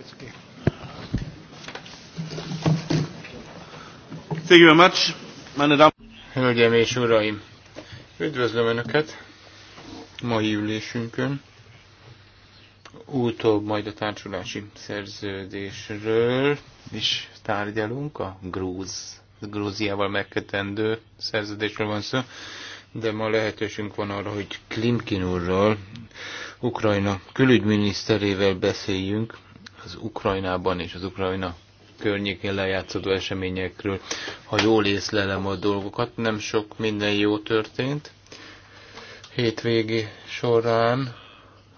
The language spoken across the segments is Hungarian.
Thank you very much, meine Hölgyeim és Uraim! Üdvözlöm Önöket mai ülésünkön. Utóbb majd a társulási szerződésről is tárgyalunk, a Grúz, Grúziával megkötendő szerződésről van szó, de ma lehetőségünk van arra, hogy Klimkin úrral, Ukrajna külügyminiszterével beszéljünk, az Ukrajnában és az Ukrajna környékén lejátszódó eseményekről. Ha jól észlelem a dolgokat, nem sok minden jó történt. Hétvégi során,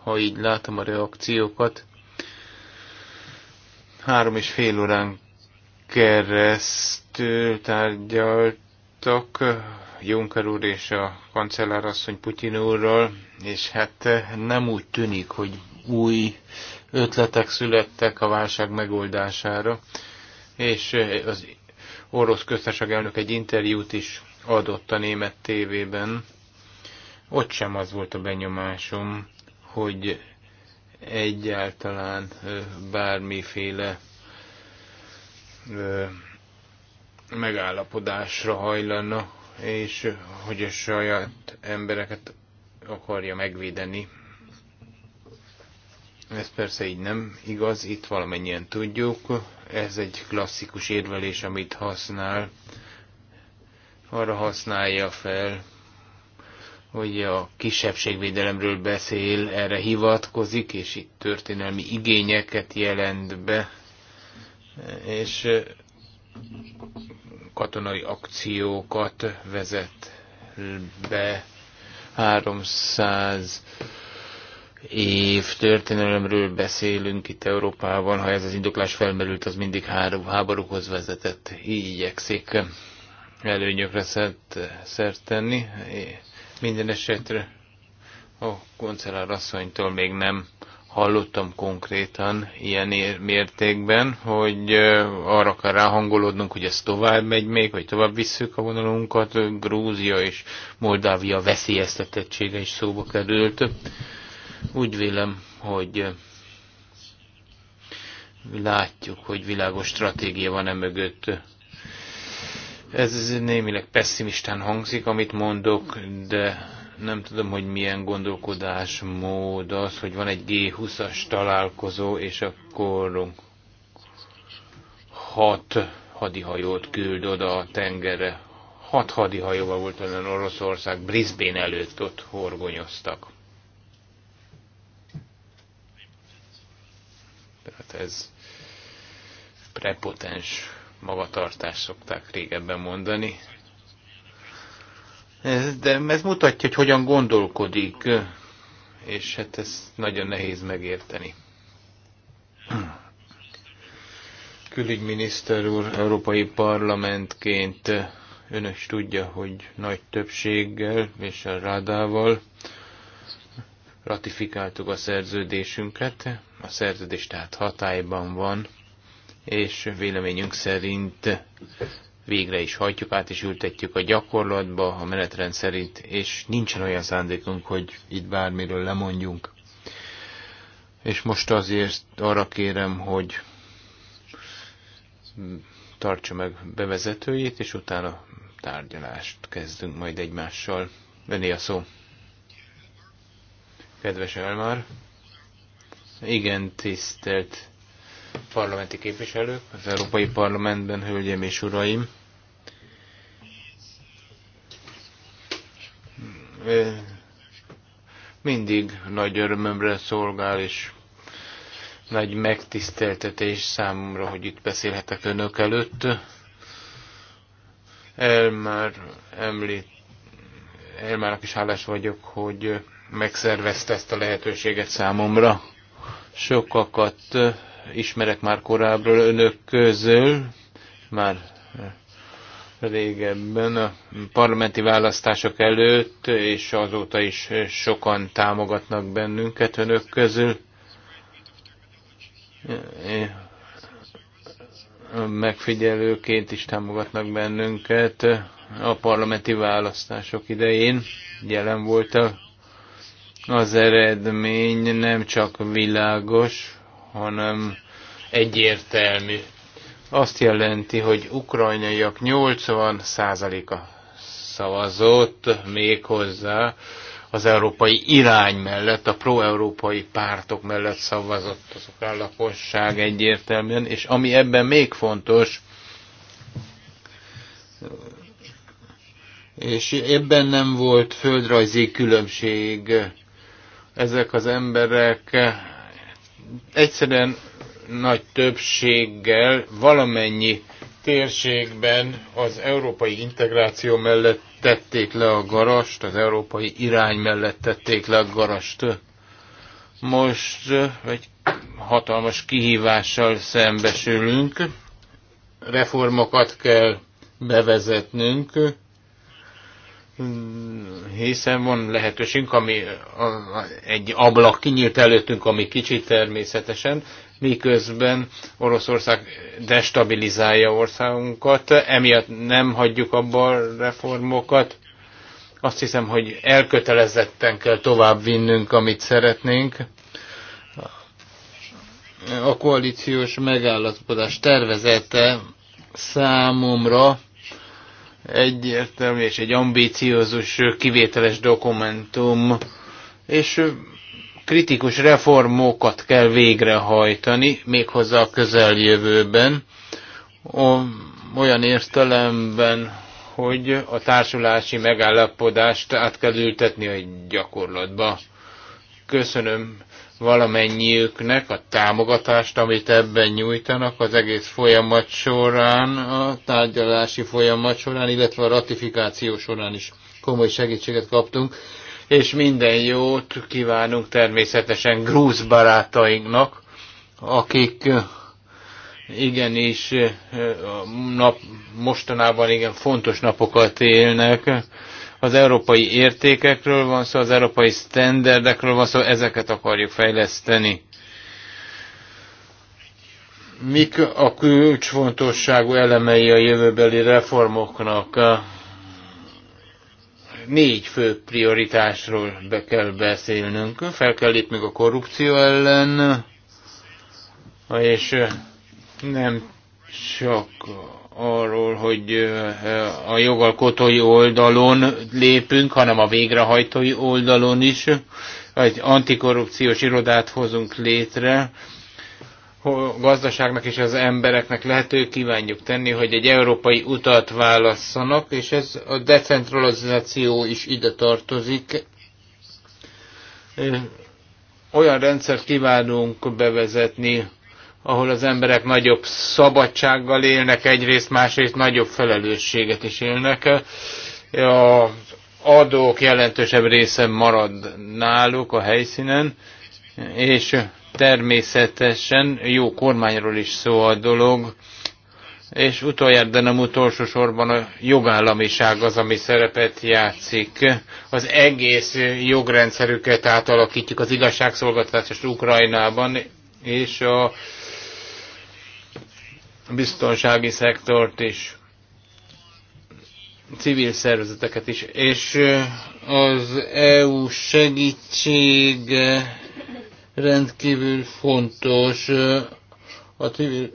ha így látom a reakciókat, három és fél órán keresztül tárgyaltak Juncker úr és a kancellárasszony Putyin úrral, és hát nem úgy tűnik, hogy új ötletek születtek a válság megoldására, és az orosz köztársaság elnök egy interjút is adott a német tévében. Ott sem az volt a benyomásom, hogy egyáltalán bármiféle megállapodásra hajlana, és hogy a saját embereket akarja megvédeni ez persze így nem igaz, itt valamennyien tudjuk. Ez egy klasszikus érvelés, amit használ. Arra használja fel, hogy a kisebbségvédelemről beszél, erre hivatkozik, és itt történelmi igényeket jelent be, és katonai akciókat vezet be 300 év történelemről beszélünk itt Európában, ha ez az indoklás felmerült, az mindig három háborúhoz vezetett, így igyekszik előnyökre szert, szert tenni. Minden esetre a koncellár asszonytól még nem hallottam konkrétan ilyen mértékben, hogy arra kell ráhangolódnunk, hogy ez tovább megy még, hogy tovább visszük a vonalunkat. Grúzia és Moldávia veszélyeztetettsége is szóba került úgy vélem, hogy eh, látjuk, hogy világos stratégia van e mögött. Ez némileg pessimistán hangzik, amit mondok, de nem tudom, hogy milyen gondolkodásmód az, hogy van egy G20-as találkozó, és akkor hat hadihajót küld oda a tengerre. Hat hadihajóval volt olyan Oroszország, Brisbane előtt ott horgonyoztak. ez prepotens magatartás szokták régebben mondani. Ez, de ez mutatja, hogy hogyan gondolkodik, és hát ez nagyon nehéz megérteni. Külügyminiszter úr, Európai Parlamentként ön is tudja, hogy nagy többséggel és a rádával ratifikáltuk a szerződésünket, a szerződés tehát hatályban van, és véleményünk szerint végre is hajtjuk át, és ültetjük a gyakorlatba a menetrend szerint, és nincsen olyan szándékunk, hogy itt bármiről lemondjunk. És most azért arra kérem, hogy tartsa meg bevezetőjét, és utána tárgyalást kezdünk majd egymással. Öné a szó. Kedves Elmar! Igen, tisztelt parlamenti képviselők, az Európai Parlamentben, hölgyeim és uraim. Mindig nagy örömömre szolgál, és nagy megtiszteltetés számomra, hogy itt beszélhetek önök előtt. El már említ, Elmának is hálás vagyok, hogy megszervezte ezt a lehetőséget számomra. Sokakat ismerek már korábbról önök közül, már régebben a parlamenti választások előtt, és azóta is sokan támogatnak bennünket önök közül. Megfigyelőként is támogatnak bennünket a parlamenti választások idején. Jelen voltak az eredmény nem csak világos, hanem egyértelmű. Azt jelenti, hogy ukrajnaiak 80%-a szavazott méghozzá az európai irány mellett, a pro-európai pártok mellett szavazott az ukrán lakosság egyértelműen, és ami ebben még fontos, és ebben nem volt földrajzi különbség ezek az emberek egyszerűen nagy többséggel valamennyi térségben az európai integráció mellett tették le a garast, az európai irány mellett tették le a garast. Most egy hatalmas kihívással szembesülünk, reformokat kell bevezetnünk, Mm, hiszen van lehetőségünk, ami egy ablak kinyílt előttünk, ami kicsit természetesen, miközben Oroszország destabilizálja országunkat, emiatt nem hagyjuk abba a reformokat. Azt hiszem, hogy elkötelezetten kell tovább vinnünk, amit szeretnénk. A koalíciós megállapodás tervezete számomra egyértelmű és egy ambíciózus, kivételes dokumentum, és kritikus reformokat kell végrehajtani, méghozzá a közeljövőben, olyan értelemben, hogy a társulási megállapodást át kell ültetni a gyakorlatba. Köszönöm valamennyiüknek a támogatást, amit ebben nyújtanak az egész folyamat során, a tárgyalási folyamat során, illetve a ratifikáció során is komoly segítséget kaptunk, és minden jót kívánunk természetesen grúz barátainknak, akik igenis nap, mostanában igen fontos napokat élnek, az európai értékekről van szó, az európai sztenderdekről van szó, ezeket akarjuk fejleszteni. Mik a kulcsfontosságú elemei a jövőbeli reformoknak? Négy fő prioritásról be kell beszélnünk. Fel kell lépnünk a korrupció ellen, és nem csak arról, hogy a jogalkotói oldalon lépünk, hanem a végrehajtói oldalon is. Egy antikorrupciós irodát hozunk létre, a gazdaságnak és az embereknek lehető kívánjuk tenni, hogy egy európai utat válasszanak, és ez a decentralizáció is ide tartozik. Olyan rendszert kívánunk bevezetni, ahol az emberek nagyobb szabadsággal élnek, egyrészt másrészt nagyobb felelősséget is élnek. A adók jelentősebb része marad náluk a helyszínen, és természetesen jó kormányról is szó a dolog, és utoljára, de nem utolsó sorban a jogállamiság az, ami szerepet játszik. Az egész jogrendszerüket átalakítjuk az igazságszolgáltatást Ukrajnában, és a biztonsági szektort is, civil szervezeteket is, és az EU segítség rendkívül fontos a civil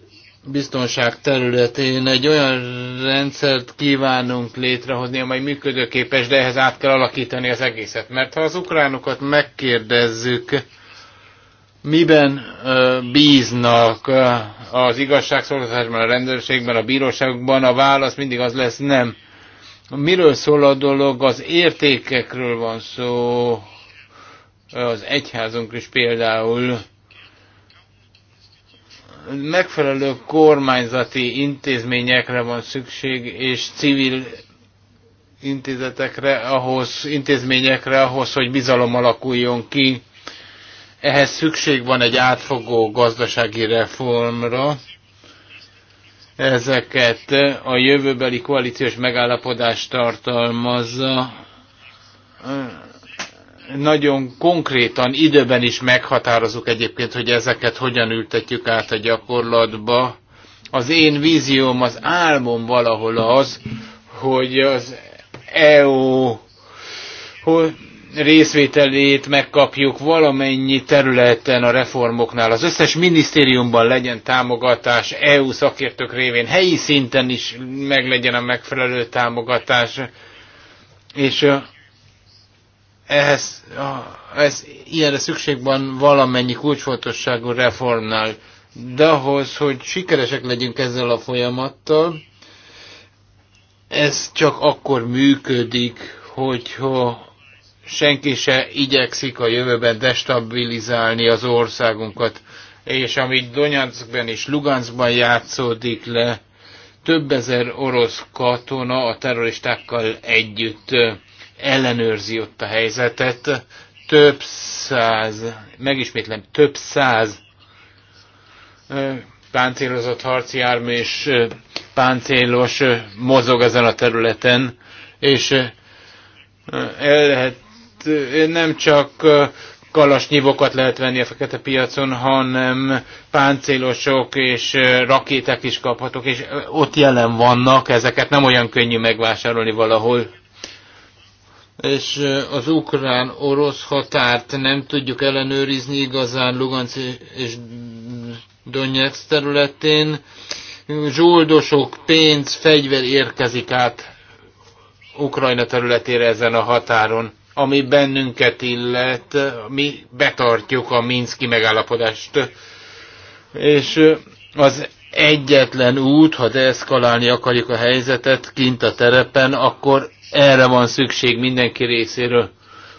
biztonság területén egy olyan rendszert kívánunk létrehozni, amely működőképes, de ehhez át kell alakítani az egészet. Mert ha az ukránokat megkérdezzük, miben bíznak az igazságszolgáltatásban, a rendőrségben, a bíróságokban, a válasz mindig az lesz nem. Miről szól a dolog? Az értékekről van szó, az egyházunk is például megfelelő kormányzati intézményekre van szükség, és civil intézetekre, ahhoz, intézményekre ahhoz, hogy bizalom alakuljon ki ehhez szükség van egy átfogó gazdasági reformra. Ezeket a jövőbeli koalíciós megállapodás tartalmazza. Nagyon konkrétan időben is meghatározunk egyébként, hogy ezeket hogyan ültetjük át a gyakorlatba. Az én vízióm, az álmom valahol az, hogy az EU hogy részvételét megkapjuk valamennyi területen a reformoknál. Az összes minisztériumban legyen támogatás, EU szakértők révén, helyi szinten is meglegyen a megfelelő támogatás. És ehhez, ez, ilyenre szükség van valamennyi kulcsfontosságú reformnál. De ahhoz, hogy sikeresek legyünk ezzel a folyamattal, ez csak akkor működik, hogyha senki se igyekszik a jövőben destabilizálni az országunkat. És amit Donyanskben és Luganskban játszódik le, több ezer orosz katona a terroristákkal együtt ellenőrzi ott a helyzetet. Több száz, megismétlem, több száz páncélozott harci jármű és páncélos mozog ezen a területen, és el lehet nem csak kalasnyivokat lehet venni a fekete piacon, hanem páncélosok és rakéták is kaphatok, és ott jelen vannak, ezeket nem olyan könnyű megvásárolni valahol. És az ukrán-orosz határt nem tudjuk ellenőrizni igazán Lugansz és Donetsk területén. Zsoldosok, pénz, fegyver érkezik át Ukrajna területére ezen a határon ami bennünket illet, mi betartjuk a Minszki megállapodást. És az egyetlen út, ha deeszkalálni akarjuk a helyzetet kint a terepen, akkor erre van szükség mindenki részéről.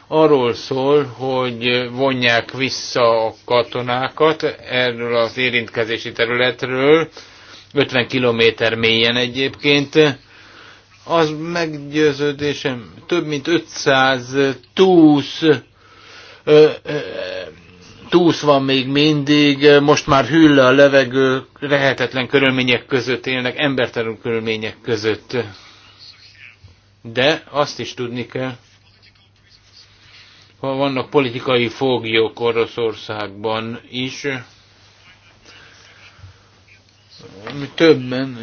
Arról szól, hogy vonják vissza a katonákat erről az érintkezési területről, 50 kilométer mélyen egyébként, az meggyőződésem több mint 520 túsz van még mindig, most már hűl a levegő, lehetetlen körülmények között élnek, embertelen körülmények között. De azt is tudni kell, ha vannak politikai foglyok Oroszországban is, többen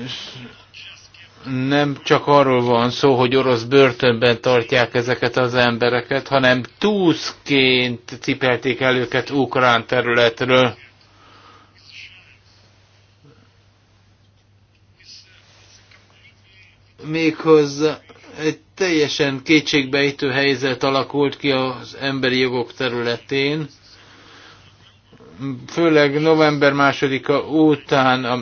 nem csak arról van szó, hogy orosz börtönben tartják ezeket az embereket, hanem túszként cipelték el őket ukrán területről. Méghozzá egy teljesen kétségbejtő helyzet alakult ki az emberi jogok területén főleg november másodika után a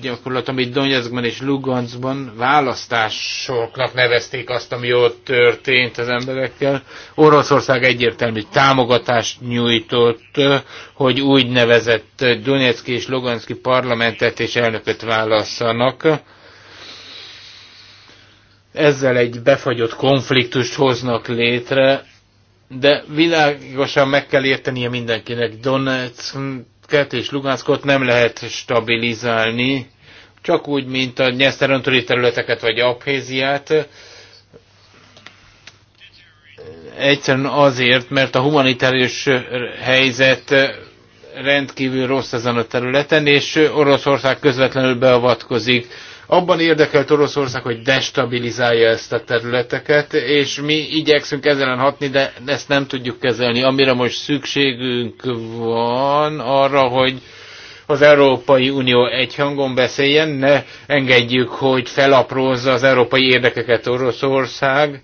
gyakorlat, amit Donetskben és Luganskban választásoknak nevezték azt, ami ott történt az emberekkel. Oroszország egyértelmű támogatást nyújtott, hogy nevezett Donetszki és Luganszki parlamentet és elnököt válasszanak ezzel egy befagyott konfliktust hoznak létre, de világosan meg kell értenie mindenkinek. Donetsket és Luganskot nem lehet stabilizálni, csak úgy, mint a nyeszterontori területeket vagy Abhéziát. Egyszerűen azért, mert a humanitárius helyzet rendkívül rossz ezen a területen, és Oroszország közvetlenül beavatkozik abban érdekelt Oroszország, hogy destabilizálja ezt a területeket, és mi igyekszünk ezzel hatni, de ezt nem tudjuk kezelni. Amire most szükségünk van arra, hogy az Európai Unió egyhangon beszéljen, ne engedjük, hogy felaprózza az európai érdekeket Oroszország,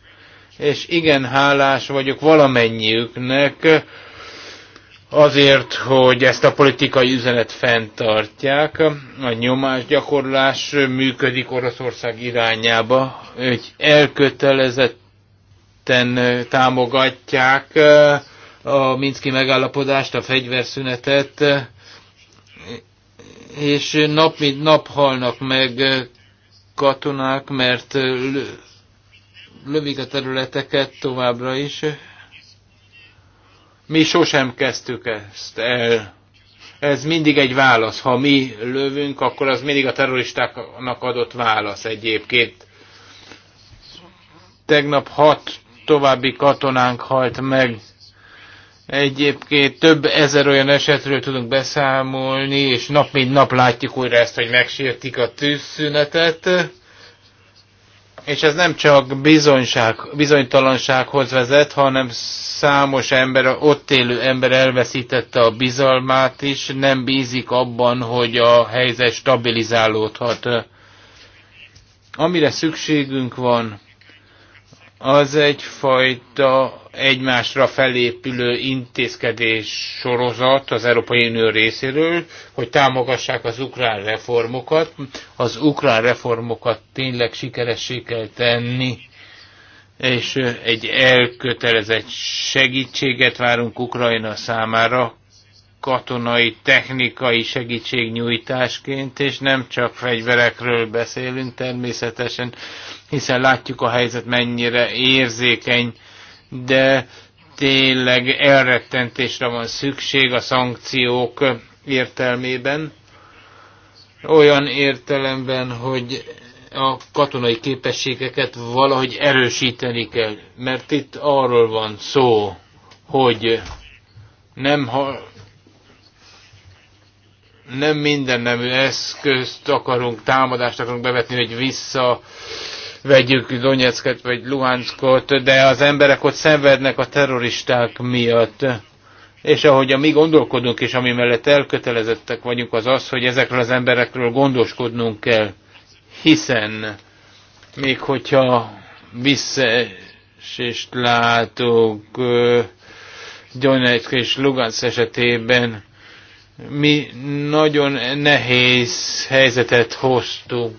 és igen hálás vagyok valamennyiüknek, azért, hogy ezt a politikai üzenet fenntartják. A nyomásgyakorlás működik Oroszország irányába, hogy elkötelezetten támogatják a Minszki megállapodást, a fegyverszünetet, és nap mint nap halnak meg katonák, mert lövik a területeket továbbra is, mi sosem kezdtük ezt el. Ez mindig egy válasz. Ha mi lövünk, akkor az mindig a terroristáknak adott válasz egyébként. Tegnap hat további katonánk halt meg. Egyébként több ezer olyan esetről tudunk beszámolni, és nap mint nap látjuk újra ezt, hogy megsértik a tűzszünetet. És ez nem csak bizonyság, bizonytalansághoz vezet, hanem számos ember, ott élő ember elveszítette a bizalmát is, nem bízik abban, hogy a helyzet stabilizálódhat. Amire szükségünk van, az egyfajta egymásra felépülő intézkedés sorozat az Európai Unió részéről, hogy támogassák az ukrán reformokat. Az ukrán reformokat tényleg sikeressé kell tenni, és egy elkötelezett segítséget várunk Ukrajna számára, katonai, technikai segítségnyújtásként, és nem csak fegyverekről beszélünk természetesen, hiszen látjuk a helyzet mennyire érzékeny, de tényleg elrettentésre van szükség a szankciók értelmében. Olyan értelemben, hogy a katonai képességeket valahogy erősíteni kell, mert itt arról van szó, hogy nem, ha, nem minden nemű eszközt akarunk, támadást akarunk bevetni, hogy vissza vegyük Donetsket vagy Luhanskot, de az emberek ott szenvednek a terroristák miatt. És ahogy a mi gondolkodunk és ami mellett elkötelezettek vagyunk, az az, hogy ezekről az emberekről gondoskodnunk kell. Hiszen még hogyha visszaesést látok Donetsk és Lugansk esetében, mi nagyon nehéz helyzetet hoztunk,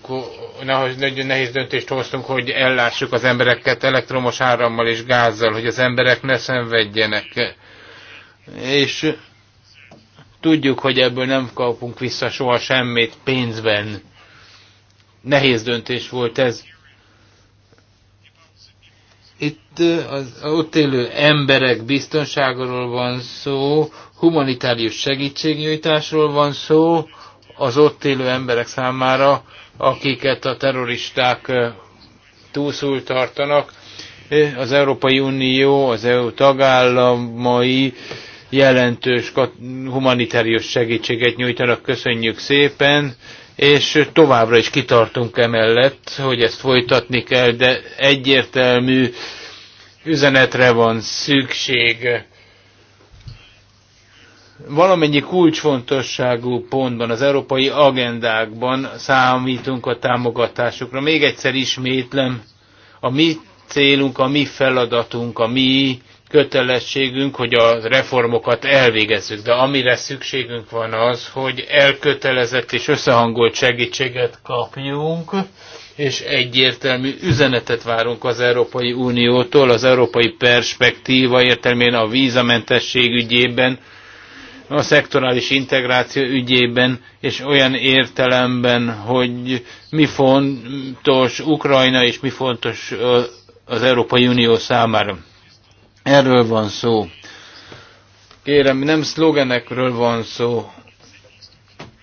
nagyon nehéz döntést hoztunk, hogy ellássuk az embereket elektromos árammal és gázzal, hogy az emberek ne szenvedjenek. És tudjuk, hogy ebből nem kapunk vissza soha semmit pénzben. Nehéz döntés volt ez. Itt az ott élő emberek biztonságról van szó, humanitárius segítségnyújtásról van szó az ott élő emberek számára, akiket a terroristák túlszúl tartanak. Az Európai Unió, az EU tagállamai jelentős humanitárius segítséget nyújtanak, köszönjük szépen, és továbbra is kitartunk emellett, hogy ezt folytatni kell, de egyértelmű üzenetre van szükség valamennyi kulcsfontosságú pontban, az európai agendákban számítunk a támogatásokra. Még egyszer ismétlem, a mi célunk, a mi feladatunk, a mi kötelességünk, hogy a reformokat elvégezzük, de amire szükségünk van az, hogy elkötelezett és összehangolt segítséget kapjunk, és egyértelmű üzenetet várunk az Európai Uniótól, az európai perspektíva értelmén a vízamentesség ügyében, a szektorális integráció ügyében, és olyan értelemben, hogy mi fontos Ukrajna, és mi fontos az Európai Unió számára. Erről van szó. Kérem, nem szlogenekről van szó,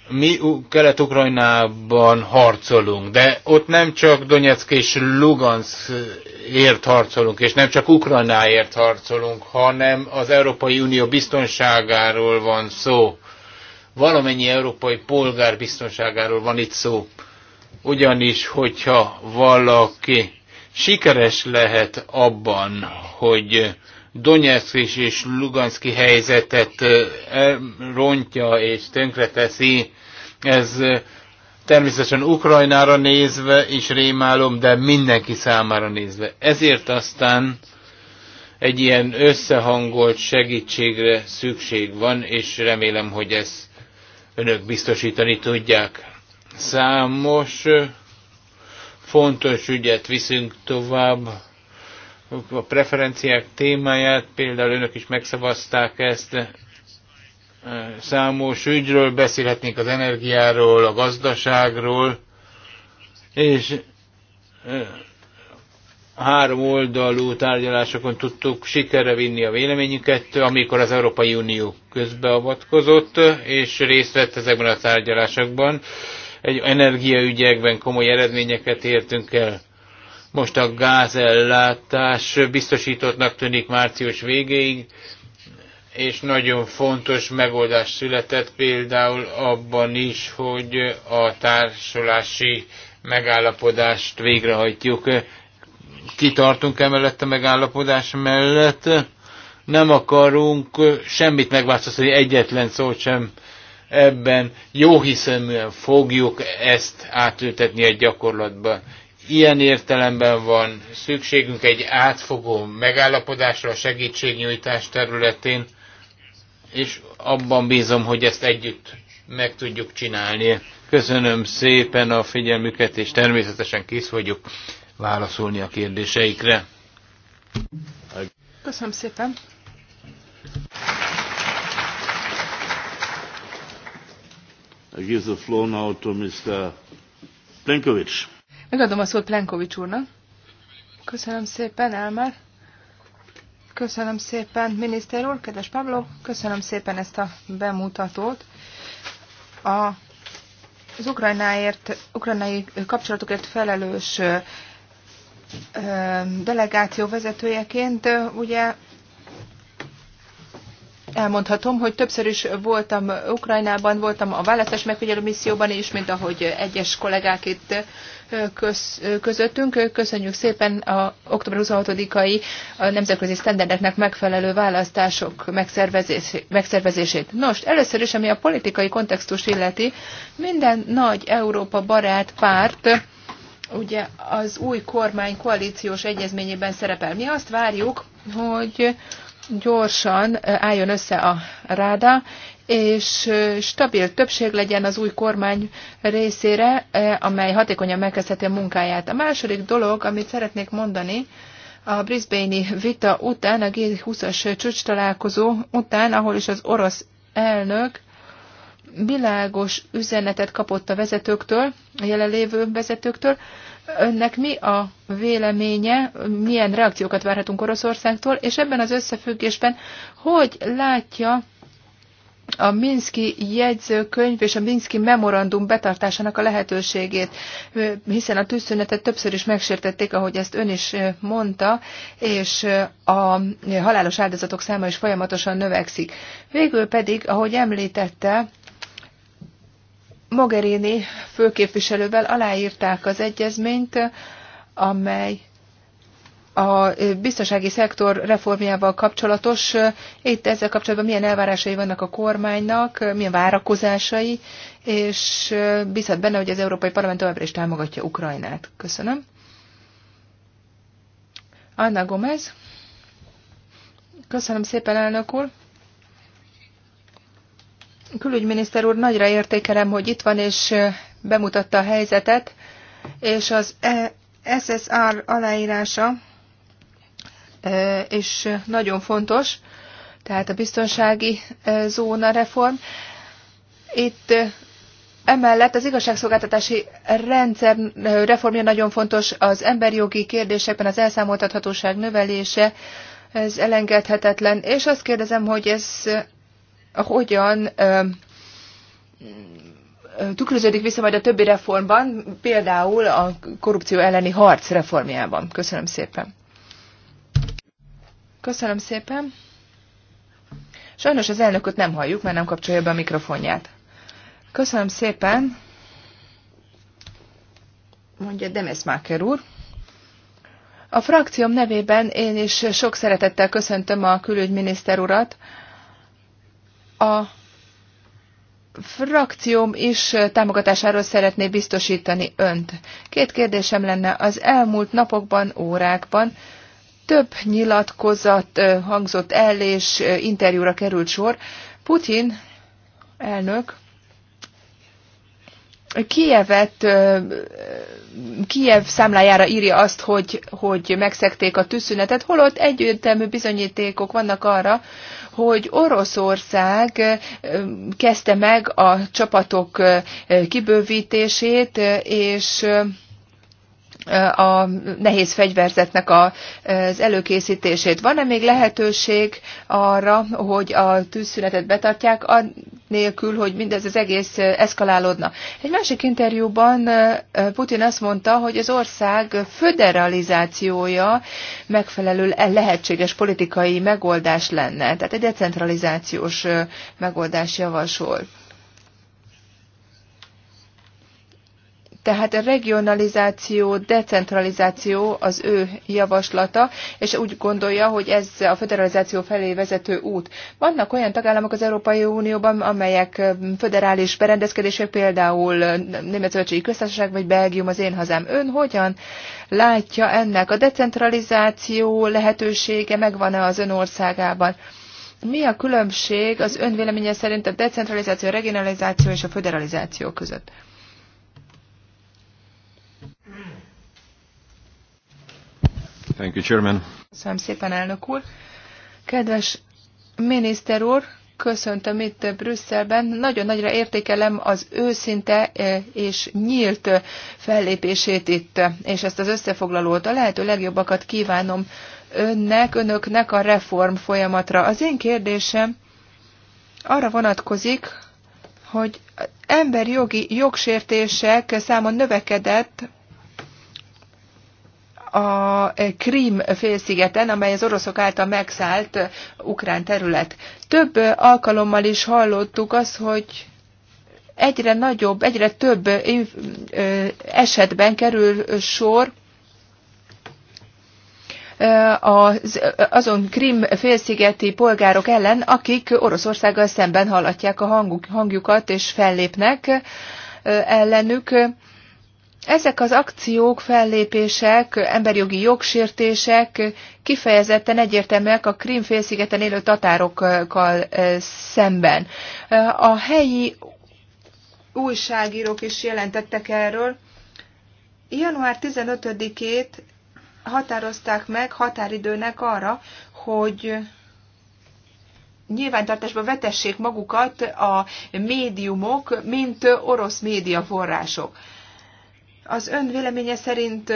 mi Kelet-Ukrajnában harcolunk, de ott nem csak Donetsk és Luganskért eh, harcolunk, és nem csak Ukrajnáért harcolunk, hanem az Európai Unió biztonságáról van szó. Valamennyi európai polgár biztonságáról van itt szó. Ugyanis, hogyha valaki sikeres lehet abban, hogy Donetsk és, és Luganszki helyzetet e, rontja és tönkreteszi. Ez természetesen Ukrajnára nézve is rémálom, de mindenki számára nézve. Ezért aztán egy ilyen összehangolt segítségre szükség van, és remélem, hogy ezt önök biztosítani tudják. Számos fontos ügyet viszünk tovább a preferenciák témáját, például önök is megszavazták ezt, számos ügyről beszélhetnénk az energiáról, a gazdaságról, és három oldalú tárgyalásokon tudtuk sikerre vinni a véleményüket, amikor az Európai Unió közbeavatkozott, és részt vett ezekben a tárgyalásokban. Egy energiaügyekben komoly eredményeket értünk el. Most a gázellátás biztosítottnak tűnik március végéig, és nagyon fontos megoldás született például abban is, hogy a társulási megállapodást végrehajtjuk. Kitartunk emellett a megállapodás mellett, nem akarunk semmit megváltoztatni, egyetlen szót sem ebben jóhiszeműen fogjuk ezt átültetni a gyakorlatba. Ilyen értelemben van szükségünk egy átfogó megállapodásra a segítségnyújtás területén, és abban bízom, hogy ezt együtt meg tudjuk csinálni. Köszönöm szépen a figyelmüket, és természetesen kész vagyok válaszolni a kérdéseikre. Köszönöm szépen. I give the floor now to Mr. Plenkovich. Megadom a szót Plenkovics úrnak. Köszönöm szépen, Elmer. Köszönöm szépen, miniszter úr, kedves Pablo. Köszönöm szépen ezt a bemutatót. A, az ukrajnáért, ukrajnai kapcsolatokért felelős ö, delegáció vezetőjeként ugye elmondhatom, hogy többször is voltam Ukrajnában, voltam a választás megfigyelő misszióban is, mint ahogy egyes kollégák itt közöttünk. Köszönjük szépen a október 26-ai nemzetközi sztenderdeknek megfelelő választások megszervezését. Nos, először is, ami a politikai kontextus illeti, minden nagy Európa barát párt ugye az új kormány koalíciós egyezményében szerepel. Mi azt várjuk, hogy gyorsan eh, álljon össze a ráda, és stabil többség legyen az új kormány részére, amely hatékonyan megkezdheti a munkáját. A második dolog, amit szeretnék mondani, a brisbane vita után, a G20-as csúcs találkozó után, ahol is az orosz elnök világos üzenetet kapott a vezetőktől, a jelenlévő vezetőktől, Önnek mi a véleménye, milyen reakciókat várhatunk Oroszországtól, és ebben az összefüggésben hogy látja a Minszki jegyzőkönyv és a Minszki memorandum betartásának a lehetőségét, hiszen a tűzszünetet többször is megsértették, ahogy ezt ön is mondta, és a halálos áldozatok száma is folyamatosan növekszik. Végül pedig, ahogy említette, Mogherini főképviselővel aláírták az egyezményt, amely a biztonsági szektor reformjával kapcsolatos. Itt ezzel kapcsolatban milyen elvárásai vannak a kormánynak, milyen várakozásai, és bízhat benne, hogy az Európai Parlament továbbra is támogatja Ukrajnát. Köszönöm. Anna Gomez. Köszönöm szépen, elnök úr. Külügyminiszter úr, nagyra értékelem, hogy itt van és bemutatta a helyzetet, és az e- SSR aláírása és nagyon fontos, tehát a biztonsági zóna reform. Itt Emellett az igazságszolgáltatási rendszer reformja nagyon fontos, az emberjogi kérdésekben az elszámoltathatóság növelése, ez elengedhetetlen, és azt kérdezem, hogy ez hogyan tükröződik vissza majd a többi reformban, például a korrupció elleni harc reformjában. Köszönöm szépen. Köszönöm szépen. Sajnos az elnököt nem halljuk, mert nem kapcsolja be a mikrofonját. Köszönöm szépen, mondja Demeszmáker úr. A frakcióm nevében én is sok szeretettel köszöntöm a külügyminiszter urat. A frakcióm is támogatásáról szeretné biztosítani önt. Két kérdésem lenne az elmúlt napokban, órákban több nyilatkozat hangzott el, és interjúra került sor. Putin elnök Kievet, Kiev számlájára írja azt, hogy, hogy megszekték a tűzszünetet, holott egyértelmű bizonyítékok vannak arra, hogy Oroszország kezdte meg a csapatok kibővítését, és a nehéz fegyverzetnek a, az előkészítését. Van-e még lehetőség arra, hogy a tűzszünetet betartják, nélkül, hogy mindez az egész eszkalálódna? Egy másik interjúban Putin azt mondta, hogy az ország föderalizációja megfelelő lehetséges politikai megoldás lenne, tehát egy decentralizációs megoldás javasol. Tehát a regionalizáció, decentralizáció az ő javaslata, és úgy gondolja, hogy ez a federalizáció felé vezető út. Vannak olyan tagállamok az Európai Unióban, amelyek um, föderális berendezkedések, például um, Németszövetségi Köztársaság vagy Belgium az én hazám. Ön hogyan látja ennek a decentralizáció lehetősége, megvan-e az ön országában? Mi a különbség az ön véleménye szerint a decentralizáció, a regionalizáció és a föderalizáció között? Thank you, Chairman. Köszönöm szépen, elnök úr. Kedves miniszter úr, köszöntöm itt Brüsszelben. Nagyon nagyra értékelem az őszinte eh, és nyílt fellépését itt, és ezt az összefoglalót. A lehető legjobbakat kívánom önnek, önöknek a reform folyamatra. Az én kérdésem arra vonatkozik, hogy emberjogi jogsértések száma növekedett a Krím félszigeten, amely az oroszok által megszállt ukrán terület. Több alkalommal is hallottuk azt, hogy egyre nagyobb, egyre több esetben kerül sor az, azon Krim félszigeti polgárok ellen, akik Oroszországgal szemben hallatják a hangjukat és fellépnek ellenük. Ezek az akciók, fellépések, emberjogi jogsértések kifejezetten egyértelműek a Krímfélszigeten élő tatárokkal szemben. A helyi újságírók is jelentettek erről. Január 15-ét határozták meg határidőnek arra, hogy nyilvántartásba vetessék magukat a médiumok, mint orosz médiaforrások. Az ön véleménye szerint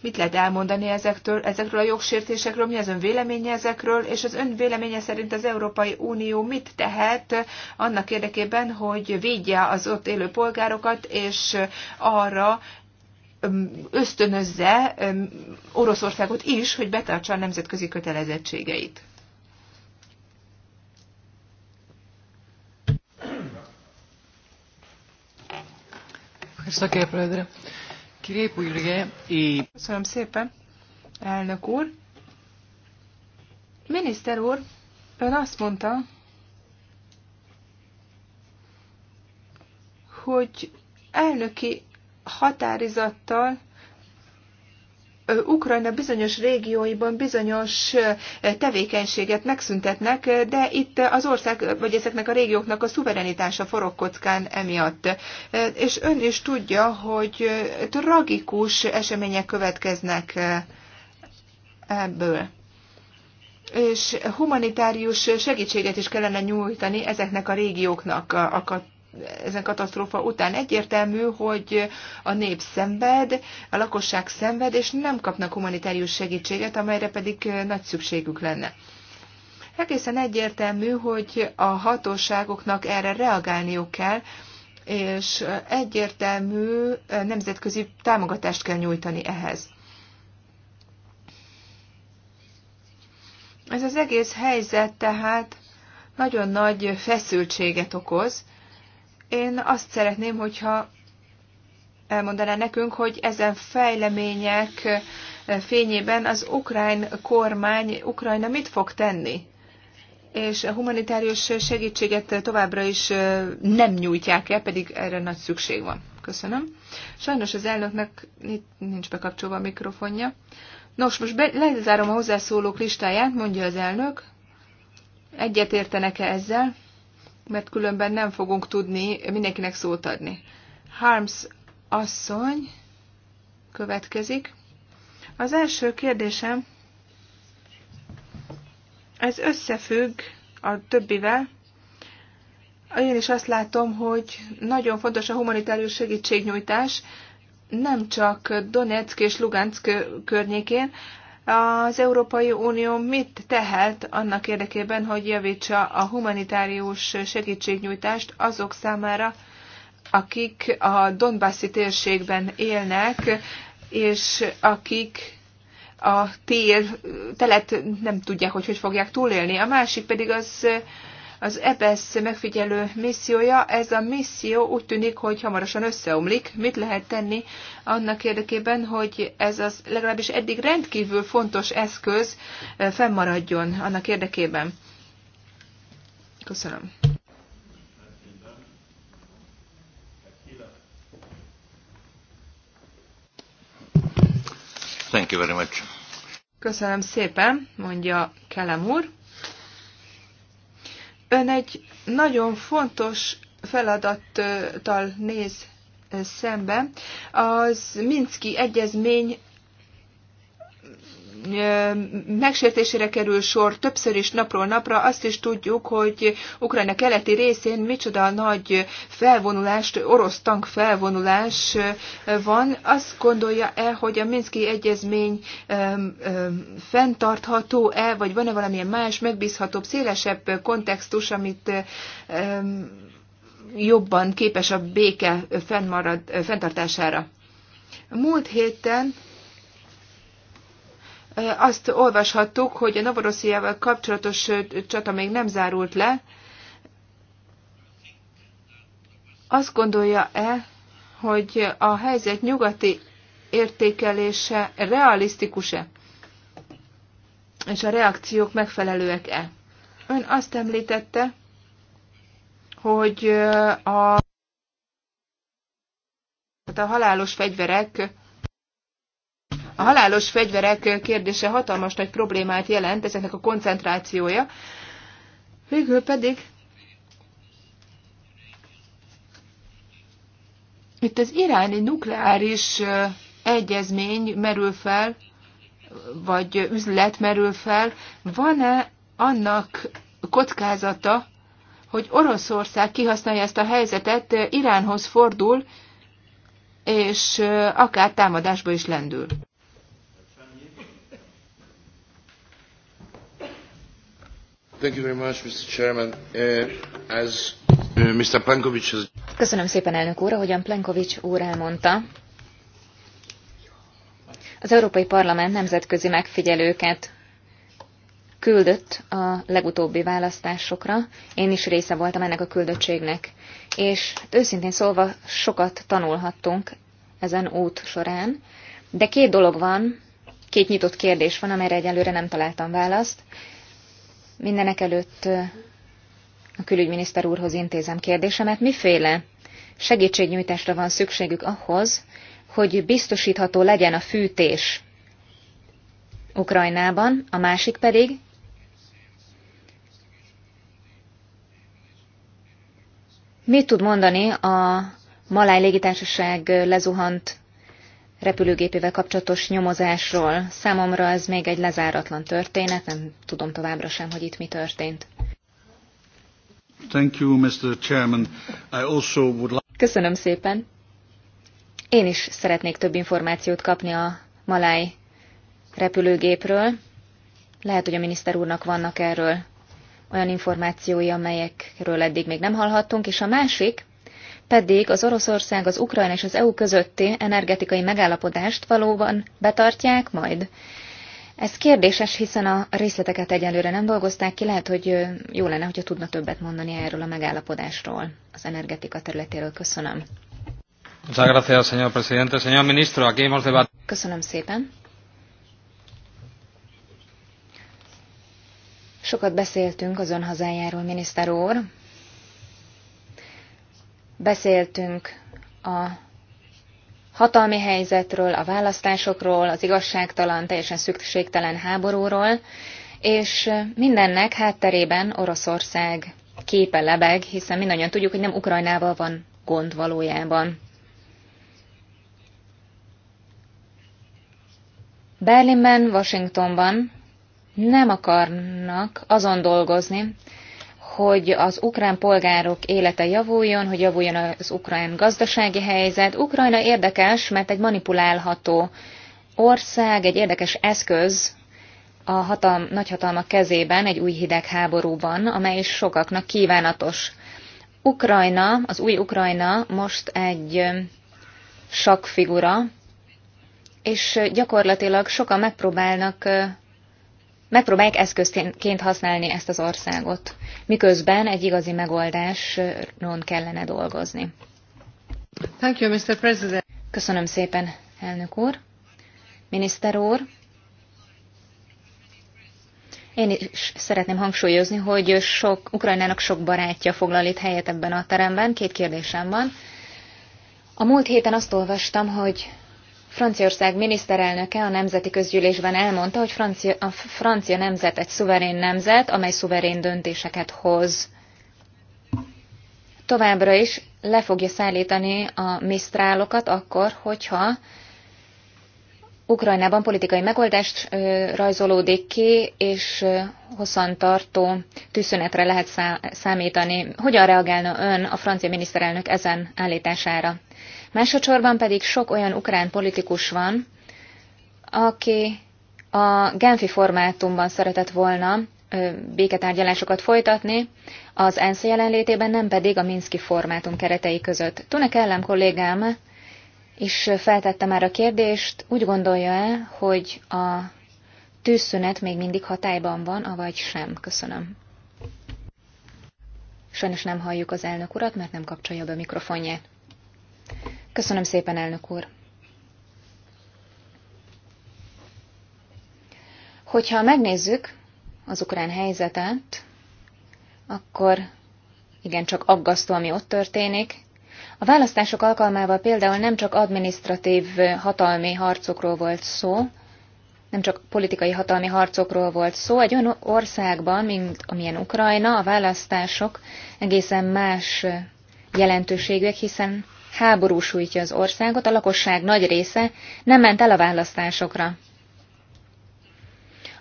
mit lehet elmondani ezektől, ezekről a jogsértésekről, mi az ön véleménye ezekről, és az ön véleménye szerint az Európai Unió mit tehet annak érdekében, hogy védje az ott élő polgárokat, és arra ösztönözze Oroszországot is, hogy betartsa a nemzetközi kötelezettségeit. Köszönöm, Köszönöm szépen, elnök úr. Miniszter úr, ön azt mondta, hogy elnöki határizattal Ukrajna bizonyos régióiban bizonyos tevékenységet megszüntetnek, de itt az ország, vagy ezeknek a régióknak a szuverenitása forog kockán emiatt. És ön is tudja, hogy tragikus események következnek ebből és humanitárius segítséget is kellene nyújtani ezeknek a régióknak a ezen katasztrófa után egyértelmű, hogy a nép szenved, a lakosság szenved, és nem kapnak humanitárius segítséget, amelyre pedig nagy szükségük lenne. Egészen egyértelmű, hogy a hatóságoknak erre reagálniuk kell, és egyértelmű nemzetközi támogatást kell nyújtani ehhez. Ez az egész helyzet tehát nagyon nagy feszültséget okoz, én azt szeretném, hogyha elmondaná nekünk, hogy ezen fejlemények fényében az ukrán kormány, Ukrajna mit fog tenni? És a humanitárius segítséget továbbra is nem nyújtják el, pedig erre nagy szükség van. Köszönöm. Sajnos az elnöknek nincs bekapcsolva a mikrofonja. Nos, most be, lezárom a hozzászólók listáját, mondja az elnök. Egyet értenek-e ezzel? mert különben nem fogunk tudni mindenkinek szót adni. Harms asszony következik. Az első kérdésem, ez összefügg a többivel. Én is azt látom, hogy nagyon fontos a humanitárius segítségnyújtás, nem csak Donetsk és Lugansk környékén, az Európai Unió mit tehet annak érdekében, hogy javítsa a humanitárius segítségnyújtást azok számára, akik a Donbassi térségben élnek, és akik a tél, telet nem tudják, hogy hogy fogják túlélni. A másik pedig az az EBSZ e megfigyelő missziója. Ez a misszió úgy tűnik, hogy hamarosan összeomlik. Mit lehet tenni annak érdekében, hogy ez az legalábbis eddig rendkívül fontos eszköz fennmaradjon annak érdekében? Köszönöm. Thank you very much. Köszönöm szépen, mondja Kelem úr. Ön egy nagyon fontos feladattal néz szembe. Az Minszki egyezmény megsértésére kerül sor többször is napról napra. Azt is tudjuk, hogy Ukrajna keleti részén micsoda nagy felvonulást, orosz tank felvonulás van. Azt gondolja-e, hogy a Minszki Egyezmény fenntartható-e, vagy van-e valamilyen más, megbízhatóbb, szélesebb kontextus, amit jobban képes a béke fennmarad, fenntartására? Múlt héten azt olvashattuk, hogy a Novorossziával kapcsolatos csata még nem zárult le. Azt gondolja-e, hogy a helyzet nyugati értékelése realisztikus-e? És a reakciók megfelelőek-e? Ön azt említette, hogy a, a halálos fegyverek a halálos fegyverek kérdése hatalmas nagy problémát jelent, ezeknek a koncentrációja. Végül pedig itt az iráni nukleáris egyezmény merül fel, vagy üzlet merül fel, van-e annak kockázata, hogy Oroszország kihasználja ezt a helyzetet, Iránhoz fordul, és akár támadásba is lendül. Uh, uh, Köszönöm szépen, elnök úr, ahogyan Plankovic úr elmondta. Az Európai Parlament nemzetközi megfigyelőket küldött a legutóbbi választásokra. Én is része voltam ennek a küldöttségnek. És őszintén szólva sokat tanulhattunk ezen út során, de két dolog van, két nyitott kérdés van, amelyre egyelőre nem találtam választ. Mindenek előtt a külügyminiszter úrhoz intézem kérdésemet, miféle segítségnyújtásra van szükségük ahhoz, hogy biztosítható legyen a fűtés Ukrajnában, a másik pedig, mit tud mondani a Maláj légitársaság lezuhant repülőgépével kapcsolatos nyomozásról. Számomra ez még egy lezáratlan történet, nem tudom továbbra sem, hogy itt mi történt. Thank you, Mr. Chairman. I also would like... Köszönöm szépen. Én is szeretnék több információt kapni a maláj repülőgépről. Lehet, hogy a miniszter úrnak vannak erről olyan információi, amelyekről eddig még nem hallhattunk, és a másik, pedig az Oroszország, az Ukrajna és az EU közötti energetikai megállapodást valóban betartják majd? Ez kérdéses, hiszen a részleteket egyelőre nem dolgozták ki, lehet, hogy jó lenne, hogyha tudna többet mondani erről a megállapodásról, az energetika területéről. Köszönöm. Köszönöm szépen. Sokat beszéltünk az ön hazájáról, miniszter úr. Beszéltünk a hatalmi helyzetről, a választásokról, az igazságtalan, teljesen szükségtelen háborúról, és mindennek hátterében Oroszország képe lebeg, hiszen mindannyian tudjuk, hogy nem Ukrajnával van gond valójában. Berlinben, Washingtonban nem akarnak azon dolgozni, hogy az ukrán polgárok élete javuljon, hogy javuljon az ukrán gazdasági helyzet. Ukrajna érdekes, mert egy manipulálható ország, egy érdekes eszköz a hatalm, nagyhatalmak kezében egy új hidegháborúban, amely is sokaknak kívánatos. Ukrajna, az új Ukrajna most egy sakfigura, és gyakorlatilag sokan megpróbálnak megpróbálják eszközként használni ezt az országot, miközben egy igazi megoldáson kellene dolgozni. Thank you, Mr. President. Köszönöm szépen, elnök úr. Miniszter úr, én is szeretném hangsúlyozni, hogy sok, Ukrajnának sok barátja foglal itt helyet ebben a teremben. Két kérdésem van. A múlt héten azt olvastam, hogy Franciaország miniszterelnöke a Nemzeti Közgyűlésben elmondta, hogy francia, a francia nemzet egy szuverén nemzet, amely szuverén döntéseket hoz. Továbbra is le fogja szállítani a misztrálokat akkor, hogyha Ukrajnában politikai megoldást rajzolódik ki, és hosszantartó tűzszünetre lehet számítani. Hogyan reagálna ön a francia miniszterelnök ezen állítására? Másodszorban pedig sok olyan ukrán politikus van, aki a Genfi formátumban szeretett volna béketárgyalásokat folytatni, az ENSZ jelenlétében nem pedig a Minszki formátum keretei között. Tune Kellem kollégám is feltette már a kérdést, úgy gondolja-e, hogy a tűzszünet még mindig hatályban van, avagy sem? Köszönöm. Sajnos nem halljuk az elnök urat, mert nem kapcsolja be a mikrofonját. Köszönöm szépen, elnök úr. Hogyha megnézzük az ukrán helyzetet, akkor igen, csak aggasztó, ami ott történik. A választások alkalmával például nem csak administratív hatalmi harcokról volt szó, nem csak politikai hatalmi harcokról volt szó, egy olyan országban, mint amilyen Ukrajna, a választások egészen más jelentőségűek, hiszen háború sújtja az országot, a lakosság nagy része nem ment el a választásokra.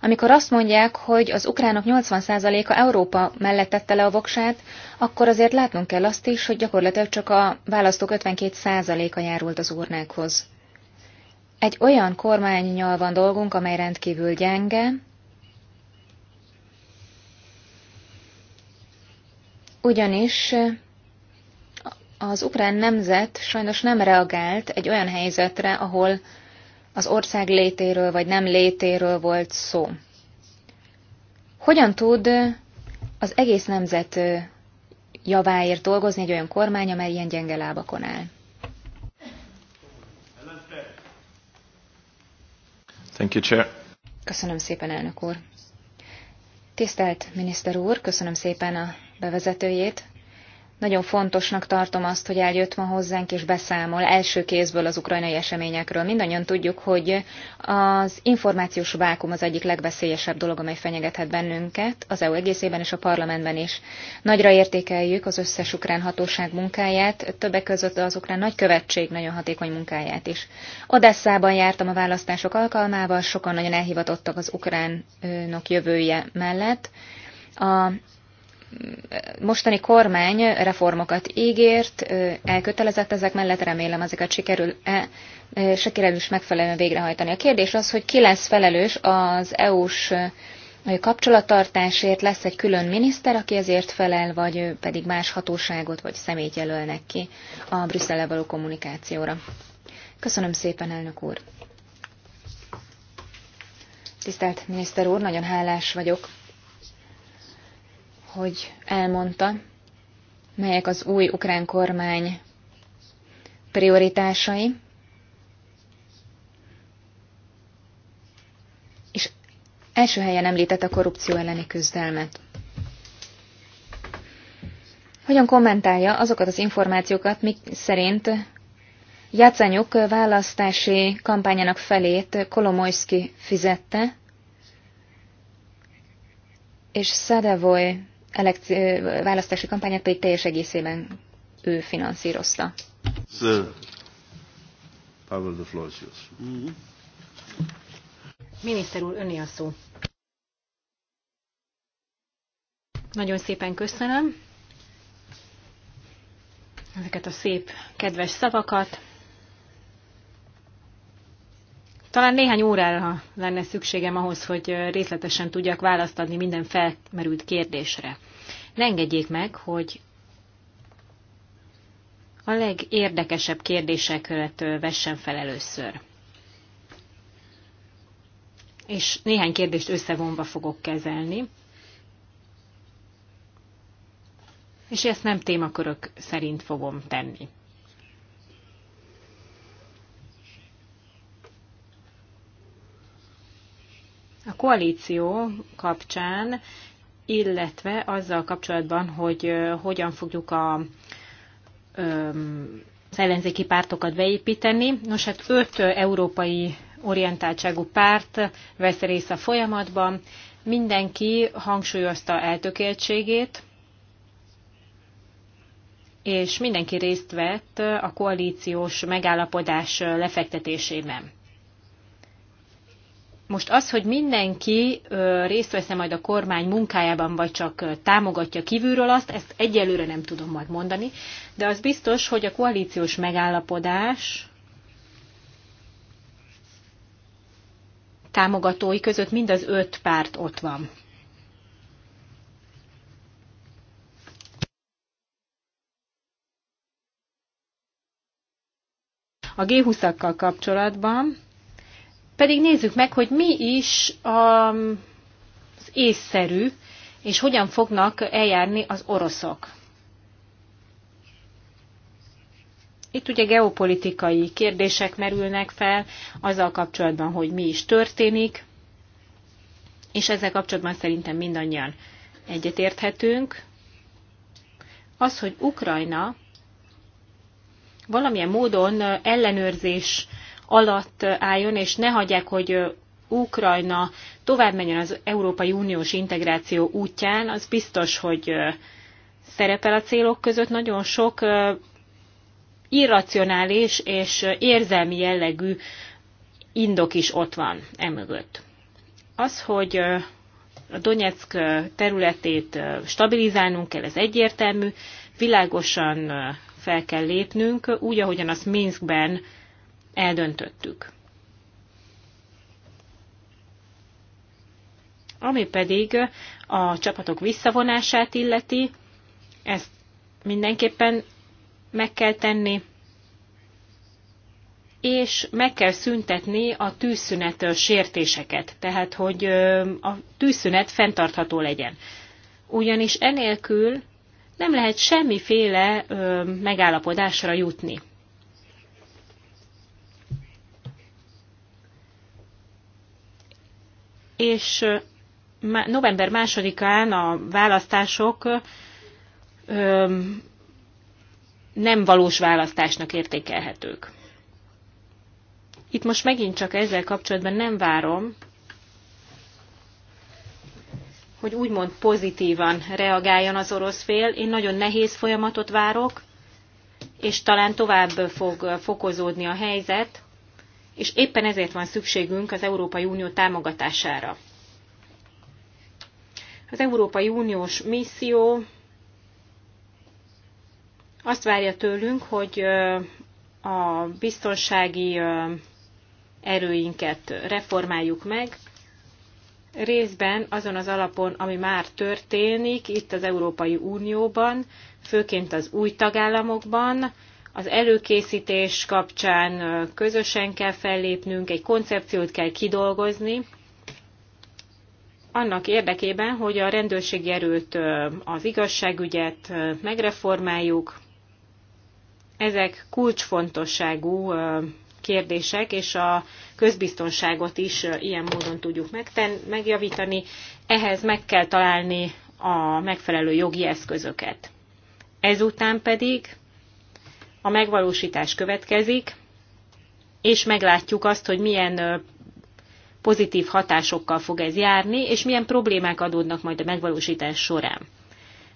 Amikor azt mondják, hogy az ukránok 80%-a Európa mellett tette le a voksát, akkor azért látnunk kell azt is, hogy gyakorlatilag csak a választók 52%-a járult az urnákhoz. Egy olyan kormánynyal van dolgunk, amely rendkívül gyenge, ugyanis az ukrán nemzet sajnos nem reagált egy olyan helyzetre, ahol az ország létéről vagy nem létéről volt szó. Hogyan tud az egész nemzet javáért dolgozni egy olyan kormány, amely ilyen gyenge lábakon áll? Thank you, Chair. Köszönöm szépen, elnök úr. Tisztelt miniszter úr, köszönöm szépen a bevezetőjét. Nagyon fontosnak tartom azt, hogy eljött ma hozzánk és beszámol első kézből az ukrajnai eseményekről. Mindannyian tudjuk, hogy az információs vákum az egyik legveszélyesebb dolog, amely fenyegethet bennünket, az EU egészében és a parlamentben is. Nagyra értékeljük az összes ukrán hatóság munkáját, többek között az ukrán nagykövetség nagyon hatékony munkáját is. Odesszában jártam a választások alkalmával, sokan nagyon elhivatottak az ukránok jövője mellett. A mostani kormány reformokat ígért, elkötelezett ezek mellett, remélem ezeket sikerül-e sikerül is megfelelően végrehajtani. A kérdés az, hogy ki lesz felelős az EU-s kapcsolattartásért, lesz egy külön miniszter, aki ezért felel, vagy pedig más hatóságot vagy szemét jelölnek ki a Brüsszellel való kommunikációra. Köszönöm szépen, elnök úr! Tisztelt miniszter úr, nagyon hálás vagyok hogy elmondta, melyek az új ukrán kormány prioritásai, és első helyen említett a korrupció elleni küzdelmet. Hogyan kommentálja azokat az információkat, mik szerint Jacanyuk választási kampányának felét Kolomoyszki fizette, és Szadevoly elekci- választási kampányát pedig teljes egészében ő finanszírozta. Pavel, mhm. Miniszter úr, öné a szó. Nagyon szépen köszönöm ezeket a szép, kedves szavakat. Talán néhány órára lenne szükségem ahhoz, hogy részletesen tudjak választ adni minden felmerült kérdésre. Ne engedjék meg, hogy a legérdekesebb kérdésekre vessen fel először. És néhány kérdést összevonva fogok kezelni. És ezt nem témakörök szerint fogom tenni. A koalíció kapcsán, illetve azzal kapcsolatban, hogy hogyan fogjuk a az ellenzéki pártokat beépíteni. Nos, hát öt európai orientáltságú párt vesz részt a folyamatban. Mindenki hangsúlyozta eltökéltségét, és mindenki részt vett a koalíciós megállapodás lefektetésében most az, hogy mindenki részt vesz majd a kormány munkájában, vagy csak támogatja kívülről azt, ezt egyelőre nem tudom majd mondani, de az biztos, hogy a koalíciós megállapodás támogatói között mind az öt párt ott van. A G20-akkal kapcsolatban pedig nézzük meg, hogy mi is az észszerű, és hogyan fognak eljárni az oroszok. Itt ugye geopolitikai kérdések merülnek fel azzal kapcsolatban, hogy mi is történik, és ezzel kapcsolatban szerintem mindannyian egyetérthetünk. Az, hogy Ukrajna valamilyen módon ellenőrzés alatt álljon, és ne hagyják, hogy Ukrajna tovább menjen az Európai Uniós integráció útján, az biztos, hogy szerepel a célok között. Nagyon sok irracionális és érzelmi jellegű indok is ott van emögött. Az, hogy a Donetsk területét stabilizálnunk kell, ez egyértelmű, világosan fel kell lépnünk, úgy, ahogyan azt Minskben eldöntöttük. Ami pedig a csapatok visszavonását illeti, ezt mindenképpen meg kell tenni, és meg kell szüntetni a tűzszünet sértéseket, tehát hogy a tűzszünet fenntartható legyen. Ugyanis enélkül nem lehet semmiféle megállapodásra jutni. és november másodikán a választások nem valós választásnak értékelhetők. Itt most megint csak ezzel kapcsolatban nem várom, hogy úgymond pozitívan reagáljon az orosz fél. Én nagyon nehéz folyamatot várok, és talán tovább fog fokozódni a helyzet, és éppen ezért van szükségünk az Európai Unió támogatására. Az Európai Uniós misszió azt várja tőlünk, hogy a biztonsági erőinket reformáljuk meg, részben azon az alapon, ami már történik itt az Európai Unióban, főként az új tagállamokban, az előkészítés kapcsán közösen kell fellépnünk, egy koncepciót kell kidolgozni, annak érdekében, hogy a rendőrségi erőt, az igazságügyet megreformáljuk. Ezek kulcsfontosságú kérdések, és a közbiztonságot is ilyen módon tudjuk megten- megjavítani. Ehhez meg kell találni a megfelelő jogi eszközöket. Ezután pedig a megvalósítás következik, és meglátjuk azt, hogy milyen pozitív hatásokkal fog ez járni, és milyen problémák adódnak majd a megvalósítás során.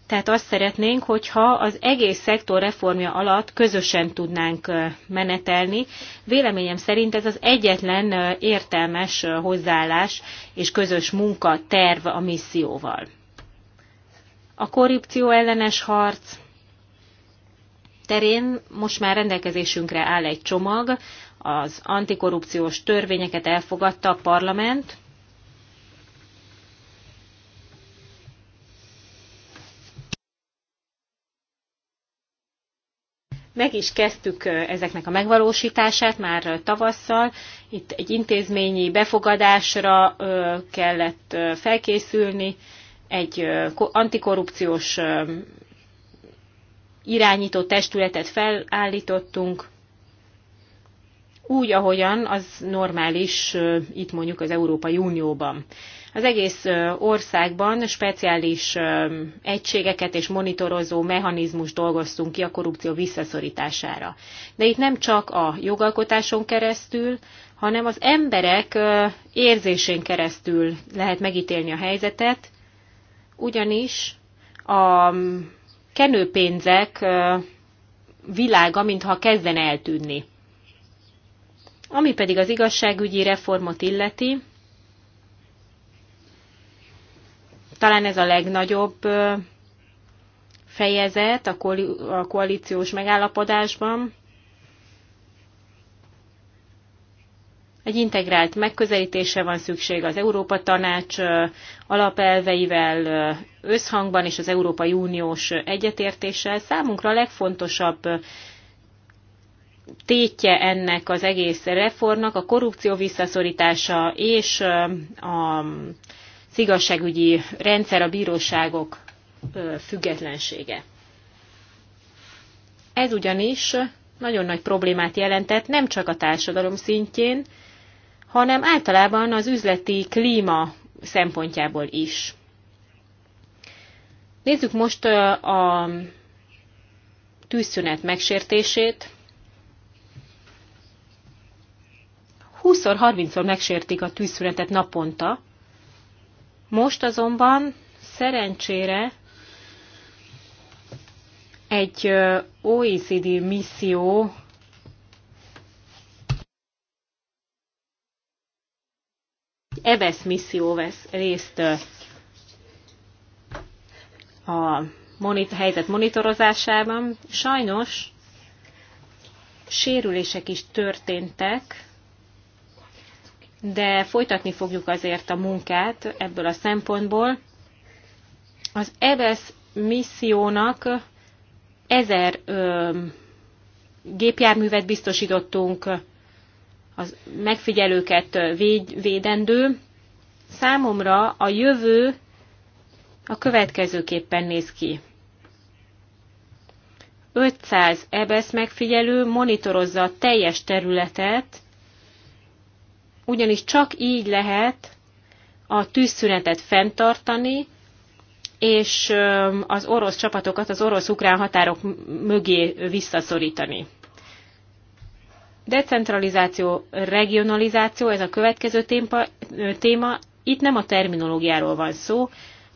Tehát azt szeretnénk, hogyha az egész szektor reformja alatt közösen tudnánk menetelni. Véleményem szerint ez az egyetlen értelmes hozzáállás és közös munka terv a misszióval. A korrupció ellenes harc, terén most már rendelkezésünkre áll egy csomag, az antikorrupciós törvényeket elfogadta a parlament, Meg is kezdtük ezeknek a megvalósítását már tavasszal. Itt egy intézményi befogadásra kellett felkészülni, egy antikorrupciós irányító testületet felállítottunk, úgy, ahogyan az normális itt mondjuk az Európai Unióban. Az egész országban speciális egységeket és monitorozó mechanizmus dolgoztunk ki a korrupció visszaszorítására. De itt nem csak a jogalkotáson keresztül, hanem az emberek érzésén keresztül lehet megítélni a helyzetet, ugyanis a kenőpénzek világa, mintha kezden eltűnni. Ami pedig az igazságügyi reformot illeti, talán ez a legnagyobb fejezet a koalíciós megállapodásban. Egy integrált megközelítésre van szükség az Európa Tanács alapelveivel összhangban és az Európai Uniós egyetértéssel. Számunkra a legfontosabb tétje ennek az egész reformnak a korrupció visszaszorítása és a igazságügyi rendszer, a bíróságok függetlensége. Ez ugyanis nagyon nagy problémát jelentett nem csak a társadalom szintjén, hanem általában az üzleti klíma szempontjából is. Nézzük most a tűzszünet megsértését. 20 30-szor megsértik a tűzszünetet naponta. Most azonban szerencsére egy OECD misszió EBESZ misszió vesz részt a monitor, helyzet monitorozásában. Sajnos sérülések is történtek, de folytatni fogjuk azért a munkát ebből a szempontból. Az EBESZ missziónak ezer ö, gépjárművet biztosítottunk az megfigyelőket véd, védendő. Számomra a jövő a következőképpen néz ki. 500 EBS e megfigyelő monitorozza a teljes területet, ugyanis csak így lehet a tűzszünetet fenntartani, és az orosz csapatokat az orosz-ukrán határok mögé visszaszorítani. Decentralizáció, regionalizáció, ez a következő témpa, téma. Itt nem a terminológiáról van szó,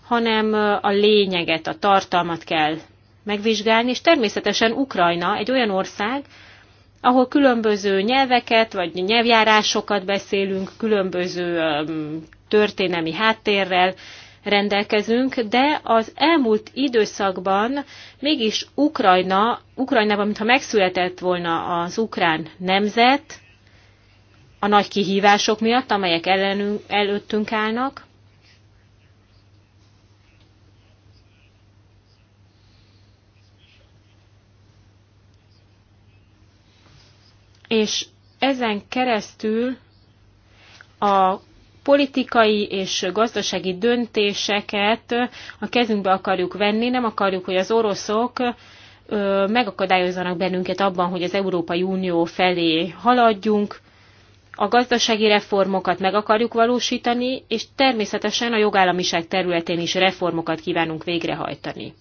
hanem a lényeget, a tartalmat kell megvizsgálni, és természetesen Ukrajna egy olyan ország, ahol különböző nyelveket vagy nyelvjárásokat beszélünk, különböző történelmi háttérrel, rendelkezünk, de az elmúlt időszakban mégis Ukrajna, Ukrajnában, mintha megszületett volna az ukrán nemzet, a nagy kihívások miatt, amelyek ellenünk, előttünk állnak, és ezen keresztül a politikai és gazdasági döntéseket a kezünkbe akarjuk venni, nem akarjuk, hogy az oroszok megakadályozzanak bennünket abban, hogy az Európai Unió felé haladjunk, a gazdasági reformokat meg akarjuk valósítani, és természetesen a jogállamiság területén is reformokat kívánunk végrehajtani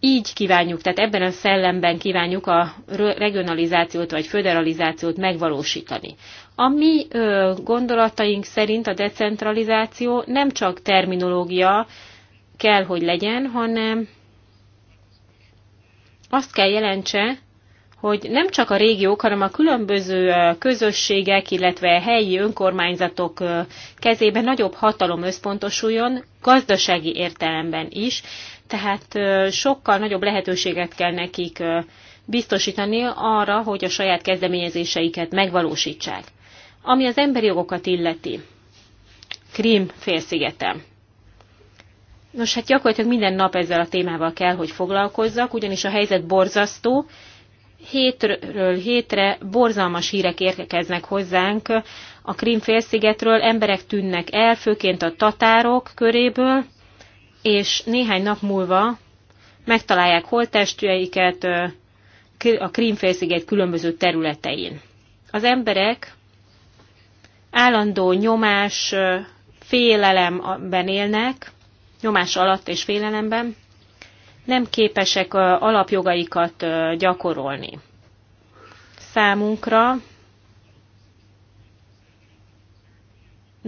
így kívánjuk, tehát ebben a szellemben kívánjuk a regionalizációt vagy föderalizációt megvalósítani. A mi ö, gondolataink szerint a decentralizáció nem csak terminológia kell, hogy legyen, hanem azt kell jelentse, hogy nem csak a régiók, hanem a különböző közösségek, illetve helyi önkormányzatok kezében nagyobb hatalom összpontosuljon, gazdasági értelemben is, tehát sokkal nagyobb lehetőséget kell nekik biztosítani arra, hogy a saját kezdeményezéseiket megvalósítsák. Ami az emberi jogokat illeti, Krím félszigete. Nos, hát gyakorlatilag minden nap ezzel a témával kell, hogy foglalkozzak, ugyanis a helyzet borzasztó. Hétről hétre borzalmas hírek érkeznek hozzánk a Krím félszigetről, emberek tűnnek el, főként a tatárok köréből, és néhány nap múlva megtalálják holttestjeiket a Krímfélsziget különböző területein. Az emberek állandó nyomás, félelemben élnek, nyomás alatt és félelemben, nem képesek alapjogaikat gyakorolni. Számunkra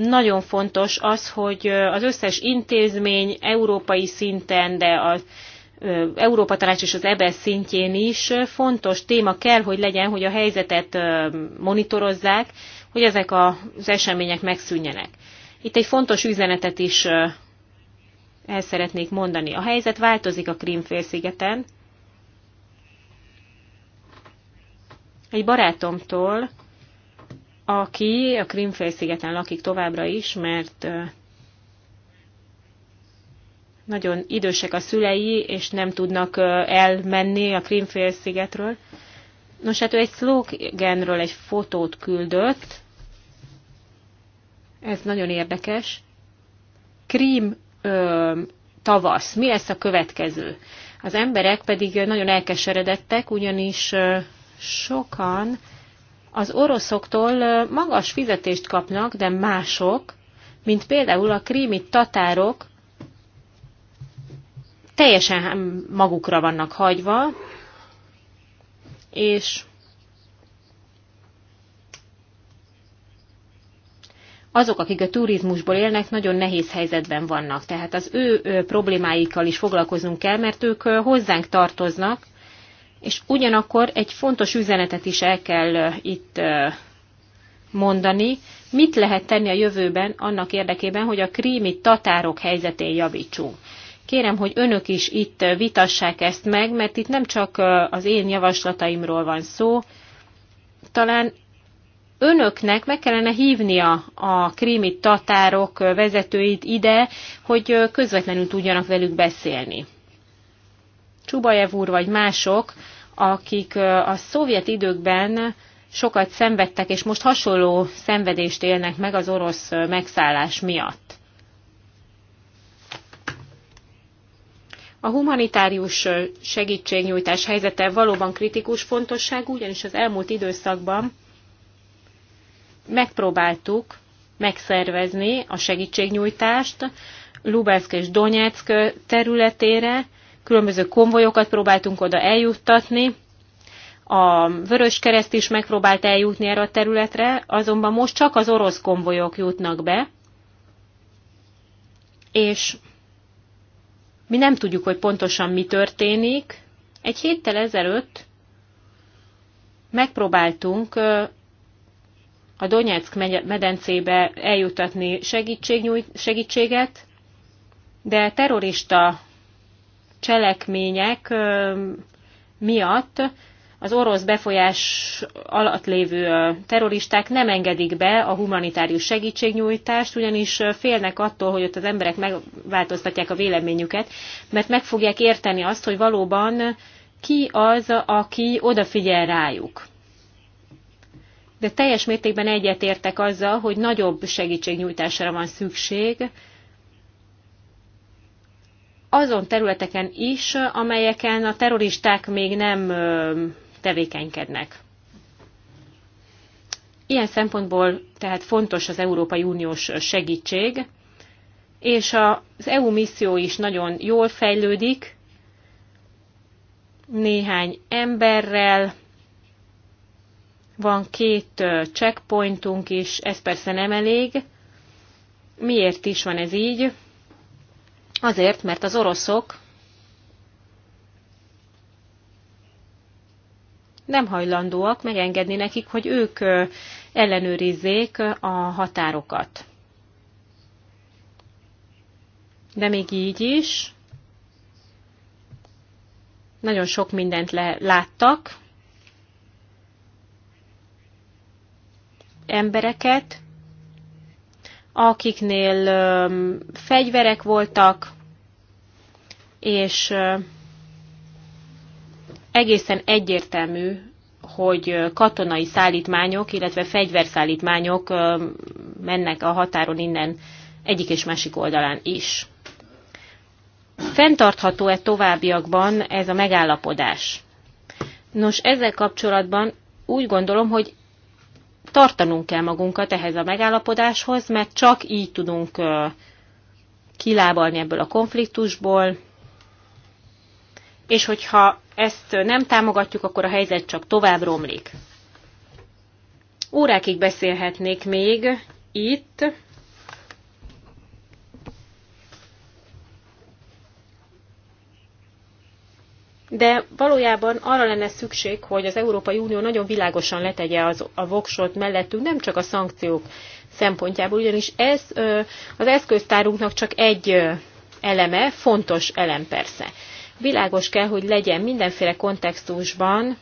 Nagyon fontos az, hogy az összes intézmény európai szinten, de az Európa Tanács és az EBS e szintjén is fontos téma kell, hogy legyen, hogy a helyzetet monitorozzák, hogy ezek az események megszűnjenek. Itt egy fontos üzenetet is el szeretnék mondani. A helyzet változik a Krímfélszigeten. Egy barátomtól aki a Krimfélszigeten lakik továbbra is, mert nagyon idősek a szülei, és nem tudnak elmenni a Krimfélszigetről. Nos, hát ő egy szlógenről egy fotót küldött. Ez nagyon érdekes. Krim ö, tavasz. Mi lesz a következő? Az emberek pedig nagyon elkeseredettek, ugyanis ö, sokan az oroszoktól magas fizetést kapnak, de mások, mint például a krími tatárok, teljesen hm, magukra vannak hagyva, és azok, akik a turizmusból élnek, nagyon nehéz helyzetben vannak. Tehát az ő problémáikkal is foglalkoznunk kell, mert ők hozzánk tartoznak, és ugyanakkor egy fontos üzenetet is el kell itt mondani, mit lehet tenni a jövőben annak érdekében, hogy a krími tatárok helyzetén javítsunk. Kérem, hogy önök is itt vitassák ezt meg, mert itt nem csak az én javaslataimról van szó, talán önöknek meg kellene hívnia a krími tatárok vezetőit ide, hogy közvetlenül tudjanak velük beszélni. Csubajev úr vagy mások, akik a szovjet időkben sokat szenvedtek, és most hasonló szenvedést élnek meg az orosz megszállás miatt. A humanitárius segítségnyújtás helyzete valóban kritikus fontosságú, ugyanis az elmúlt időszakban megpróbáltuk megszervezni a segítségnyújtást Lubeszk és Donetsk területére, különböző konvojokat próbáltunk oda eljuttatni, a Vörös Kereszt is megpróbált eljutni erre a területre, azonban most csak az orosz konvojok jutnak be, és mi nem tudjuk, hogy pontosan mi történik. Egy héttel ezelőtt megpróbáltunk a Donetsk medencébe eljutatni segítséget, de terrorista cselekmények miatt az orosz befolyás alatt lévő terroristák nem engedik be a humanitárius segítségnyújtást, ugyanis félnek attól, hogy ott az emberek megváltoztatják a véleményüket, mert meg fogják érteni azt, hogy valóban ki az, aki odafigyel rájuk. De teljes mértékben egyetértek azzal, hogy nagyobb segítségnyújtásra van szükség, azon területeken is, amelyeken a terroristák még nem tevékenykednek. Ilyen szempontból tehát fontos az Európai Uniós segítség, és az EU misszió is nagyon jól fejlődik, néhány emberrel, van két checkpointunk is, ez persze nem elég. Miért is van ez így? Azért, mert az oroszok nem hajlandóak megengedni nekik, hogy ők ellenőrizzék a határokat. De még így is nagyon sok mindent le, láttak, embereket, akiknél fegyverek voltak, és egészen egyértelmű, hogy katonai szállítmányok, illetve fegyverszállítmányok mennek a határon innen egyik és másik oldalán is. Fentartható-e továbbiakban ez a megállapodás? Nos, ezzel kapcsolatban úgy gondolom, hogy tartanunk kell magunkat ehhez a megállapodáshoz, mert csak így tudunk kilábalni ebből a konfliktusból, és hogyha ezt nem támogatjuk, akkor a helyzet csak tovább romlik. Órákig beszélhetnék még itt, de valójában arra lenne szükség, hogy az Európai Unió nagyon világosan letegye az, a voksot mellettünk, nem csak a szankciók szempontjából, ugyanis ez az eszköztárunknak csak egy eleme, fontos elem persze. Világos kell, hogy legyen mindenféle kontextusban,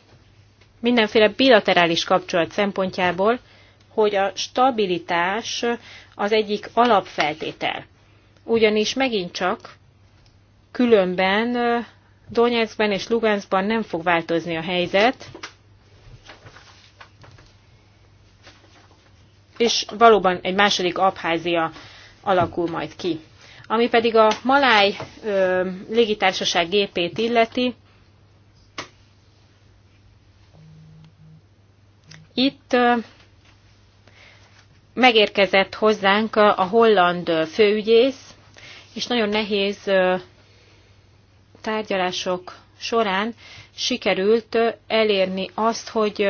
mindenféle bilaterális kapcsolat szempontjából, hogy a stabilitás az egyik alapfeltétel. Ugyanis megint csak különben Donetskben és Luganskban nem fog változni a helyzet, és valóban egy második Abházia alakul majd ki. Ami pedig a Maláj ö, légitársaság gépét illeti, itt ö, megérkezett hozzánk a holland főügyész, és nagyon nehéz ö, tárgyalások során sikerült elérni azt, hogy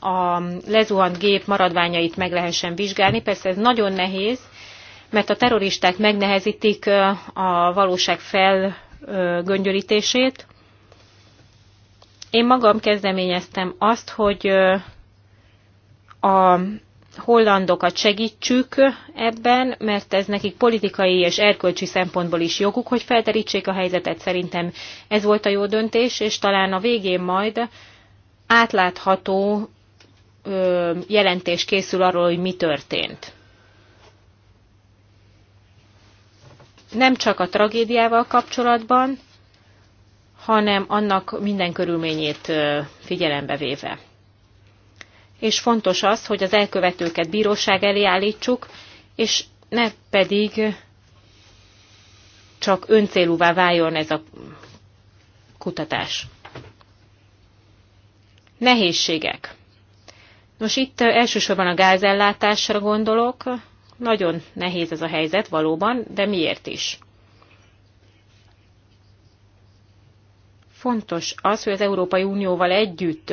a lezuhant gép maradványait meg lehessen vizsgálni. Persze ez nagyon nehéz, mert a terroristák megnehezítik a valóság felgöngyölítését. Én magam kezdeményeztem azt, hogy a hollandokat segítsük ebben, mert ez nekik politikai és erkölcsi szempontból is joguk, hogy felterítsék a helyzetet. Szerintem ez volt a jó döntés, és talán a végén majd átlátható ö, jelentés készül arról, hogy mi történt. Nem csak a tragédiával kapcsolatban, hanem annak minden körülményét figyelembe véve és fontos az, hogy az elkövetőket bíróság elé állítsuk, és ne pedig csak öncélúvá váljon ez a kutatás. Nehézségek. Nos, itt elsősorban a gázellátásra gondolok. Nagyon nehéz ez a helyzet valóban, de miért is? Fontos az, hogy az Európai Unióval együtt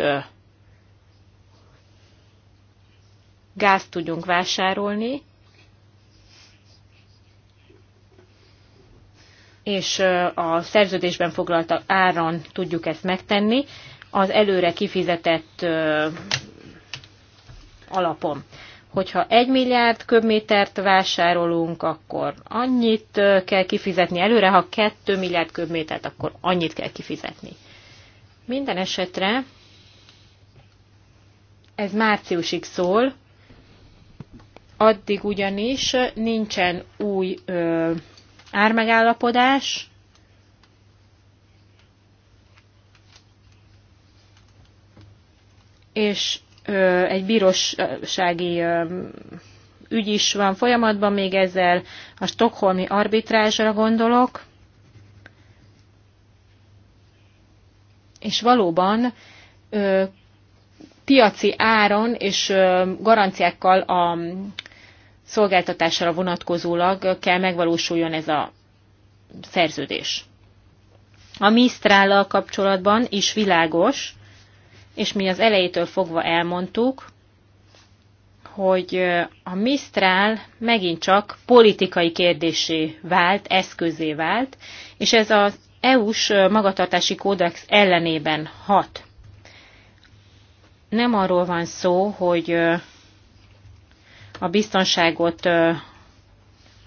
gázt tudjunk vásárolni, és a szerződésben foglalt áron tudjuk ezt megtenni, az előre kifizetett alapon. Hogyha egy milliárd köbmétert vásárolunk, akkor annyit kell kifizetni előre, ha kettő milliárd köbmétert, akkor annyit kell kifizetni. Minden esetre ez márciusig szól, Addig ugyanis nincsen új ö, ármegállapodás, és ö, egy bírósági ö, ügy is van folyamatban, még ezzel a stokholmi arbitrázsra gondolok. És valóban ö, piaci áron és ö, garanciákkal a szolgáltatásra vonatkozólag kell megvalósuljon ez a szerződés. A Mistrállal kapcsolatban is világos, és mi az elejétől fogva elmondtuk, hogy a Mistrál megint csak politikai kérdésé vált, eszközé vált, és ez az EU-s magatartási kódex ellenében hat. Nem arról van szó, hogy a biztonságot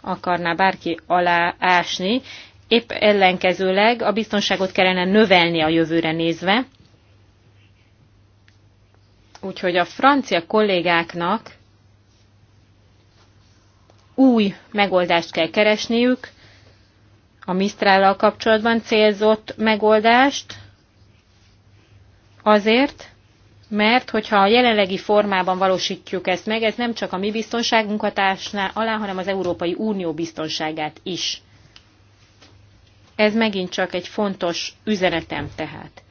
akarná bárki aláásni, épp ellenkezőleg a biztonságot kellene növelni a jövőre nézve. Úgyhogy a francia kollégáknak új megoldást kell keresniük, a Mistrállal kapcsolatban célzott megoldást, azért, mert hogyha a jelenlegi formában valósítjuk ezt meg, ez nem csak a mi biztonságunk hatásnál alá, hanem az Európai Unió biztonságát is. Ez megint csak egy fontos üzenetem tehát.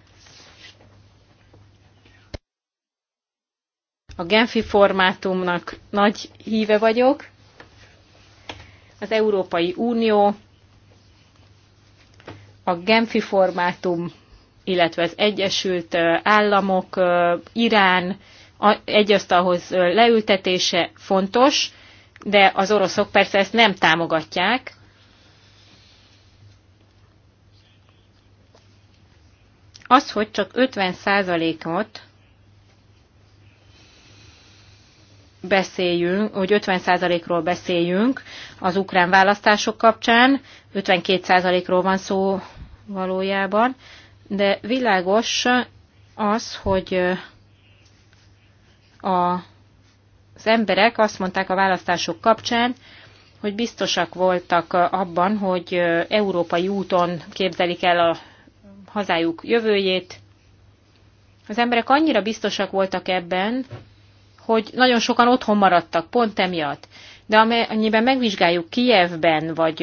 A Genfi formátumnak nagy híve vagyok. Az Európai Unió a Genfi formátum illetve az Egyesült Államok, Irán egyasztalhoz leültetése fontos, de az oroszok persze ezt nem támogatják. Az, hogy csak 50%-ot beszéljünk, hogy 50%-ról beszéljünk az ukrán választások kapcsán, 52%-ról van szó valójában de világos az, hogy a, az emberek azt mondták a választások kapcsán, hogy biztosak voltak abban, hogy európai úton képzelik el a hazájuk jövőjét. Az emberek annyira biztosak voltak ebben, hogy nagyon sokan otthon maradtak pont emiatt. De amennyiben megvizsgáljuk Kijevben, vagy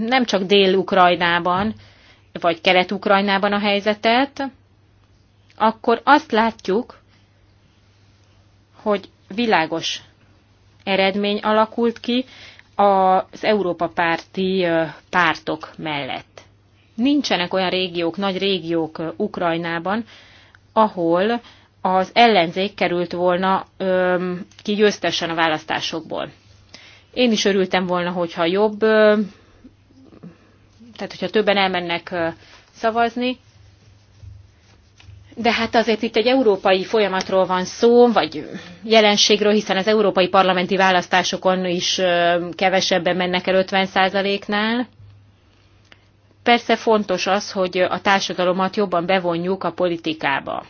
nem csak Dél-Ukrajnában, vagy Kelet-Ukrajnában a helyzetet, akkor azt látjuk, hogy világos eredmény alakult ki az Európa párti pártok mellett. Nincsenek olyan régiók, nagy régiók Ukrajnában, ahol az ellenzék került volna öm, ki győztesen a választásokból. Én is örültem volna, hogyha jobb tehát hogyha többen elmennek szavazni, de hát azért itt egy európai folyamatról van szó, vagy jelenségről, hiszen az európai parlamenti választásokon is kevesebben mennek el 50%-nál. Persze fontos az, hogy a társadalomat jobban bevonjuk a politikába.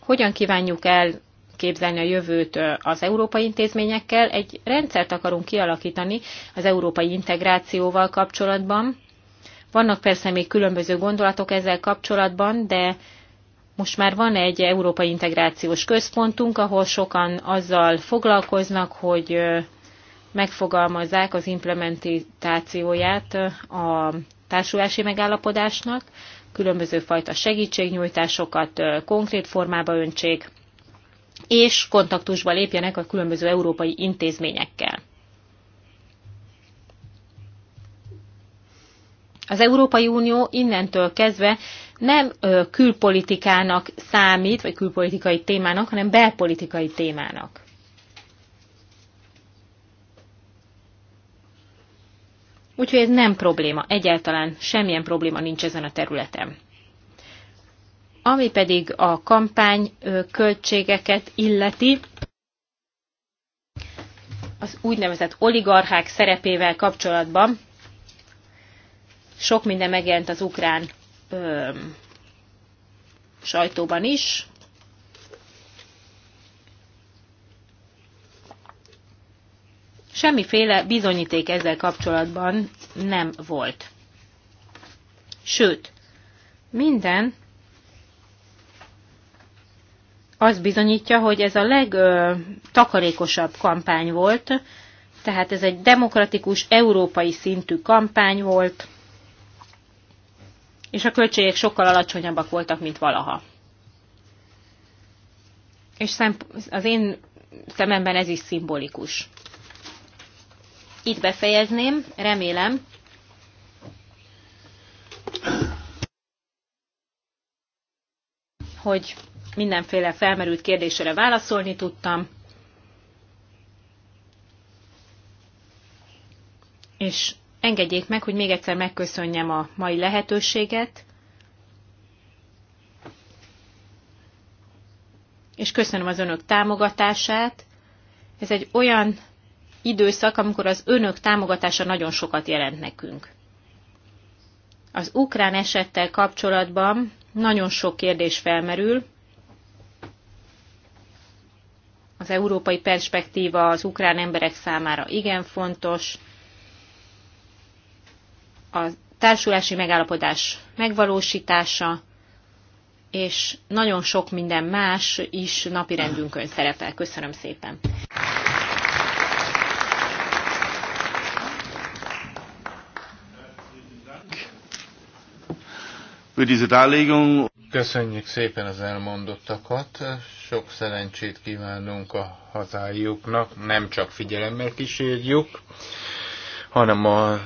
Hogyan kívánjuk el képzelni a jövőt az európai intézményekkel. Egy rendszert akarunk kialakítani az európai integrációval kapcsolatban. Vannak persze még különböző gondolatok ezzel kapcsolatban, de most már van egy európai integrációs központunk, ahol sokan azzal foglalkoznak, hogy megfogalmazzák az implementációját a társulási megállapodásnak, különböző fajta segítségnyújtásokat konkrét formába öntsék, és kontaktusba lépjenek a különböző európai intézményekkel. Az Európai Unió innentől kezdve nem külpolitikának számít, vagy külpolitikai témának, hanem belpolitikai témának. Úgyhogy ez nem probléma, egyáltalán semmilyen probléma nincs ezen a területen. Ami pedig a kampány költségeket illeti, az úgynevezett oligarchák szerepével kapcsolatban sok minden megjelent az ukrán ö, sajtóban is. Semmiféle bizonyíték ezzel kapcsolatban nem volt. Sőt, minden az bizonyítja, hogy ez a legtakarékosabb kampány volt, tehát ez egy demokratikus, európai szintű kampány volt, és a költségek sokkal alacsonyabbak voltak, mint valaha. És az én szememben ez is szimbolikus. Itt befejezném, remélem. hogy mindenféle felmerült kérdésére válaszolni tudtam. És engedjék meg, hogy még egyszer megköszönjem a mai lehetőséget, és köszönöm az önök támogatását. Ez egy olyan időszak, amikor az önök támogatása nagyon sokat jelent nekünk. Az ukrán esettel kapcsolatban nagyon sok kérdés felmerül, az európai perspektíva az ukrán emberek számára igen fontos. A társulási megállapodás megvalósítása, és nagyon sok minden más is napirendünkön szerepel. Köszönöm szépen! Köszönjük szépen az elmondottakat sok szerencsét kívánunk a hazájuknak, nem csak figyelemmel kísérjük, hanem a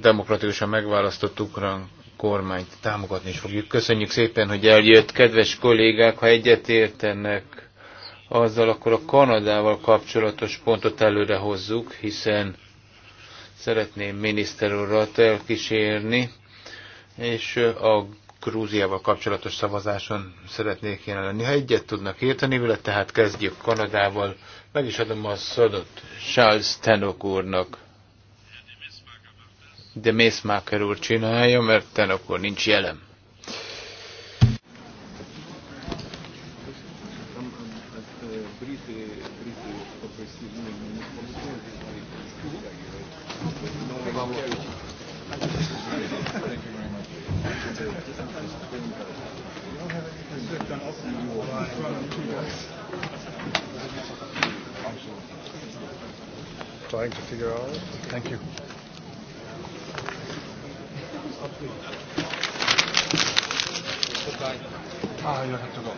demokratikusan megválasztott ukrán kormányt támogatni is fogjuk. Köszönjük szépen, hogy eljött, kedves kollégák, ha egyetértenek azzal, akkor a Kanadával kapcsolatos pontot előre hozzuk, hiszen szeretném miniszter urat elkísérni, és a Grúziával kapcsolatos szavazáson szeretnék én lenni. Ha egyet tudnak érteni vele, tehát kezdjük Kanadával. Meg is adom a szadot Charles Tenok úrnak. De Mészmáker úr csinálja, mert Tenok úr nincs jelen. trying to figure out. Thank you. Ah, you have to go.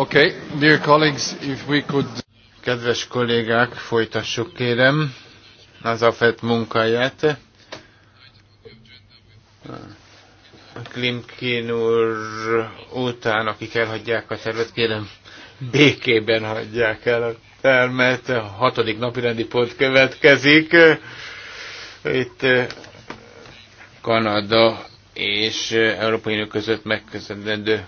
Okay. Okay, dear colleagues, if we could. Kedves kollégák, folytassuk kérem az AFET munkáját. Klimkin úr után, akik elhagyják a tervet, kérem békében hagyják el a termet. A hatodik napi rendi pont következik. Itt eh, Kanada és eh, Európai Unió között megközelítő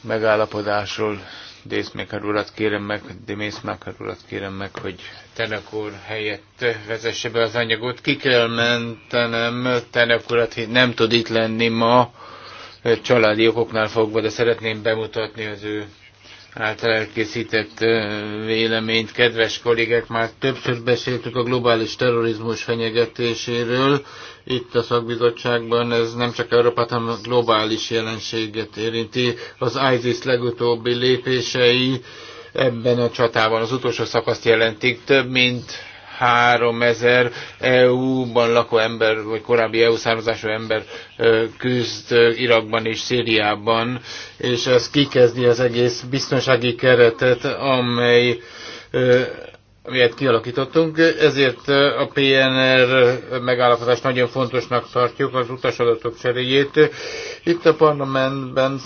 megállapodásról Dészméker urat kérem meg, Dészméker urat kérem meg, hogy Tenek úr helyett vezesse be az anyagot. Ki kell mentenem Tenek urat, hát nem tud itt lenni ma, családi okoknál fogva, de szeretném bemutatni az ő által elkészített véleményt. Kedves kollégek, már többször beszéltük a globális terrorizmus fenyegetéséről. Itt a szakbizottságban ez nem csak Európát, hanem a globális jelenséget érinti. Az ISIS legutóbbi lépései ebben a csatában az utolsó szakaszt jelentik. Több mint 3000 EU-ban lakó ember, vagy korábbi EU származású ember küzd Irakban és Szíriában, és ez kikezdi az egész biztonsági keretet, amely amelyet kialakítottunk, ezért a PNR megállapodást nagyon fontosnak tartjuk, az utasadatok cseréjét. Itt a parlamentben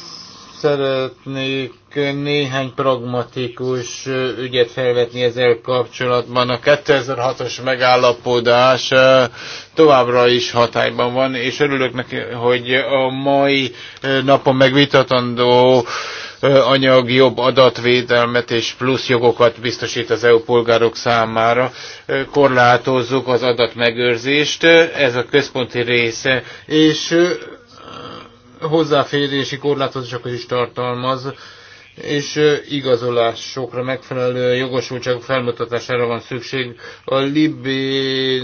szeretnék néhány pragmatikus ügyet felvetni ezzel kapcsolatban. A 2006-os megállapodás eh, továbbra is hatályban van, és örülök neki, hogy a mai eh, napon megvitatandó eh, anyag jobb adatvédelmet és plusz jogokat biztosít az EU polgárok számára. Korlátozzuk az adatmegőrzést, ez a központi része, és hozzáférési korlátozásokat is tartalmaz, és igazolásokra megfelelő jogosultságok felmutatására van szükség. A Libé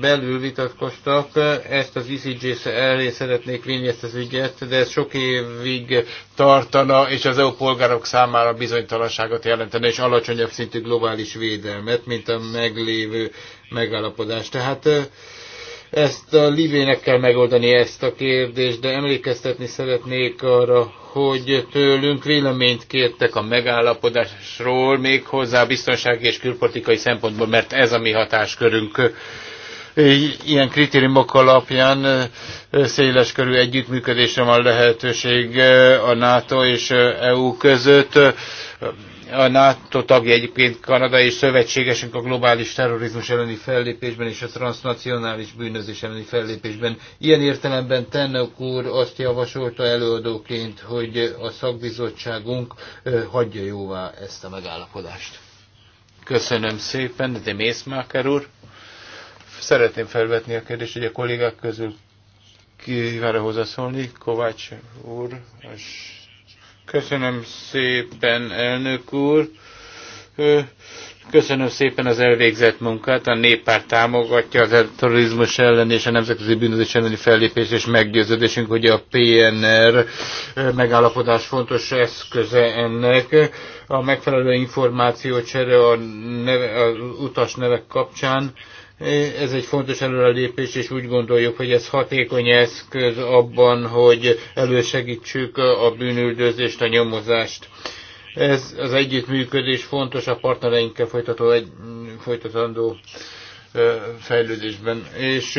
belül vitatkoztak, ezt az ICJ elé szeretnék vinni ezt az ügyet, de ez sok évig tartana, és az EU polgárok számára bizonytalanságot jelentene, és alacsonyabb szintű globális védelmet, mint a meglévő megállapodás. Tehát ezt a livének kell megoldani ezt a kérdést, de emlékeztetni szeretnék arra, hogy tőlünk véleményt kértek a megállapodásról, még hozzá biztonsági és külpolitikai szempontból, mert ez a mi hatáskörünk ilyen kritériumok alapján széles körű együttműködésre van lehetőség a NATO és EU között. A NATO tagja egyébként Kanada és szövetségesünk a globális terrorizmus elleni fellépésben és a transnacionális bűnözés elleni fellépésben. Ilyen értelemben Tennek úr azt javasolta előadóként, hogy a szakbizottságunk hagyja jóvá ezt a megállapodást. Köszönöm szépen, de Mészmáker úr. Szeretném felvetni a kérdést, hogy a kollégák közül kívánra hozzászólni. Kovács úr, és Köszönöm szépen, elnök úr. Köszönöm szépen az elvégzett munkát. A néppárt támogatja az terrorizmus ellen és a nemzetközi bűnözés elleni fellépés és meggyőződésünk, hogy a PNR megállapodás fontos eszköze ennek. A megfelelő információcsere a, neve, a utas nevek kapcsán ez egy fontos előrelépés, és úgy gondoljuk, hogy ez hatékony eszköz abban, hogy elősegítsük a bűnüldözést, a nyomozást. Ez az együttműködés fontos a partnereinkkel folytató, egy, folytatandó fejlődésben. És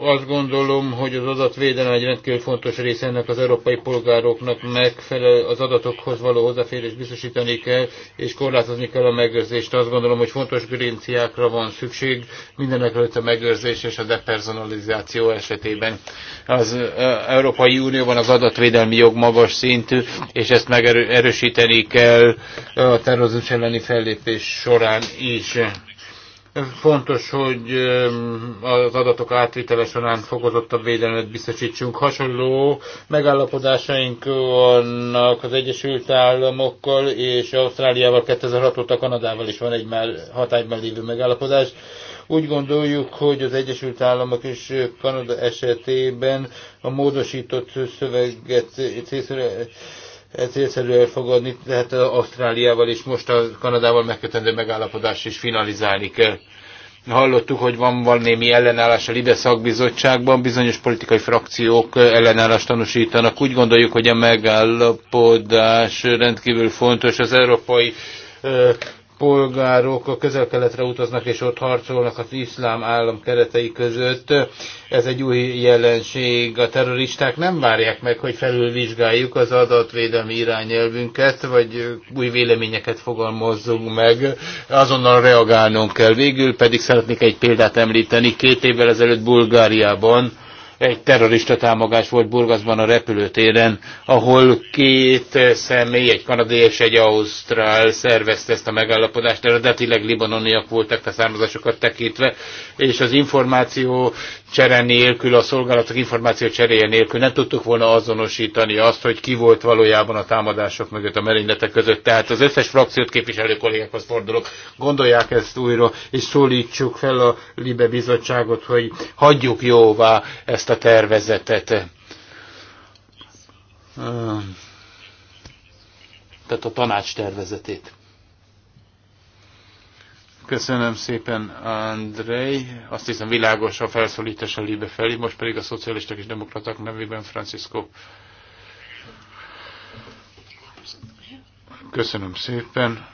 azt gondolom, hogy az adatvédelem egy rendkívül fontos része ennek az európai polgároknak megfelelő, az adatokhoz való hozzáférés biztosítani kell, és korlátozni kell a megőrzést. Azt gondolom, hogy fontos garanciákra van szükség mindenek előtt a megőrzés és a depersonalizáció esetében. Az Európai Unióban az adatvédelmi jog magas szintű, és ezt megerősíteni kell a terrorizmus elleni fellépés során is Fontos, hogy az adatok átvitele során fokozottabb védelmet biztosítsunk. Hasonló megállapodásaink vannak az Egyesült Államokkal és Ausztráliával, 2006 óta Kanadával is van egy már hatályban lévő megállapodás. Úgy gondoljuk, hogy az Egyesült Államok és Kanada esetében a módosított szöveget célszerű elfogadni, tehát Ausztráliával és most a Kanadával megkötendő megállapodást is finalizálni kell. Hallottuk, hogy van, van némi ellenállás a Libe szakbizottságban, bizonyos politikai frakciók ellenállást tanúsítanak. Úgy gondoljuk, hogy a megállapodás rendkívül fontos az európai polgárok a közel-keletre utaznak és ott harcolnak az iszlám állam keretei között. Ez egy új jelenség. A terroristák nem várják meg, hogy felülvizsgáljuk az adatvédelmi irányelvünket, vagy új véleményeket fogalmazzunk meg. Azonnal reagálnunk kell. Végül pedig szeretnék egy példát említeni. Két évvel ezelőtt Bulgáriában egy terrorista támogás volt Burgasban a repülőtéren, ahol két személy, egy kanadai és egy ausztrál szervezte ezt a megállapodást, eredetileg libanoniak voltak a származásokat tekintve, és az információ csere nélkül, a szolgálatok információ cseréje nélkül nem tudtuk volna azonosítani azt, hogy ki volt valójában a támadások mögött, a merényletek között. Tehát az összes frakciót képviselő kollégákhoz fordulok, gondolják ezt újra, és szólítsuk fel a Libe Bizottságot, hogy hagyjuk jóvá ezt a tervezetet. Tehát a tanács tervezetét. Köszönöm szépen, Andrei. Azt hiszem világos a felszólítás a Libe felé, most pedig a szocialisták és demokraták nevében Francisco. Köszönöm szépen.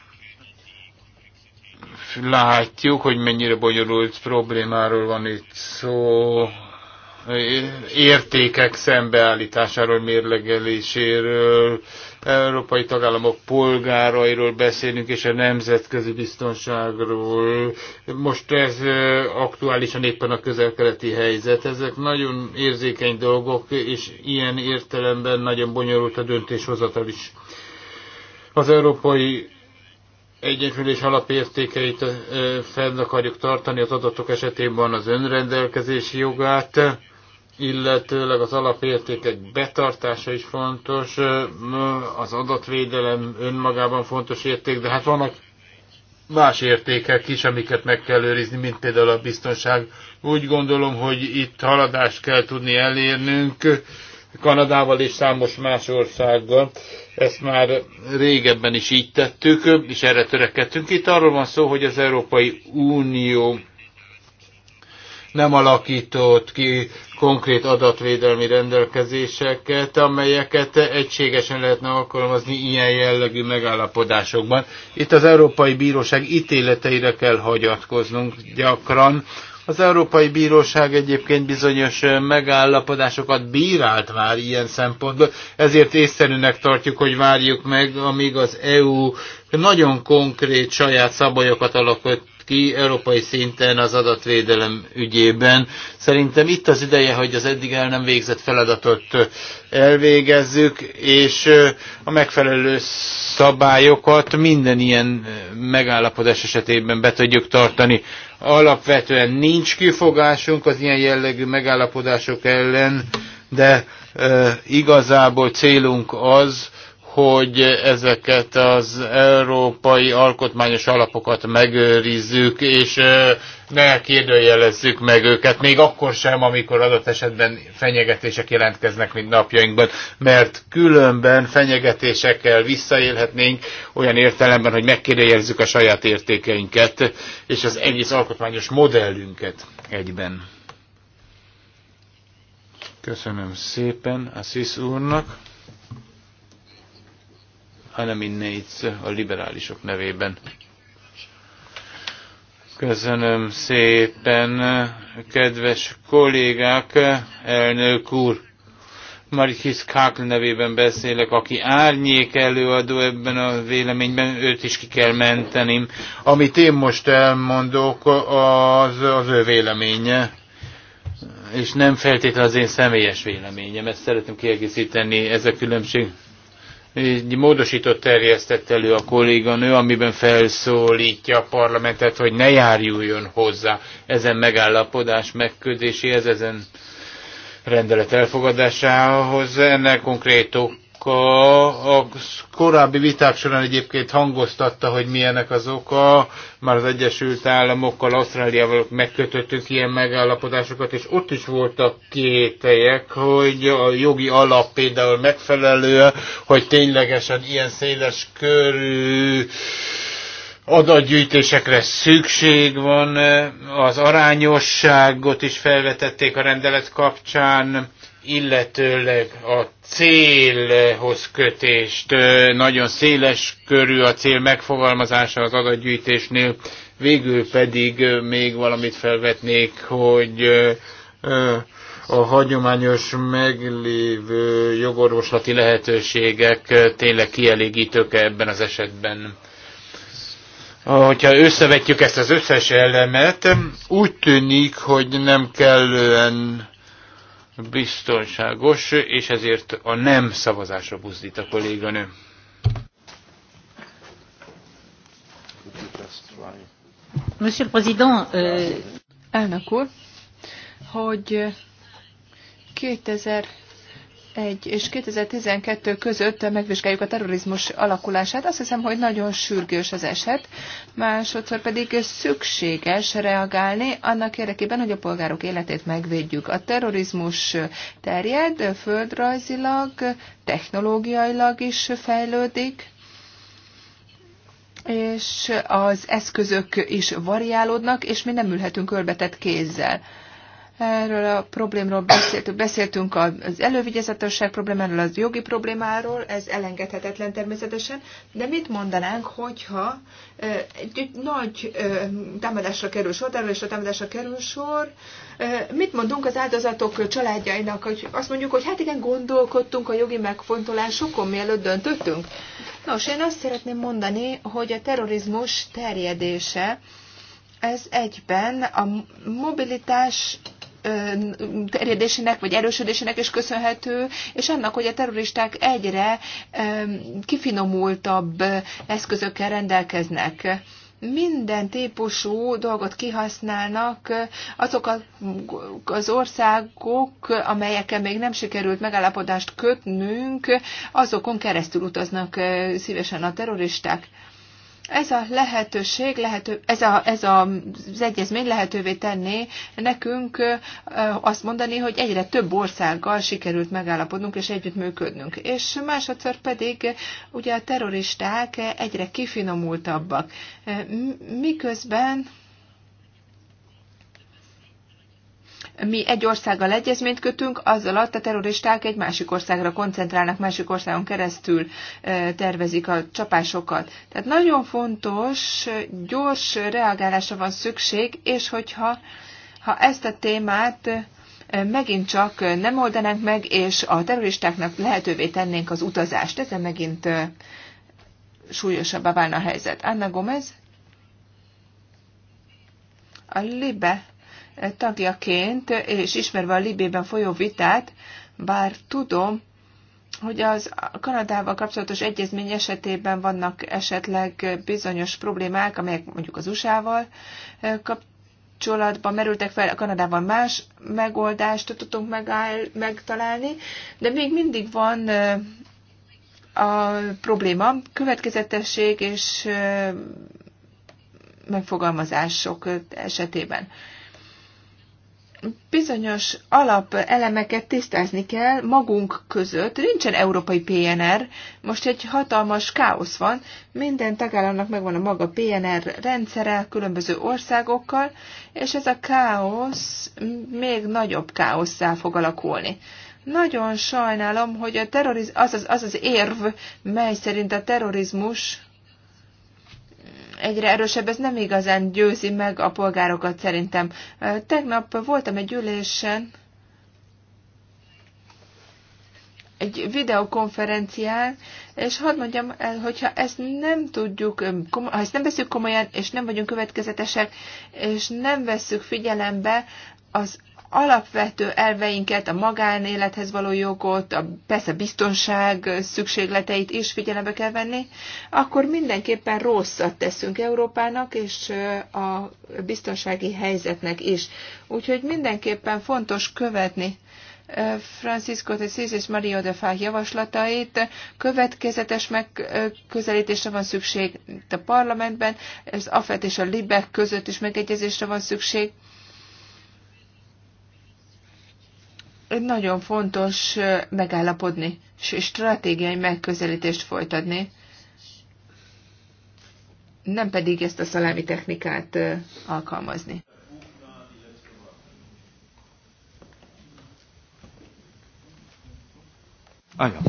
Látjuk, hogy mennyire bonyolult problémáról van itt szó értékek szembeállításáról, mérlegeléséről, európai tagállamok polgárairól beszélünk, és a nemzetközi biztonságról. Most ez aktuálisan éppen a közelkeleti helyzet. Ezek nagyon érzékeny dolgok, és ilyen értelemben nagyon bonyolult a döntéshozatal is. Az európai egyesülés alapértékeit fenn akarjuk tartani, az adatok esetében az önrendelkezési jogát, illetőleg az alapértékek betartása is fontos, az adatvédelem önmagában fontos érték, de hát vannak más értékek is, amiket meg kell őrizni, mint például a biztonság. Úgy gondolom, hogy itt haladást kell tudni elérnünk Kanadával és számos más országgal. Ezt már régebben is így tettük, és erre törekedtünk. Itt arról van szó, hogy az Európai Unió nem alakított ki konkrét adatvédelmi rendelkezéseket, amelyeket egységesen lehetne alkalmazni ilyen jellegű megállapodásokban. Itt az Európai Bíróság ítéleteire kell hagyatkoznunk gyakran. Az Európai Bíróság egyébként bizonyos megállapodásokat bírált már ilyen szempontból, ezért észszerűnek tartjuk, hogy várjuk meg, amíg az EU nagyon konkrét saját szabályokat alakít ki európai szinten az adatvédelem ügyében. Szerintem itt az ideje, hogy az eddig el nem végzett feladatot elvégezzük, és a megfelelő szabályokat minden ilyen megállapodás esetében be tudjuk tartani. Alapvetően nincs kifogásunk az ilyen jellegű megállapodások ellen, de e, igazából célunk az, hogy ezeket az európai alkotmányos alapokat megőrizzük, és ne kérdőjelezzük meg őket, még akkor sem, amikor adott esetben fenyegetések jelentkeznek, mint napjainkban, mert különben fenyegetésekkel visszaélhetnénk olyan értelemben, hogy megkérdőjelezzük a saját értékeinket, és az egész alkotmányos modellünket egyben. Köszönöm szépen a úrnak. Anemi itt a liberálisok nevében. Köszönöm szépen, kedves kollégák, elnök úr. Marikis Kákl nevében beszélek, aki árnyék előadó ebben a véleményben, őt is ki kell mentenim. Amit én most elmondok, az, az ő véleménye és nem feltétlenül az én személyes véleményem. Ezt szeretném kiegészíteni, ez a különbség egy módosított terjesztett elő a kolléganő, amiben felszólítja a parlamentet, hogy ne járjuljon hozzá ezen megállapodás megködéséhez, ezen rendelet elfogadásához. Ennek konkrét ok oka. A korábbi viták során egyébként hangoztatta, hogy milyenek az oka. Már az Egyesült Államokkal, Ausztráliával megkötöttünk ilyen megállapodásokat, és ott is voltak kételyek, hogy a jogi alap például megfelelő, hogy ténylegesen ilyen széles körű adatgyűjtésekre szükség van, az arányosságot is felvetették a rendelet kapcsán, illetőleg a célhoz kötést. Nagyon széles körű a cél megfogalmazása az adatgyűjtésnél. Végül pedig még valamit felvetnék, hogy a hagyományos meglévő jogorvoslati lehetőségek tényleg kielégítők -e ebben az esetben. Hogyha összevetjük ezt az összes elemet, úgy tűnik, hogy nem kellően biztonságos, és ezért a nem szavazásra buzdít a kolléganő. Monsieur le Président, euh, elnök úr, hogy 2000 2001 és 2012 között megvizsgáljuk a terrorizmus alakulását. Azt hiszem, hogy nagyon sürgős az eset, másodszor pedig szükséges reagálni annak érdekében, hogy a polgárok életét megvédjük. A terrorizmus terjed, földrajzilag, technológiailag is fejlődik, és az eszközök is variálódnak, és mi nem ülhetünk körbetett kézzel Erről a problémról beszéltünk, beszéltünk az elővigyezetesség problémáról, az jogi problémáról, ez elengedhetetlen természetesen, de mit mondanánk, hogyha egy, egy nagy támadásra kerül sor, terrorista támadásra kerül sor, mit mondunk az áldozatok családjainak, hogy azt mondjuk, hogy hát igen, gondolkodtunk a jogi megfontolásokon, mielőtt döntöttünk. Nos, én azt szeretném mondani, hogy a terrorizmus terjedése, ez egyben a mobilitás terjedésének vagy erősödésének is köszönhető, és annak, hogy a terroristák egyre kifinomultabb eszközökkel rendelkeznek minden típusú dolgot kihasználnak azok az országok, amelyekkel még nem sikerült megállapodást kötnünk, azokon keresztül utaznak szívesen a terroristák. Ez a lehetőség, lehető, ez, a, ez a, az egyezmény lehetővé tenné nekünk azt mondani, hogy egyre több országgal sikerült megállapodnunk és együttműködnünk. És másodszor pedig ugye a terroristák egyre kifinomultabbak. Miközben mi egy országgal egyezményt kötünk, az alatt a terroristák egy másik országra koncentrálnak, másik országon keresztül tervezik a csapásokat. Tehát nagyon fontos, gyors reagálásra van szükség, és hogyha ha ezt a témát megint csak nem oldanánk meg, és a terroristáknak lehetővé tennénk az utazást. Ezen megint súlyosabbá válna a helyzet. Anna Gomez? A Libe tagjaként, és ismerve a Libében folyó vitát, bár tudom, hogy az Kanadával kapcsolatos egyezmény esetében vannak esetleg bizonyos problémák, amelyek mondjuk az USA-val eh, kapcsolatban merültek fel, a Kanadában más megoldást tudtunk megáll, megtalálni, de még mindig van eh, a probléma, következetesség és eh, megfogalmazások esetében bizonyos alapelemeket tisztázni kell magunk között. Nincsen európai PNR, most egy hatalmas káosz van, minden tagállamnak megvan a maga PNR rendszere különböző országokkal, és ez a káosz még nagyobb káosszá fog alakulni. Nagyon sajnálom, hogy a terroriz- az, az, az az érv, mely szerint a terrorizmus egyre erősebb, ez nem igazán győzi meg a polgárokat szerintem. Tegnap voltam egy ülésen, egy videokonferencián, és hadd mondjam el, hogyha ezt nem tudjuk, ha ezt nem veszük komolyan, és nem vagyunk következetesek, és nem vesszük figyelembe az alapvető elveinket, a magánélethez való jogot, a, persze biztonság szükségleteit is figyelembe kell venni, akkor mindenképpen rosszat teszünk Európának és a biztonsági helyzetnek is. Úgyhogy mindenképpen fontos követni Francisco de Sis és Mario de Fá javaslatait. Következetes megközelítésre van szükség a parlamentben, az AFET és a LIBEK között is megegyezésre van szükség. nagyon fontos megállapodni, és stratégiai megközelítést folytatni, nem pedig ezt a szalámi technikát alkalmazni. Ah, ja.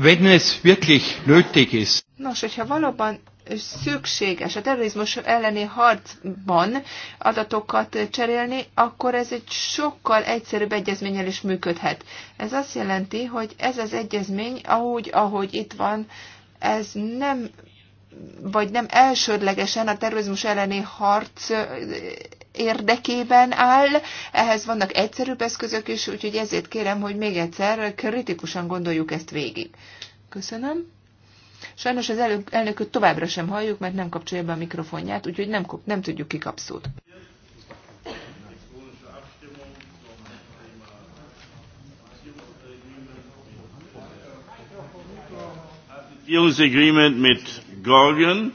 Wenn es wirklich nötig ist. Nos, hogyha valóban szükséges a terrorizmus elleni harcban adatokat cserélni, akkor ez egy sokkal egyszerűbb egyezménnyel is működhet. Ez azt jelenti, hogy ez az egyezmény, ahogy, ahogy itt van, ez nem vagy nem elsődlegesen a terrorizmus elleni harc érdekében áll. Ehhez vannak egyszerűbb eszközök is, úgyhogy ezért kérem, hogy még egyszer kritikusan gondoljuk ezt végig. Köszönöm. Sajnos az elnök, elnököt továbbra sem halljuk, mert nem kapcsolja be a mikrofonját, úgyhogy nem, nem tudjuk kikapszót. Agreement mit Georgien.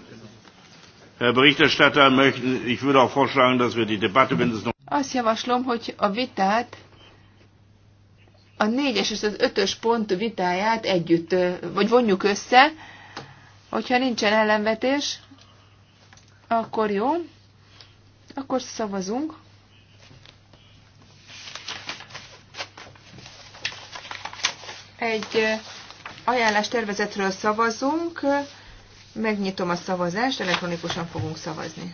Herr Berichterstatter, möchten, ich würde auch vorschlagen, dass wir die Debatte, wenn es noch... Azt javaslom, hogy a vitát, a négyes és az ötös pont vitáját együtt, vagy vonjuk össze, Hogyha nincsen ellenvetés, akkor jó, akkor szavazunk. Egy ajánlás tervezetről szavazunk, megnyitom a szavazást, elektronikusan fogunk szavazni.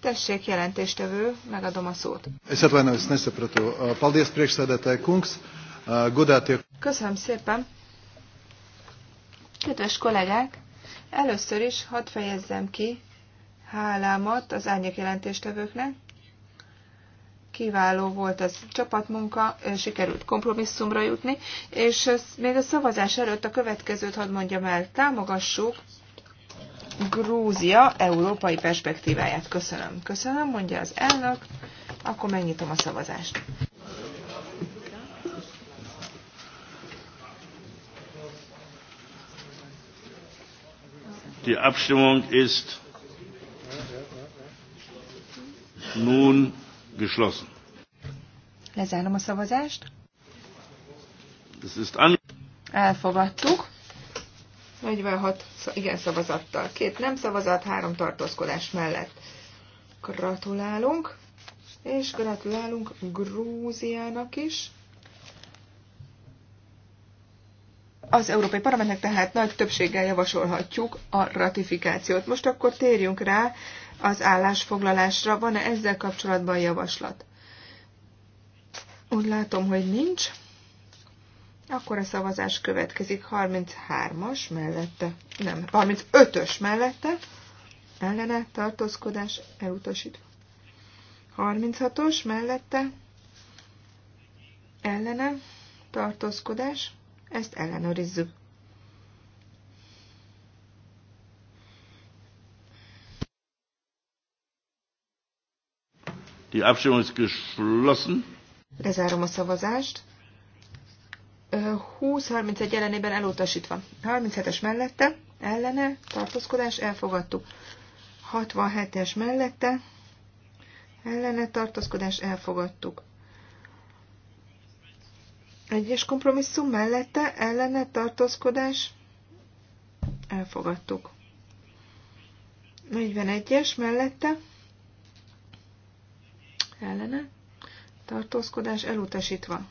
Tessék, jelentéstevő, megadom a szót. Es atvainojos, nesapratu. Paldies, priekšsēdētāji kungs. Uh, Köszönöm szépen! Kedves kollégák, először is hadd fejezzem ki hálámat az árnyék jelentéstevőknek. Kiváló volt az csapatmunka, sikerült kompromisszumra jutni, és még a szavazás előtt a következőt hadd mondjam el. Támogassuk Grúzia európai perspektíváját. Köszönöm. Köszönöm, mondja az elnök. Akkor megnyitom a szavazást. Die Abstimmung ist nun geschlossen. Lezárom a szavazást. Ez ist an Elfogadtuk. 46 igen szavazattal, két nem szavazat, három tartózkodás mellett. Gratulálunk, és gratulálunk Grúziának is. az Európai Parlamentnek tehát nagy többséggel javasolhatjuk a ratifikációt. Most akkor térjünk rá az állásfoglalásra. Van-e ezzel kapcsolatban javaslat? Úgy látom, hogy nincs. Akkor a szavazás következik 33-as mellette, nem, 35-ös mellette, ellene tartózkodás elutasítva. 36-os mellette, ellene tartózkodás ezt ellenőrizzük. Die Abstimmung ist geschlossen. Lezárom a szavazást. 20-31 ellenében elutasítva. 37-es mellette, ellene, tartózkodás, elfogadtuk. 67-es mellette, ellene, tartózkodás, elfogadtuk. Egyes kompromisszum mellette ellene tartózkodás elfogadtuk. 41-es mellette ellene tartózkodás elutasítva.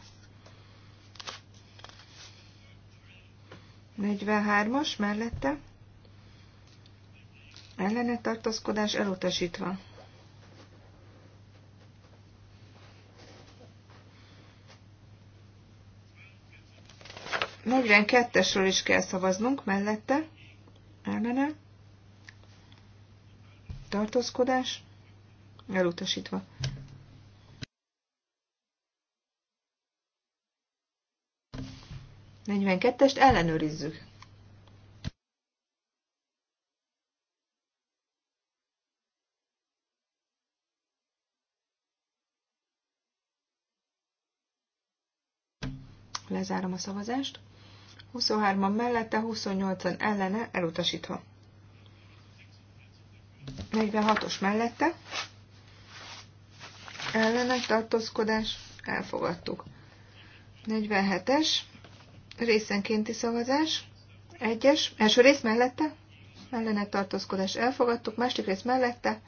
43-as mellette ellene tartózkodás elutasítva. 42-esről is kell szavaznunk mellette. Elmenem. Tartózkodás. Elutasítva. Negyvenkettest ellenőrizzük. Lezárom a szavazást. 23-an mellette, 28-an ellene, elutasítva. 46-os mellette. Ellene tartózkodás, elfogadtuk. 47-es, részenkénti szavazás. 1-es, első rész mellette. Ellene tartózkodás, elfogadtuk. Másik rész mellette.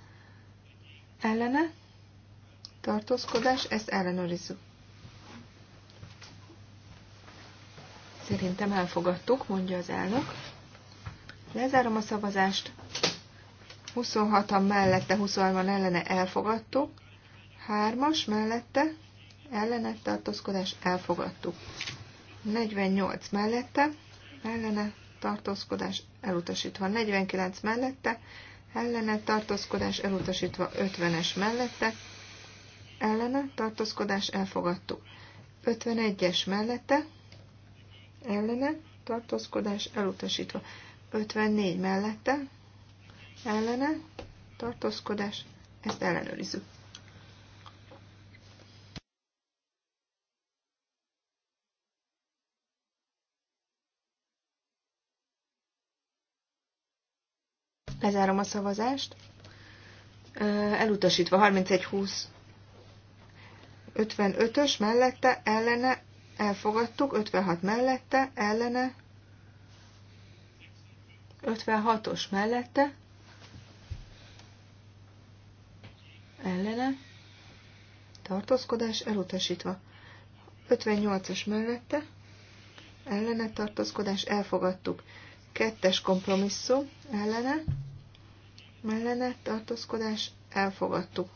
Ellene tartózkodás, ezt ellenőrizzük. Szerintem elfogadtuk, mondja az elnök. Lezárom a szavazást. 26-an mellette, 23-an ellene elfogadtuk. 3-as mellette, ellene tartózkodás elfogadtuk. 48 mellette, ellene tartózkodás elutasítva. 49 mellette, ellene tartózkodás elutasítva. 50-es mellette, ellene tartózkodás elfogadtuk. 51-es mellette, ellene, tartózkodás elutasítva. 54 mellette, ellene, tartózkodás, ezt ellenőrizzük. Lezárom a szavazást. Elutasítva 31-20. 55-ös mellette ellene elfogadtuk, 56 mellette, ellene, 56-os mellette, ellene, tartózkodás elutasítva, 58-as mellette, ellene, tartózkodás elfogadtuk, kettes kompromisszum, ellene, mellene, tartózkodás elfogadtuk.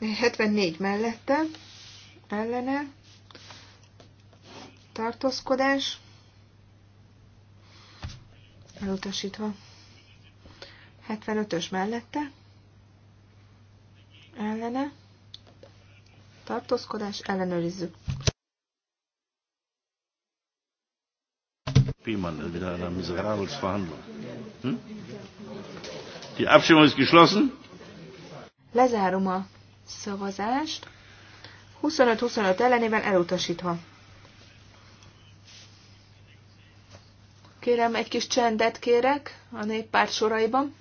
74 hm. mellette, ellene, tartózkodás, elutasítva. 75-ös mellette, ellene, tartózkodás, ellenőrizzük. Wie man wieder einer miserables Verhandlung. Hm? Die Abstimmung ist geschlossen. Lezárom a szavazást. 25-25 ellenében elutasítva. Kérem, egy kis csendet kérek a néppárt soraiban.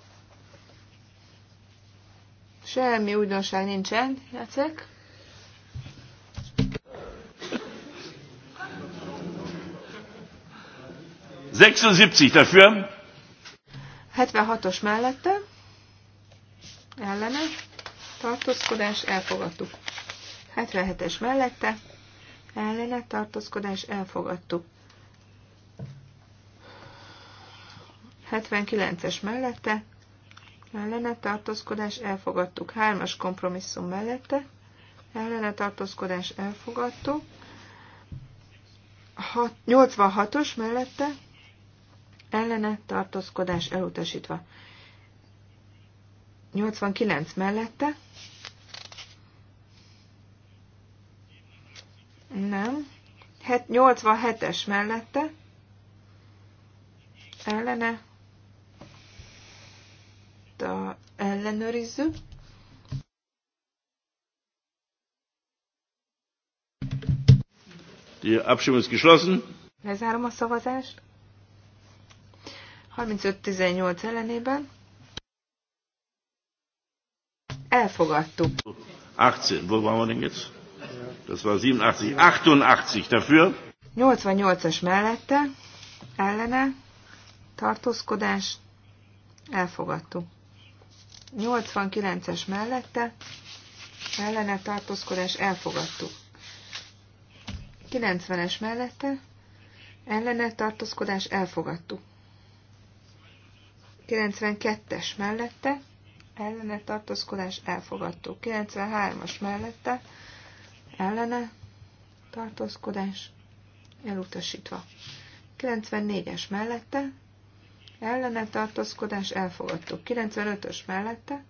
Semmi újdonság nincsen, játszek. dafür. 76-os mellette. Ellene. Tartózkodás. Elfogadtuk. 77-es mellette, ellene tartózkodás elfogadtuk. 79-es mellette, ellene tartózkodás elfogadtuk. 3-as kompromisszum mellette, ellene tartózkodás elfogadtuk. 86-os mellette, ellene tartózkodás elutasítva. 89 mellette, Nem. 87-es mellette. Ellene. A ellenőrizzük. Die Abstimmung ist geschlossen. Lezárom a szavazást. 35-18 ellenében. Elfogadtuk. 18, wo waren wir denn jetzt? Das war 87. 88 dafür. 88-as mellette, ellene, tartózkodás, elfogadtuk. 89-es mellette, ellene, tartózkodás, elfogadtuk. 90-es mellette, ellene, tartózkodás, elfogadtuk. 92-es mellette, ellene tartózkodás elfogadtuk. 93-as mellette ellene tartózkodás elutasítva. 94-es mellette ellene tartózkodás elfogadtuk. 95-ös mellette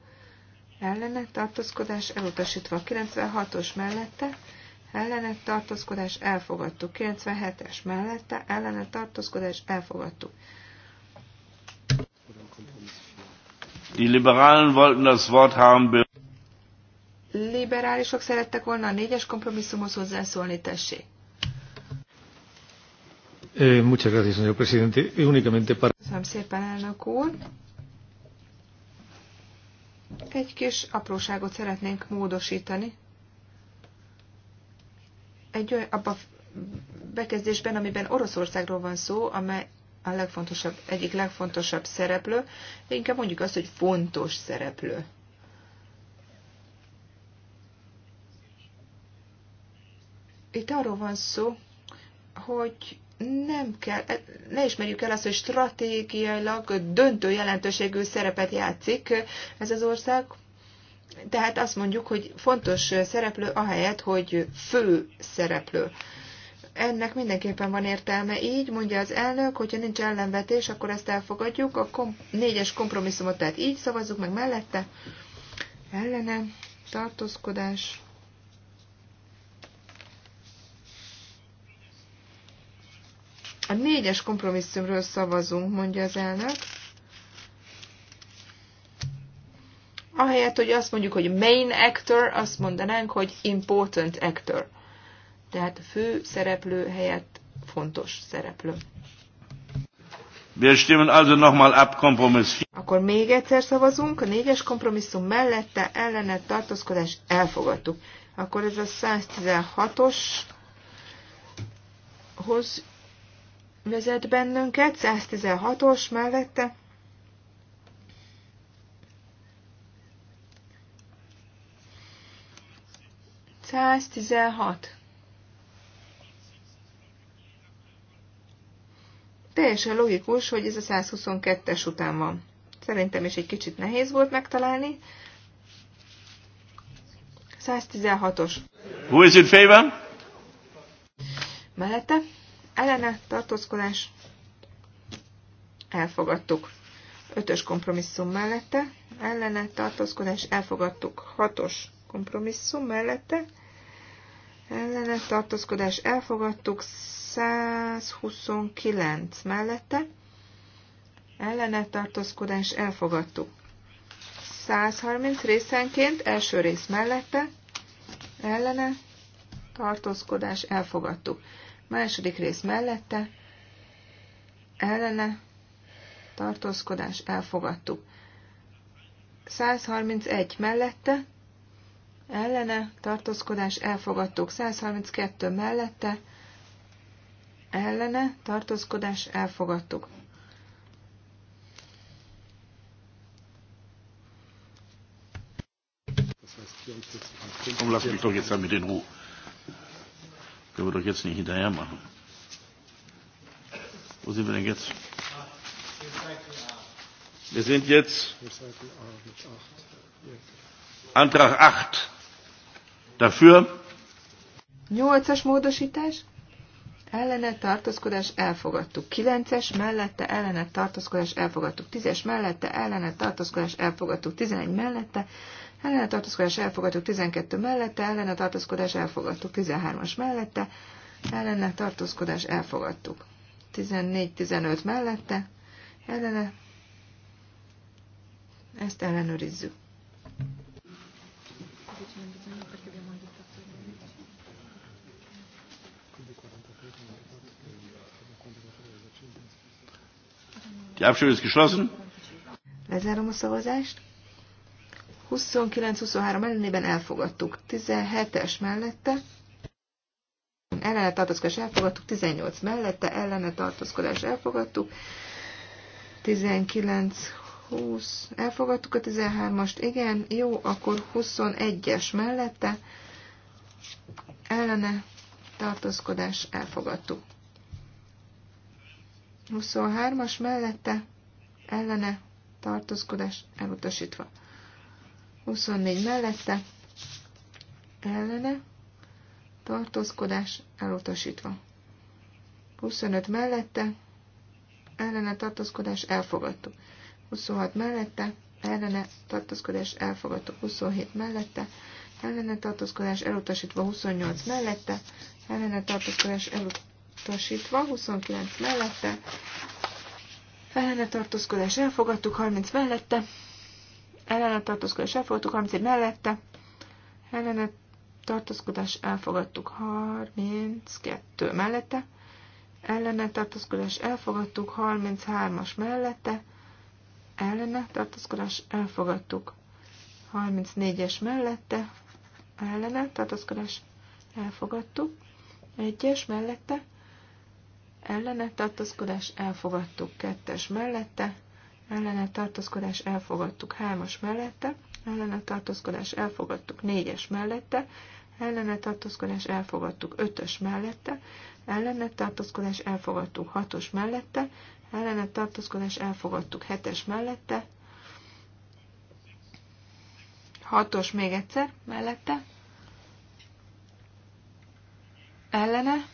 ellene tartózkodás elutasítva. 96-os mellette ellene tartózkodás elfogadtuk. 97-es mellette ellene tartózkodás elfogadtuk. Die Liberalen wollten das Wort haben liberálisok szerettek volna a négyes kompromisszumhoz hozzászólni, tessék. Eh, eh, Köszönöm szépen, elnök úr. Egy kis apróságot szeretnénk módosítani. Egy olyan, abba bekezdésben, amiben Oroszországról van szó, amely a legfontosabb, egyik legfontosabb szereplő, inkább mondjuk azt, hogy fontos szereplő. Itt arról van szó, hogy nem kell, ne ismerjük el azt, hogy stratégiailag döntő jelentőségű szerepet játszik ez az ország. Tehát azt mondjuk, hogy fontos szereplő ahelyett, hogy fő szereplő. Ennek mindenképpen van értelme. Így mondja az elnök, hogyha nincs ellenvetés, akkor ezt elfogadjuk. A kom- négyes kompromisszumot tehát így szavazzuk meg mellette. Ellenem tartózkodás, A négyes kompromisszumról szavazunk, mondja az elnök. Ahelyett, hogy azt mondjuk, hogy main actor, azt mondanánk, hogy important actor. Tehát fő szereplő helyett fontos szereplő. Wir stimmen also nochmal ab Kompromiss. Akkor még egyszer szavazunk, a négyes kompromisszum mellette ellene tartózkodás elfogadtuk. Akkor ez a 116-oshoz vezet bennünket, 116-os mellette. Száztizenhat. Teljesen logikus, hogy ez a 122-es után van. Szerintem is egy kicsit nehéz volt megtalálni. 116-os. Who is in favor? Mellette ellene tartózkodás elfogadtuk. Ötös kompromisszum mellette, ellene tartózkodás elfogadtuk. Hatos kompromisszum mellette, ellene tartózkodás elfogadtuk. 129 mellette, ellene tartózkodás elfogadtuk. 130 részenként, első rész mellette, ellene tartózkodás elfogadtuk. Második rész mellette, ellene, tartózkodás, elfogadtuk. 131 mellette, ellene, tartózkodás, elfogadtuk. 132 mellette, ellene, tartózkodás, elfogadtuk. Um, lass mich doch jetzt damit in Ruhe. Können wir doch jetzt nicht hinterher machen. Wo sind wir denn jetzt? Wir sind jetzt Antrag 8. Dafür. 8-as módosítás. Ellene tartózkodás elfogadtuk. 9-es mellette ellene tartózkodás elfogadtuk. 10-es mellette ellene tartózkodás elfogadtuk. 11 mellette ellene tartózkodás elfogadtuk 12 mellette, ellene tartózkodás elfogadtuk 13-as mellette, ellene tartózkodás elfogadtuk 14-15 mellette, ellene ezt ellenőrizzük. Die Abstimmung ist geschlossen. Lezárom a szavazást. 29-23 ellenében elfogadtuk. 17-es mellette ellene tartózkodás elfogadtuk, 18 mellette ellene tartózkodás elfogadtuk, 19 20, elfogadtuk a 13-ast, igen, jó, akkor 21-es mellette ellene tartózkodás elfogadtuk. 23-as mellette ellene tartózkodás elutasítva. 24 mellette, ellene, tartózkodás elutasítva. 25 mellette, ellene tartózkodás elfogadtuk. 26 mellette, ellene tartózkodás elfogadtuk. 27 mellette, ellene tartózkodás elutasítva. 28 mellette, ellene tartózkodás elutasítva. 29 mellette, ellene tartózkodás elfogadtuk. 30 mellette, ellene tartózkodás elfogadtuk, 30 év mellette, ellene tartózkodás elfogadtuk, 32 mellette, ellene tartózkodás elfogadtuk, 33-as mellette, ellene tartózkodás elfogadtuk, 34-es mellette, ellene tartózkodás elfogadtuk, 1-es mellette, ellene tartózkodás elfogadtuk, 2-es mellette, ellene tartózkodás elfogadtuk hármas mellette, ellene tartózkodás elfogadtuk négyes mellette, ellene tartózkodás elfogadtuk ötös mellette, ellene tartózkodás elfogadtuk hatos mellette, ellene tartózkodás elfogadtuk hetes mellette, hatos még egyszer mellette, ellene,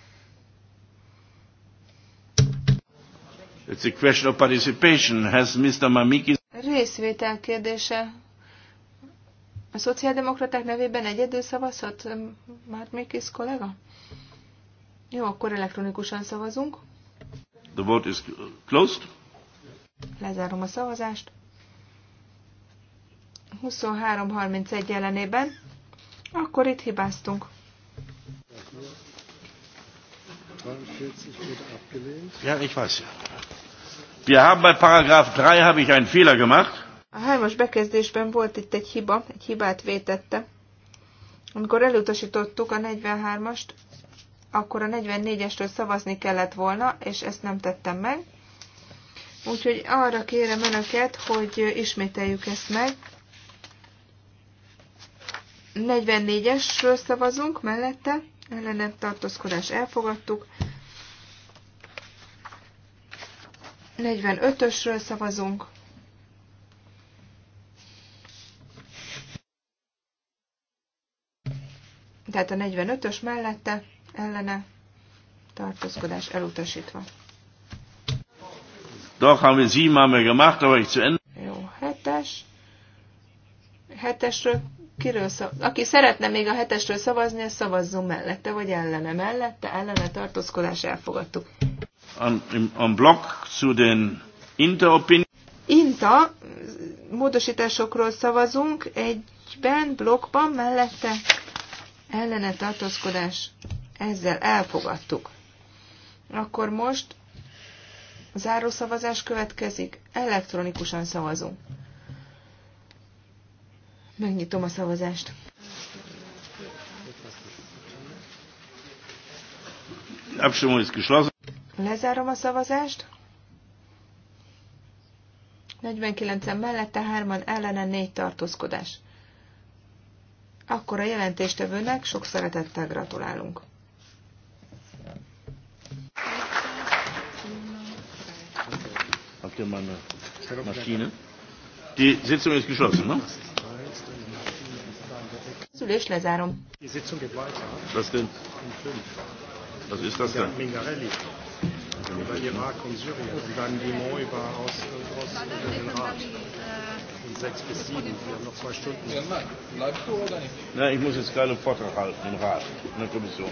It's a question of participation. Has Mr. Mamikis... Részvétel kérdése. A szociáldemokraták nevében egyedül szavazott Már kollega? Jó, akkor elektronikusan szavazunk. The vote is closed. Lezárom a szavazást. 2331 31 jelenében. Akkor itt hibáztunk. 43 wurde abgelehnt. Ja, ich weiß ja. Wir haben bei Paragraph 3 habe ich einen Fehler gemacht. A hármas bekezdésben volt itt egy hiba, egy hibát vétette. Amikor elutasítottuk a 43-ast, akkor a 44-estől szavazni kellett volna, és ezt nem tettem meg. Úgyhogy arra kérem Önöket, hogy ismételjük ezt meg. 44-esről szavazunk mellette, ellenet tartózkodás elfogadtuk. 45-ösről szavazunk. Tehát a 45-ös mellette ellene tartózkodás elutasítva. Doch haben wir siebenmal mehr gemacht, aber ich zu Ende. Jó, hetes. Hetesről Kiről szav... Aki szeretne még a hetestről szavazni, szavazzon mellette, vagy ellene. Mellette, ellene tartózkodás elfogadtuk. On, on block to the inter, Inta módosításokról szavazunk egyben, blokkban, mellette ellene tartózkodás. Ezzel elfogadtuk. Akkor most záró szavazás következik, elektronikusan szavazunk. Megnyitom a szavazást. Lezárom a szavazást. 49-en mellette, 3 ellene, 4 tartózkodás. Akkor a jelentéstevőnek sok szeretettel gratulálunk. Habt ihr Maschine? Die Sitzung ist geschlossen, ne? Szülés lezárom. Was denn? Was ist das denn? Mingarelli. Über Irak und Syrien und dann über aus, aus Rat. Äh, bis wir haben noch zwei Stunden. Bleibst du oder nicht? ich muss jetzt gerade einen Vortrag halten im Rat, in der Kommission.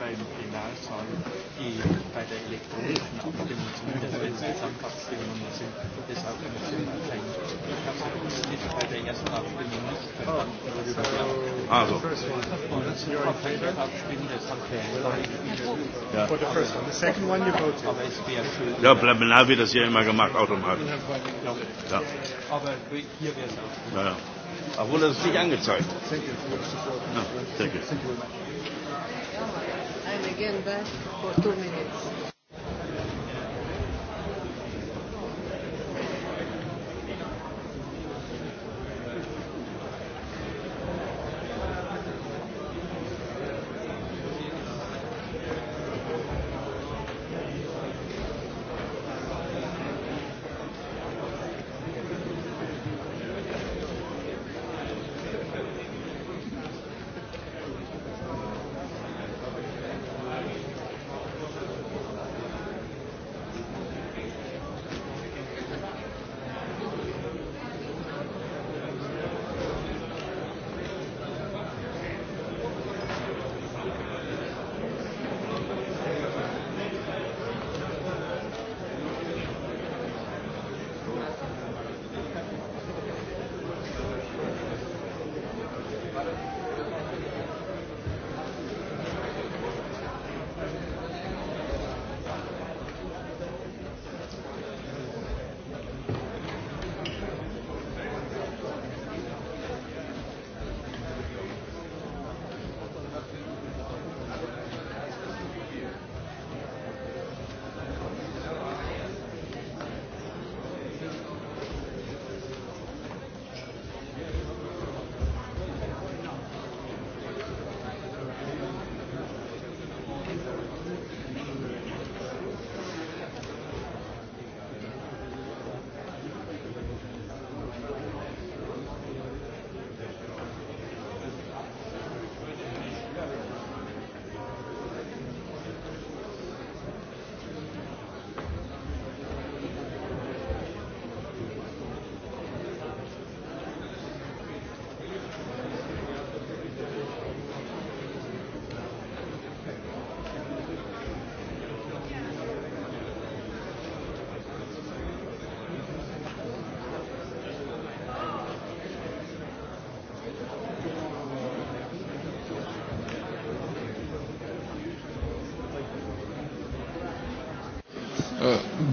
beim Wahlzahlen, die bei der elektronischen Abstimmung zumindest, wenn es Gesamtabstimmungen sind, das auch immer sehr wahrscheinlich Ich habe es nicht bei der ersten Abstimmung nicht verstanden. Also. Ja, das immer gemacht, automatisch. Ja. Aber hier wäre es auch. Ja, ja. Obwohl das ist nicht angezeigt. Ja, again back for two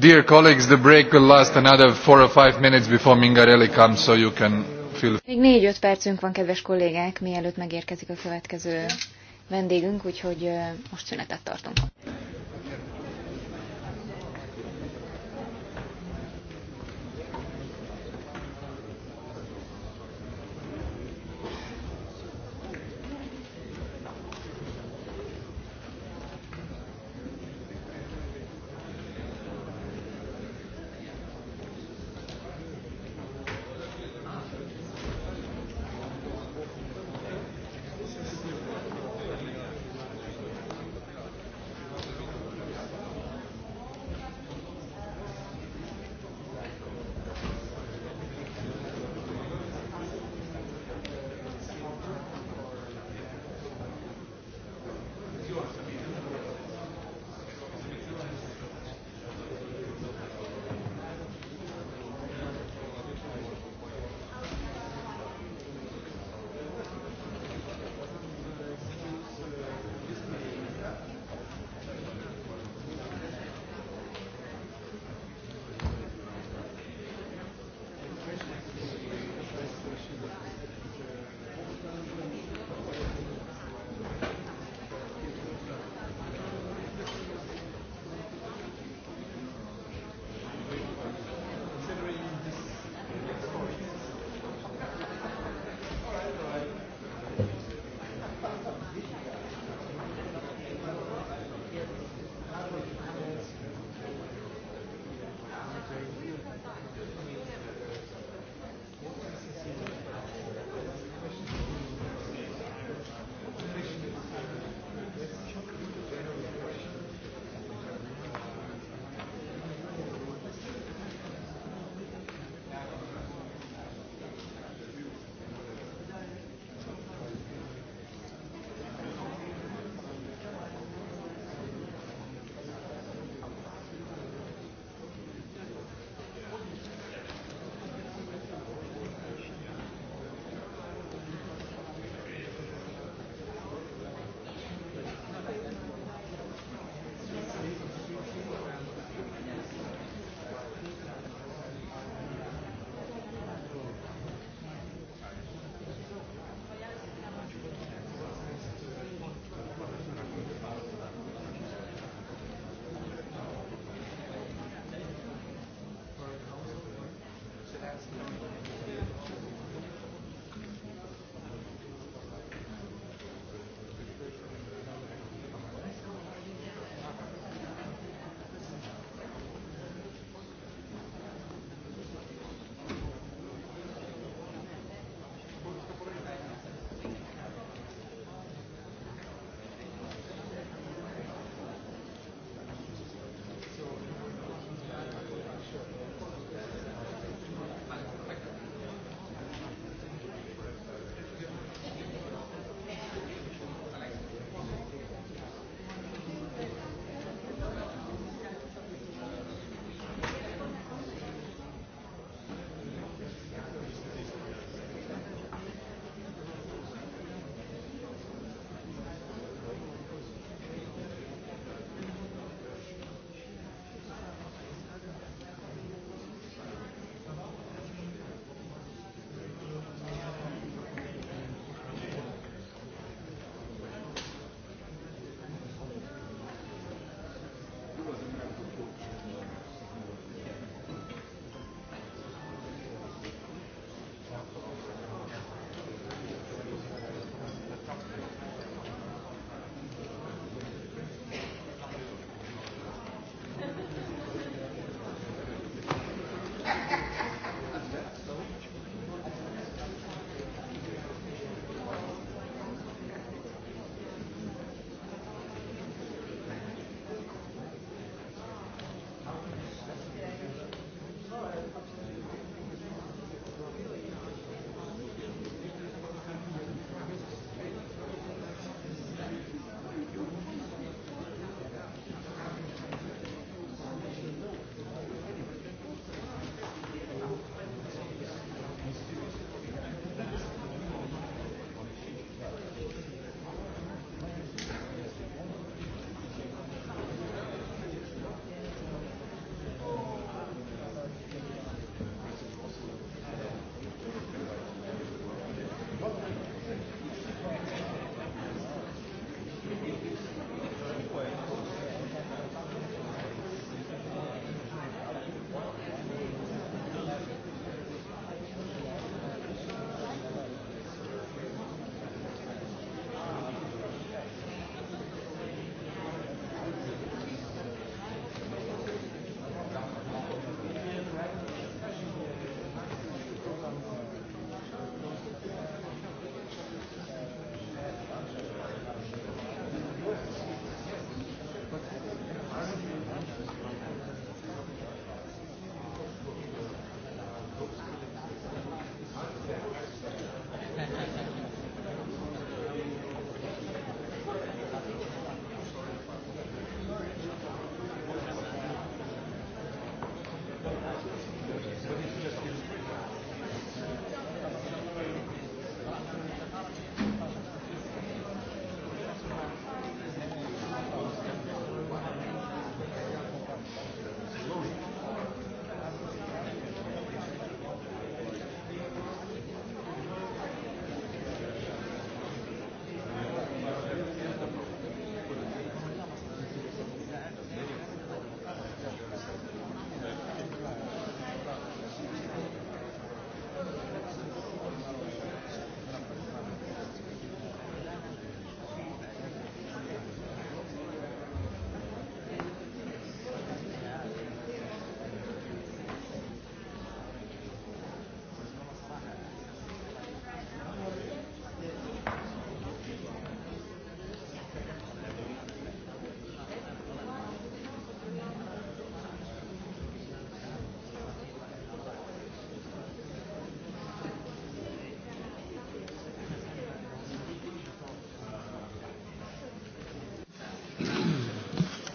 Dear colleagues, the break will last another four or five minutes before Mingarelli comes, so you can feel... Még négy-öt percünk van, kedves kollégák, mielőtt megérkezik a következő vendégünk, úgyhogy most szünetet tartunk.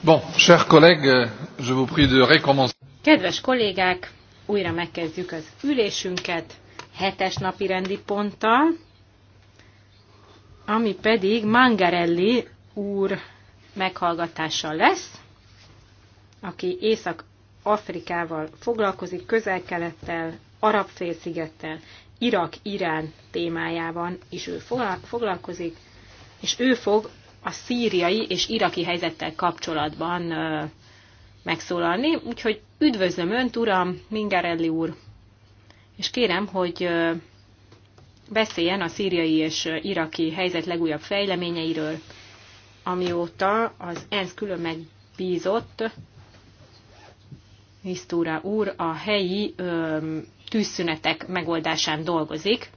Bon, chers collègues, je vous prie de recommencer. Kedves kollégák, újra megkezdjük az ülésünket hetes napi rendi ponttal, ami pedig Mangarelli úr meghallgatása lesz, aki Észak-Afrikával foglalkozik, közel-kelettel, Arab-félszigettel, Irak-Irán témájában is ő foglalkozik, és ő fog a szíriai és iraki helyzettel kapcsolatban megszólalni. Úgyhogy üdvözlöm Önt, Uram, Mingarelli úr, és kérem, hogy beszéljen a szíriai és iraki helyzet legújabb fejleményeiről, amióta az ENSZ külön megbízott Misztúra úr a helyi tűzszünetek megoldásán dolgozik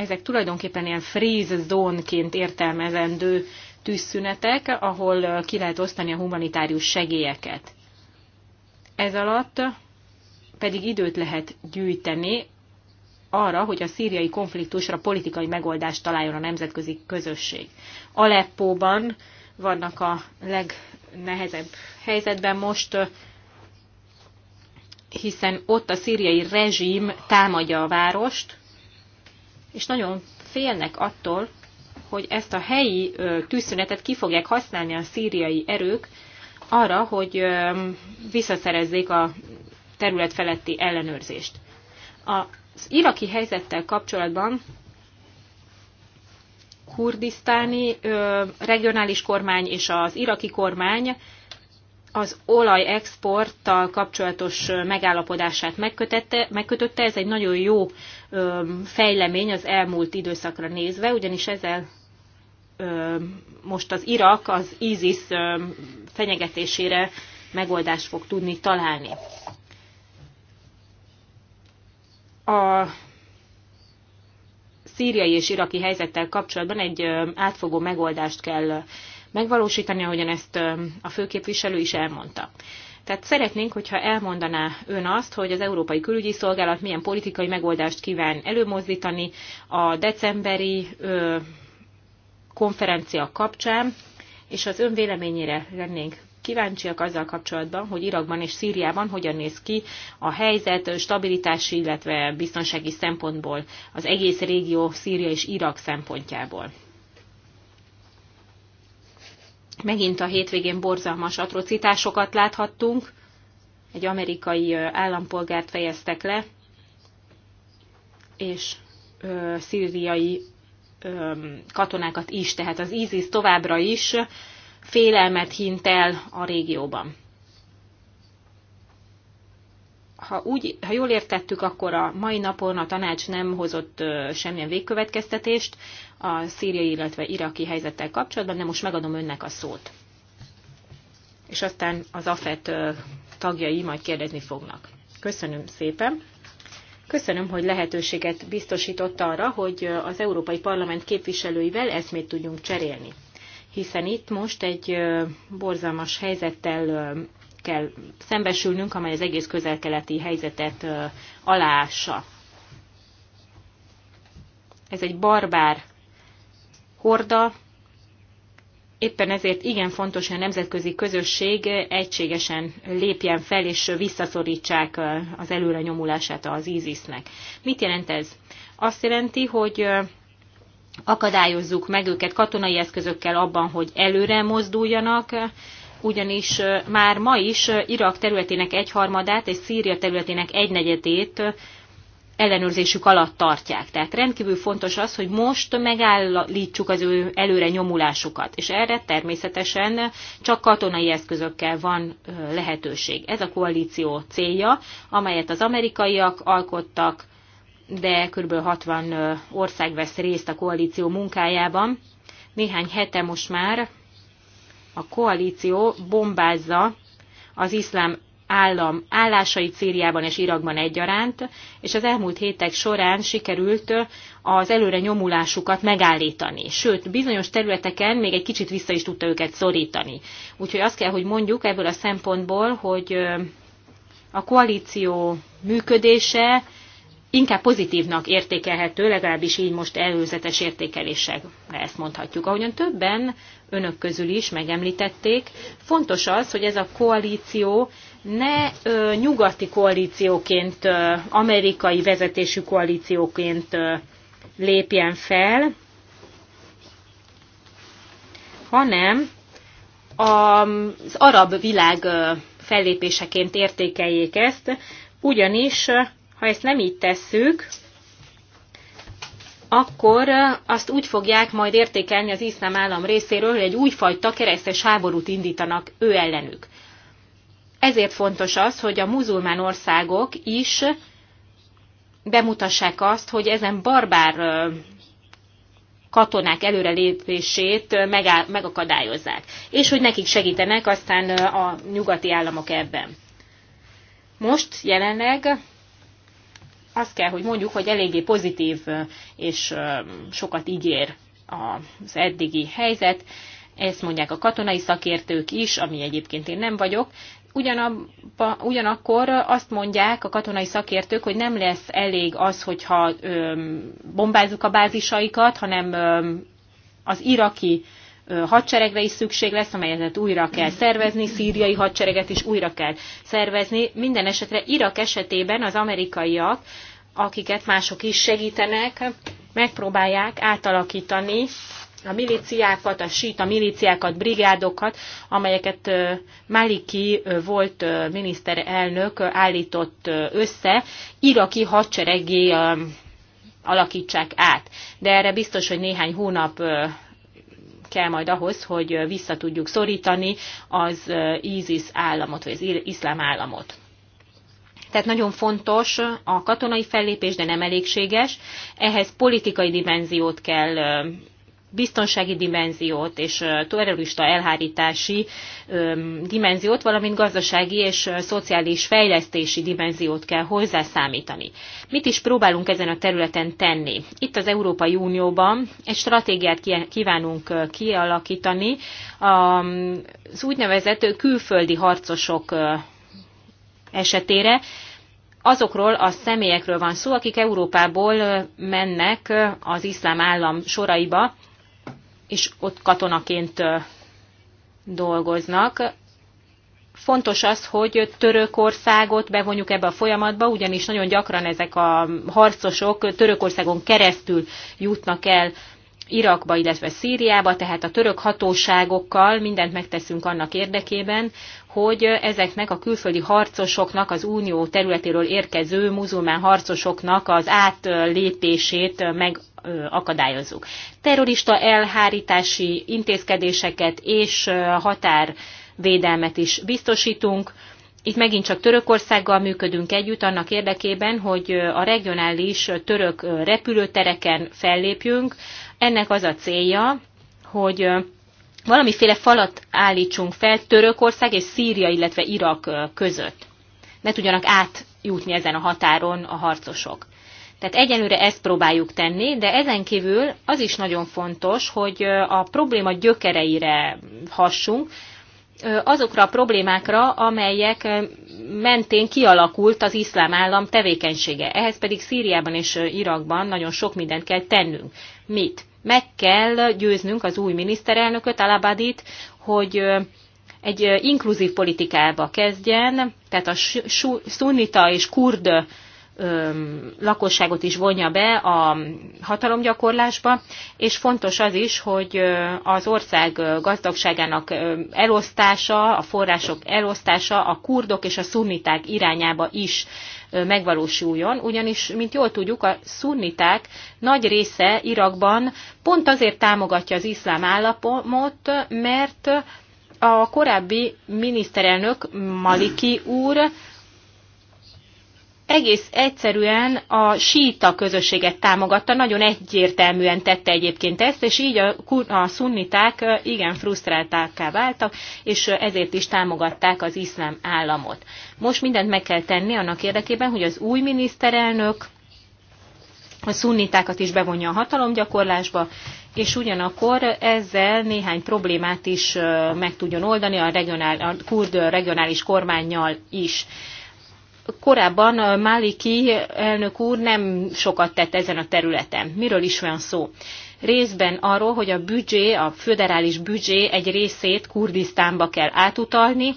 ezek tulajdonképpen ilyen freeze zónként értelmezendő tűzszünetek, ahol ki lehet osztani a humanitárius segélyeket. Ez alatt pedig időt lehet gyűjteni arra, hogy a szíriai konfliktusra politikai megoldást találjon a nemzetközi közösség. Aleppóban vannak a legnehezebb helyzetben most, hiszen ott a szíriai rezsim támadja a várost, és nagyon félnek attól, hogy ezt a helyi tűzszünetet ki fogják használni a szíriai erők arra, hogy visszaszerezzék a terület feletti ellenőrzést. Az iraki helyzettel kapcsolatban kurdisztáni regionális kormány és az iraki kormány az olajexporttal kapcsolatos megállapodását megkötette, megkötötte. Ez egy nagyon jó fejlemény az elmúlt időszakra nézve, ugyanis ezzel most az Irak az ISIS fenyegetésére megoldást fog tudni találni. A szíriai és iraki helyzettel kapcsolatban egy átfogó megoldást kell megvalósítani, ahogyan ezt a főképviselő is elmondta. Tehát szeretnénk, hogyha elmondaná ön azt, hogy az Európai Külügyi Szolgálat milyen politikai megoldást kíván előmozdítani a decemberi ö, konferencia kapcsán, és az ön véleményére lennénk kíváncsiak azzal kapcsolatban, hogy Irakban és Szíriában hogyan néz ki a helyzet stabilitási, illetve biztonsági szempontból az egész régió Szíria és Irak szempontjából. Megint a hétvégén borzalmas atrocitásokat láthattunk. Egy amerikai állampolgárt fejeztek le, és ö, szíriai ö, katonákat is, tehát az ISIS továbbra is félelmet hint el a régióban ha, úgy, ha jól értettük, akkor a mai napon a tanács nem hozott semmilyen végkövetkeztetést a szíriai, illetve iraki helyzettel kapcsolatban, de most megadom önnek a szót. És aztán az AFET tagjai majd kérdezni fognak. Köszönöm szépen. Köszönöm, hogy lehetőséget biztosított arra, hogy az Európai Parlament képviselőivel eszmét tudjunk cserélni. Hiszen itt most egy borzalmas helyzettel kell szembesülnünk, amely az egész közelkeleti helyzetet aláássa. Ez egy barbár horda, éppen ezért igen fontos, hogy a nemzetközi közösség egységesen lépjen fel, és visszaszorítsák az előre nyomulását az ISIS-nek. Mit jelent ez? Azt jelenti, hogy akadályozzuk meg őket katonai eszközökkel abban, hogy előre mozduljanak, ugyanis már ma is Irak területének egyharmadát és Szíria területének egynegyedét ellenőrzésük alatt tartják. Tehát rendkívül fontos az, hogy most megállítsuk az ő előre nyomulásukat, és erre természetesen csak katonai eszközökkel van lehetőség. Ez a koalíció célja, amelyet az amerikaiak alkottak, de kb. 60 ország vesz részt a koalíció munkájában. Néhány hete most már a koalíció bombázza az iszlám állam állásai Szíriában és Irakban egyaránt, és az elmúlt hétek során sikerült az előre nyomulásukat megállítani. Sőt, bizonyos területeken még egy kicsit vissza is tudta őket szorítani. Úgyhogy azt kell, hogy mondjuk ebből a szempontból, hogy a koalíció működése inkább pozitívnak értékelhető, legalábbis így most előzetes értékelések, ezt mondhatjuk. Ahogyan többen önök közül is megemlítették, fontos az, hogy ez a koalíció ne ö, nyugati koalícióként, ö, amerikai vezetésű koalícióként ö, lépjen fel, hanem az arab világ fellépéseként értékeljék ezt, ugyanis ha ezt nem így tesszük, akkor azt úgy fogják majd értékelni az iszlám állam részéről, hogy egy újfajta keresztes háborút indítanak ő ellenük. Ezért fontos az, hogy a muzulmán országok is bemutassák azt, hogy ezen barbár katonák előrelépését megakadályozzák, és hogy nekik segítenek aztán a nyugati államok ebben. Most jelenleg azt kell, hogy mondjuk, hogy eléggé pozitív és sokat ígér az eddigi helyzet. Ezt mondják a katonai szakértők is, ami egyébként én nem vagyok. Ugyanabba, ugyanakkor azt mondják a katonai szakértők, hogy nem lesz elég az, hogyha bombázzuk a bázisaikat, hanem öm, az iraki hadseregre is szükség lesz, amelyet újra kell szervezni, szíriai hadsereget is újra kell szervezni. Minden esetre Irak esetében az amerikaiak, akiket mások is segítenek, megpróbálják átalakítani a miliciákat, a síta miliciákat, brigádokat, amelyeket Maliki volt miniszterelnök állított össze, iraki hadseregé alakítsák át. De erre biztos, hogy néhány hónap kell majd ahhoz, hogy vissza tudjuk szorítani az ISIS államot, vagy az iszlám államot. Tehát nagyon fontos a katonai fellépés, de nem elégséges. Ehhez politikai dimenziót kell biztonsági dimenziót és terrorista elhárítási dimenziót, valamint gazdasági és szociális fejlesztési dimenziót kell hozzászámítani. Mit is próbálunk ezen a területen tenni? Itt az Európai Unióban egy stratégiát kívánunk kialakítani az úgynevezett külföldi harcosok esetére, azokról a személyekről van szó, akik Európából mennek az iszlám állam soraiba, és ott katonaként dolgoznak. Fontos az, hogy Törökországot bevonjuk ebbe a folyamatba, ugyanis nagyon gyakran ezek a harcosok Törökországon keresztül jutnak el Irakba, illetve Szíriába, tehát a török hatóságokkal mindent megteszünk annak érdekében, hogy ezeknek a külföldi harcosoknak, az unió területéről érkező muzulmán harcosoknak az átlépését meg akadályozzuk. Terrorista elhárítási intézkedéseket és határvédelmet is biztosítunk. Itt megint csak Törökországgal működünk együtt annak érdekében, hogy a regionális török repülőtereken fellépjünk. Ennek az a célja, hogy valamiféle falat állítsunk fel Törökország és Szíria, illetve Irak között. Ne tudjanak átjutni ezen a határon a harcosok. Tehát egyenlőre ezt próbáljuk tenni, de ezen kívül az is nagyon fontos, hogy a probléma gyökereire hassunk, azokra a problémákra, amelyek mentén kialakult az iszlám állam tevékenysége. Ehhez pedig Szíriában és Irakban nagyon sok mindent kell tennünk. Mit? meg kell győznünk az új miniszterelnököt, Alabadit, hogy egy inkluzív politikába kezdjen, tehát a szunnita és kurd lakosságot is vonja be a hatalomgyakorlásba, és fontos az is, hogy az ország gazdagságának elosztása, a források elosztása a kurdok és a szunniták irányába is megvalósuljon, ugyanis, mint jól tudjuk, a szunniták nagy része Irakban pont azért támogatja az iszlám államot, mert a korábbi miniszterelnök Maliki úr egész egyszerűen a síta közösséget támogatta, nagyon egyértelműen tette egyébként ezt, és így a, a szunniták igen frusztráltákká váltak, és ezért is támogatták az iszlám államot. Most mindent meg kell tenni annak érdekében, hogy az új miniszterelnök a szunnitákat is bevonja a hatalomgyakorlásba, és ugyanakkor ezzel néhány problémát is meg tudjon oldani a, regionál, a kurd regionális kormányjal is korábban Máliki elnök úr nem sokat tett ezen a területen. Miről is van szó? Részben arról, hogy a büdzsé, a föderális büdzsé egy részét Kurdisztánba kell átutalni,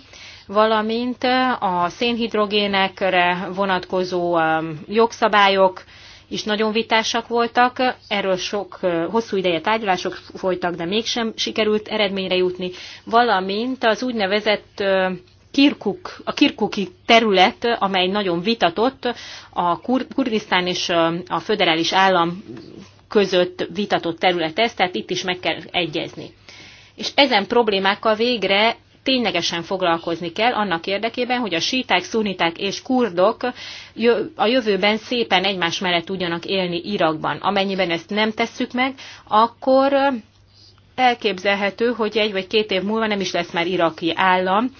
valamint a szénhidrogénekre vonatkozó jogszabályok is nagyon vitásak voltak, erről sok hosszú ideje tárgyalások folytak, de mégsem sikerült eredményre jutni, valamint az úgynevezett Kirkuk, a kirkuki terület, amely nagyon vitatott, a Kur Kurdisztán és a föderális állam között vitatott terület ez, tehát itt is meg kell egyezni. És ezen problémákkal végre ténylegesen foglalkozni kell annak érdekében, hogy a síták, szuniták és kurdok a jövőben szépen egymás mellett tudjanak élni Irakban. Amennyiben ezt nem tesszük meg, akkor elképzelhető, hogy egy vagy két év múlva nem is lesz már iraki állam,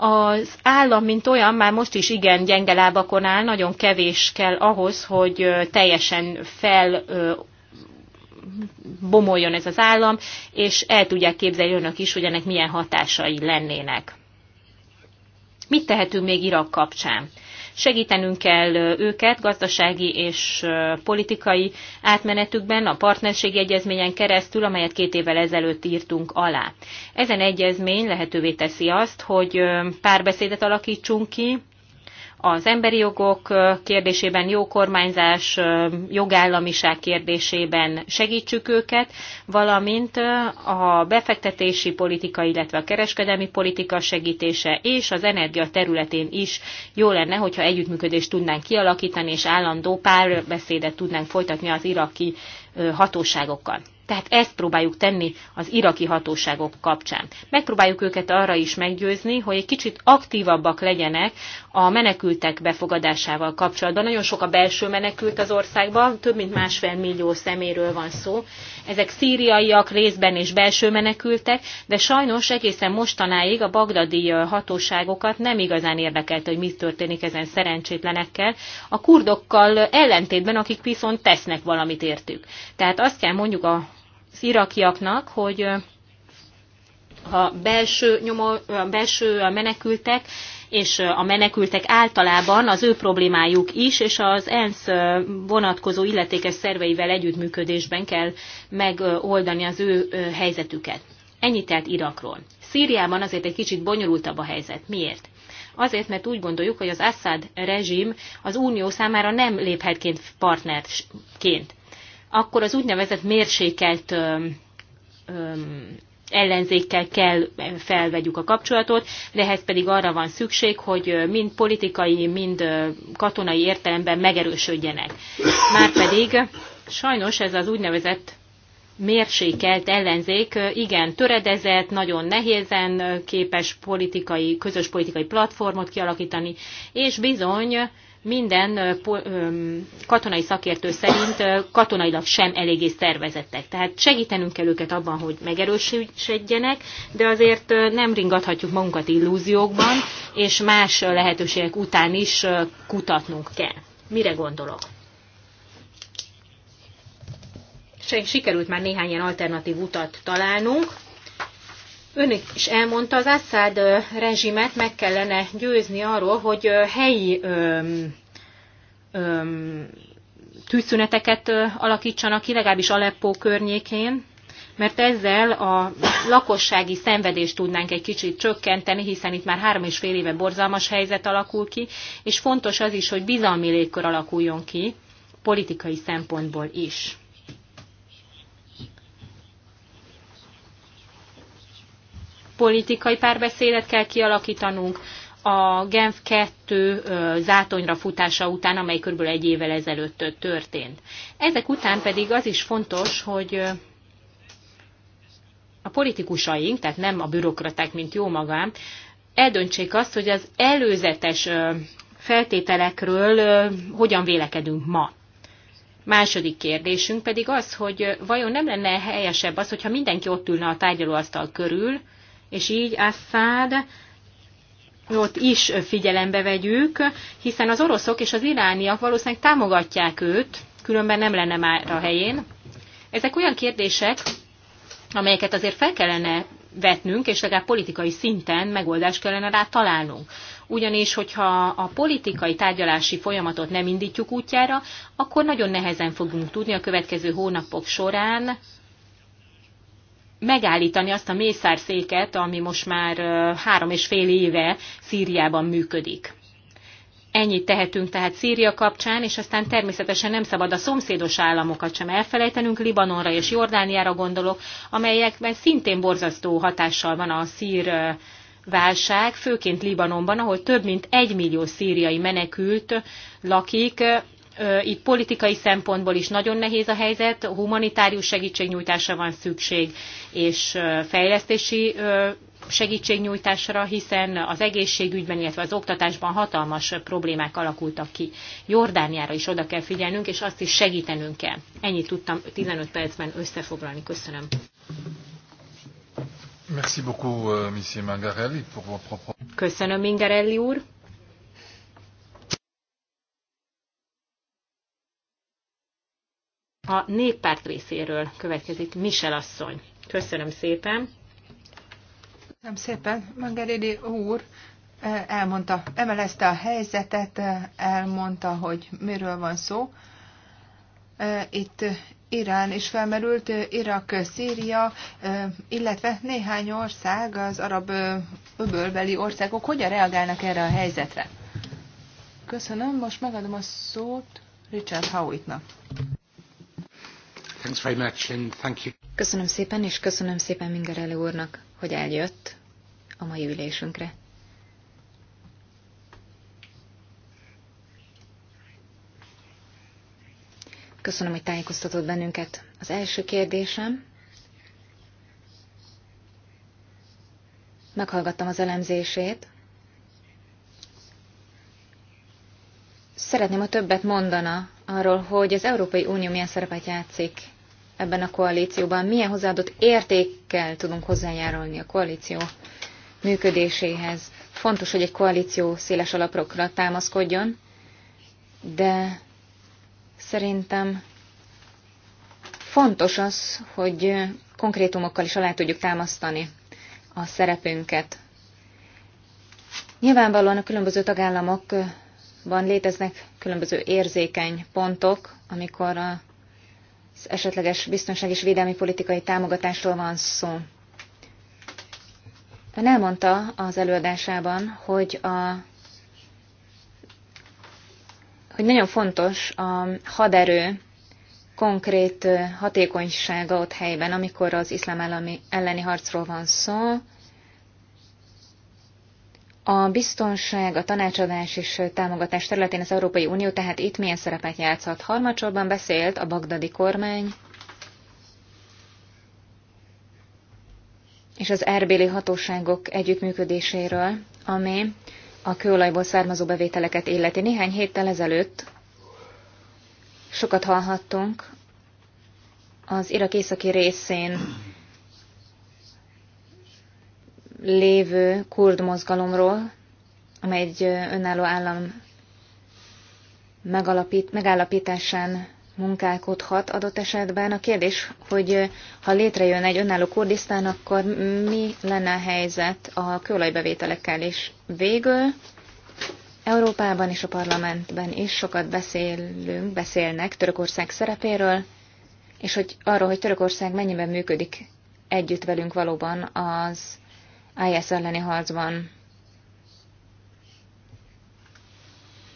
az állam, mint olyan, már most is igen gyenge lábakon áll, nagyon kevés kell ahhoz, hogy teljesen fel bomoljon ez az állam, és el tudják képzelni önök is, hogy ennek milyen hatásai lennének. Mit tehetünk még Irak kapcsán? Segítenünk kell őket gazdasági és politikai átmenetükben a partnerségi egyezményen keresztül, amelyet két évvel ezelőtt írtunk alá. Ezen egyezmény lehetővé teszi azt, hogy párbeszédet alakítsunk ki az emberi jogok kérdésében, jó kormányzás, jogállamiság kérdésében segítsük őket, valamint a befektetési politika, illetve a kereskedelmi politika segítése és az energia területén is jó lenne, hogyha együttműködést tudnánk kialakítani, és állandó párbeszédet tudnánk folytatni az iraki hatóságokkal. Tehát ezt próbáljuk tenni az iraki hatóságok kapcsán. Megpróbáljuk őket arra is meggyőzni, hogy egy kicsit aktívabbak legyenek a menekültek befogadásával kapcsolatban. Nagyon sok a belső menekült az országban, több mint másfél millió szeméről van szó. Ezek szíriaiak részben és belső menekültek, de sajnos egészen mostanáig a bagdadi hatóságokat nem igazán érdekelte, hogy mi történik ezen szerencsétlenekkel. A kurdokkal ellentétben, akik viszont tesznek valamit értük. Tehát azt kell mondjuk a az irakiaknak, hogy a belső, nyomó, a belső menekültek és a menekültek általában az ő problémájuk is, és az ENSZ vonatkozó illetékes szerveivel együttműködésben kell megoldani az ő helyzetüket. Ennyit tehát Irakról. Szíriában azért egy kicsit bonyolultabb a helyzet. Miért? Azért, mert úgy gondoljuk, hogy az Assad rezsim az Unió számára nem léphetként partnerként akkor az úgynevezett mérsékelt ellenzékkel kell felvegyük a kapcsolatot, de ehhez pedig arra van szükség, hogy mind politikai, mind katonai értelemben megerősödjenek. Márpedig sajnos ez az úgynevezett mérsékelt ellenzék igen töredezett, nagyon nehézen képes politikai, közös politikai platformot kialakítani, és bizony minden katonai szakértő szerint katonailag sem eléggé szervezettek. Tehát segítenünk kell őket abban, hogy megerősödjenek, de azért nem ringathatjuk magunkat illúziókban, és más lehetőségek után is kutatnunk kell. Mire gondolok? Sikerült már néhány ilyen alternatív utat találnunk, Ön is elmondta, az Assad rezsimet meg kellene győzni arról, hogy helyi öm, öm, tűzszüneteket alakítsanak ki, legalábbis Aleppo környékén, mert ezzel a lakossági szenvedést tudnánk egy kicsit csökkenteni, hiszen itt már három és fél éve borzalmas helyzet alakul ki, és fontos az is, hogy bizalmi légkör alakuljon ki, politikai szempontból is. politikai párbeszédet kell kialakítanunk a Genf 2 zátonyra futása után, amely kb. egy évvel ezelőtt történt. Ezek után pedig az is fontos, hogy a politikusaink, tehát nem a bürokraták, mint jó magam, eldöntsék azt, hogy az előzetes feltételekről hogyan vélekedünk ma. Második kérdésünk pedig az, hogy vajon nem lenne helyesebb az, hogyha mindenki ott ülne a tárgyalóasztal körül, és így Assad ott is figyelembe vegyük, hiszen az oroszok és az irániak valószínűleg támogatják őt, különben nem lenne már a helyén. Ezek olyan kérdések, amelyeket azért fel kellene vetnünk, és legalább politikai szinten megoldást kellene rá találnunk. Ugyanis, hogyha a politikai tárgyalási folyamatot nem indítjuk útjára, akkor nagyon nehezen fogunk tudni a következő hónapok során megállítani azt a mészárszéket, ami most már három és fél éve Szíriában működik. Ennyit tehetünk tehát Szíria kapcsán, és aztán természetesen nem szabad a szomszédos államokat sem elfelejtenünk, Libanonra és Jordániára gondolok, amelyekben szintén borzasztó hatással van a szír válság, főként Libanonban, ahol több mint egy millió szíriai menekült lakik, itt politikai szempontból is nagyon nehéz a helyzet, humanitárius segítségnyújtásra van szükség, és fejlesztési segítségnyújtásra, hiszen az egészségügyben, illetve az oktatásban hatalmas problémák alakultak ki. Jordániára is oda kell figyelnünk, és azt is segítenünk kell. Ennyit tudtam 15 percben összefoglalni. Köszönöm. Merci beaucoup, euh, Monsieur Mangarelli, pour vos propos. Köszönöm, Mingarelli úr. A néppárt részéről következik Michel asszony. Köszönöm szépen. Köszönöm szépen, Mangeridi úr eh, elmondta, emelezte a helyzetet, eh, elmondta, hogy miről van szó. Eh, itt Irán is felmerült, Irak, Szíria, illetve néhány ország, az arab öbölbeli országok hogyan reagálnak erre a helyzetre? Köszönöm, most megadom a szót Richard Howittnak. Köszönöm szépen, és köszönöm szépen Mingerelli úrnak, hogy eljött a mai ülésünkre. Köszönöm, hogy tájékoztatott bennünket. Az első kérdésem. Meghallgattam az elemzését, Szeretném, ha többet mondana arról, hogy az Európai Unió milyen szerepet játszik ebben a koalícióban, milyen hozzáadott értékkel tudunk hozzájárulni a koalíció működéséhez. Fontos, hogy egy koalíció széles alapokra támaszkodjon, de szerintem fontos az, hogy konkrétumokkal is alá tudjuk támasztani a szerepünket. Nyilvánvalóan a különböző tagállamok van léteznek különböző érzékeny pontok, amikor az esetleges biztonság és védelmi politikai támogatásról van szó. Ön elmondta az előadásában, hogy a hogy nagyon fontos a haderő konkrét hatékonysága ott helyben, amikor az iszlám elleni harcról van szó, a biztonság, a tanácsadás és támogatás területén az Európai Unió tehát itt milyen szerepet játszhat? Harmadsorban beszélt a bagdadi kormány és az erbéli hatóságok együttműködéséről, ami a kőolajból származó bevételeket illeti. Néhány héttel ezelőtt sokat hallhattunk az Irak északi részén lévő kurd mozgalomról, amely egy önálló állam megalapít, megállapításán munkálkodhat adott esetben. A kérdés, hogy ha létrejön egy önálló Kurdisztán, akkor mi lenne a helyzet a kőolajbevételekkel is? Végül Európában és a parlamentben is sokat beszélünk, beszélnek Törökország szerepéről, és hogy arról, hogy Törökország mennyiben működik együtt velünk valóban az IS elleni harcban.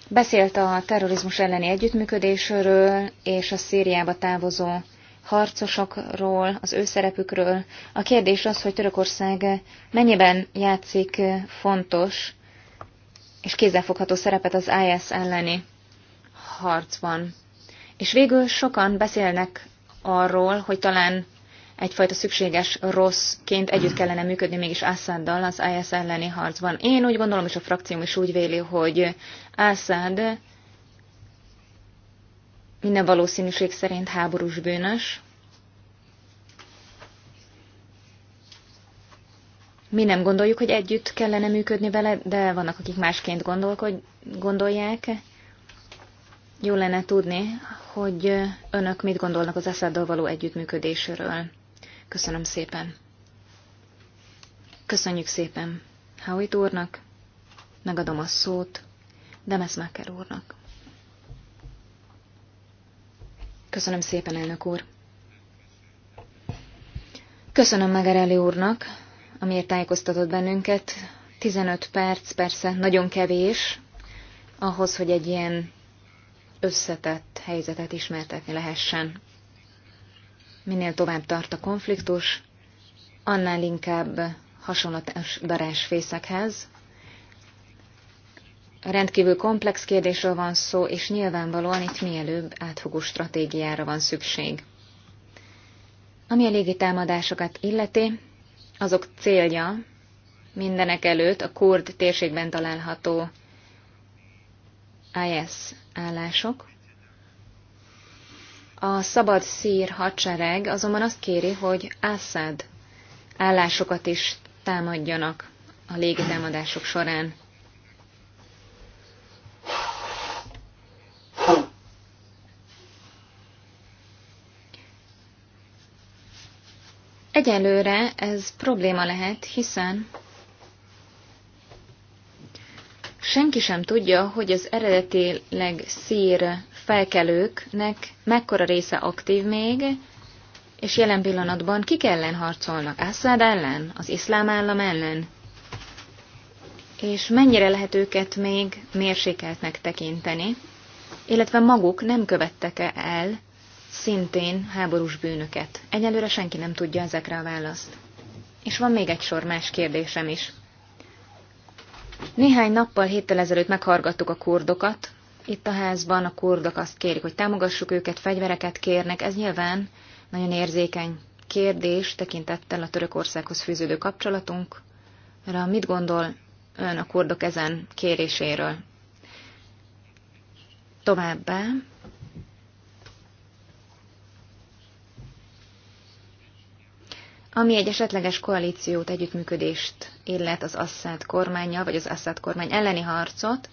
Beszélt a terrorizmus elleni együttműködésről és a Szíriába távozó harcosokról, az ő szerepükről. A kérdés az, hogy Törökország mennyiben játszik fontos és kézzelfogható szerepet az IS elleni harcban. És végül sokan beszélnek arról, hogy talán egyfajta szükséges rosszként együtt kellene működni mégis Assaddal az IS elleni harcban. Én úgy gondolom, és a frakcióm is úgy véli, hogy Assad minden valószínűség szerint háborús bűnös. Mi nem gondoljuk, hogy együtt kellene működni vele, de vannak, akik másként gondolják. Jó lenne tudni, hogy önök mit gondolnak az Assaddal való együttműködésről. Köszönöm szépen. Köszönjük szépen Howitt úrnak, megadom a szót Demeszmaker úrnak. Köszönöm szépen, elnök úr. Köszönöm Megereli úrnak, amiért tájékoztatott bennünket. 15 perc persze nagyon kevés ahhoz, hogy egy ilyen összetett helyzetet ismertetni lehessen minél tovább tart a konfliktus, annál inkább hasonlatos fészekhez. Rendkívül komplex kérdésről van szó, és nyilvánvalóan itt mielőbb átfogó stratégiára van szükség. Ami a légitámadásokat illeti, azok célja mindenek előtt a kurd térségben található IS állások, a szabad szír hadsereg azonban azt kéri, hogy Assad állásokat is támadjanak a légitámadások során. Egyelőre ez probléma lehet, hiszen senki sem tudja, hogy az eredetileg szír felkelőknek mekkora része aktív még, és jelen pillanatban kik ellen harcolnak? Assad ellen? Az iszlám állam ellen? És mennyire lehet őket még mérsékeltnek tekinteni? Illetve maguk nem követtek-e el szintén háborús bűnöket? Egyelőre senki nem tudja ezekre a választ. És van még egy sor más kérdésem is. Néhány nappal héttel ezelőtt meghallgattuk a kurdokat, itt a házban a kurdok azt kérik, hogy támogassuk őket, fegyvereket kérnek. Ez nyilván nagyon érzékeny kérdés tekintettel a Törökországhoz fűződő kapcsolatunkra. Mit gondol ön a kurdok ezen kéréséről? Továbbá ami egy esetleges koalíciót, együttműködést illet az Assad kormánya, vagy az Assad kormány elleni harcot,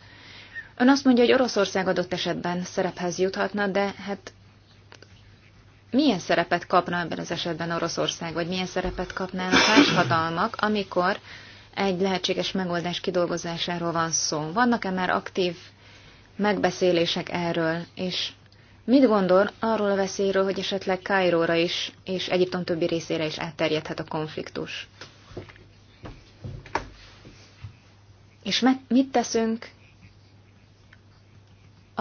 Ön azt mondja, hogy Oroszország adott esetben szerephez juthatna, de hát milyen szerepet kapna ebben az esetben Oroszország, vagy milyen szerepet kapnának más hatalmak, amikor egy lehetséges megoldás kidolgozásáról van szó? Vannak-e már aktív megbeszélések erről, és mit gondol arról a veszélyről, hogy esetleg Kairóra is, és Egyiptom többi részére is átterjedhet a konfliktus? És mit teszünk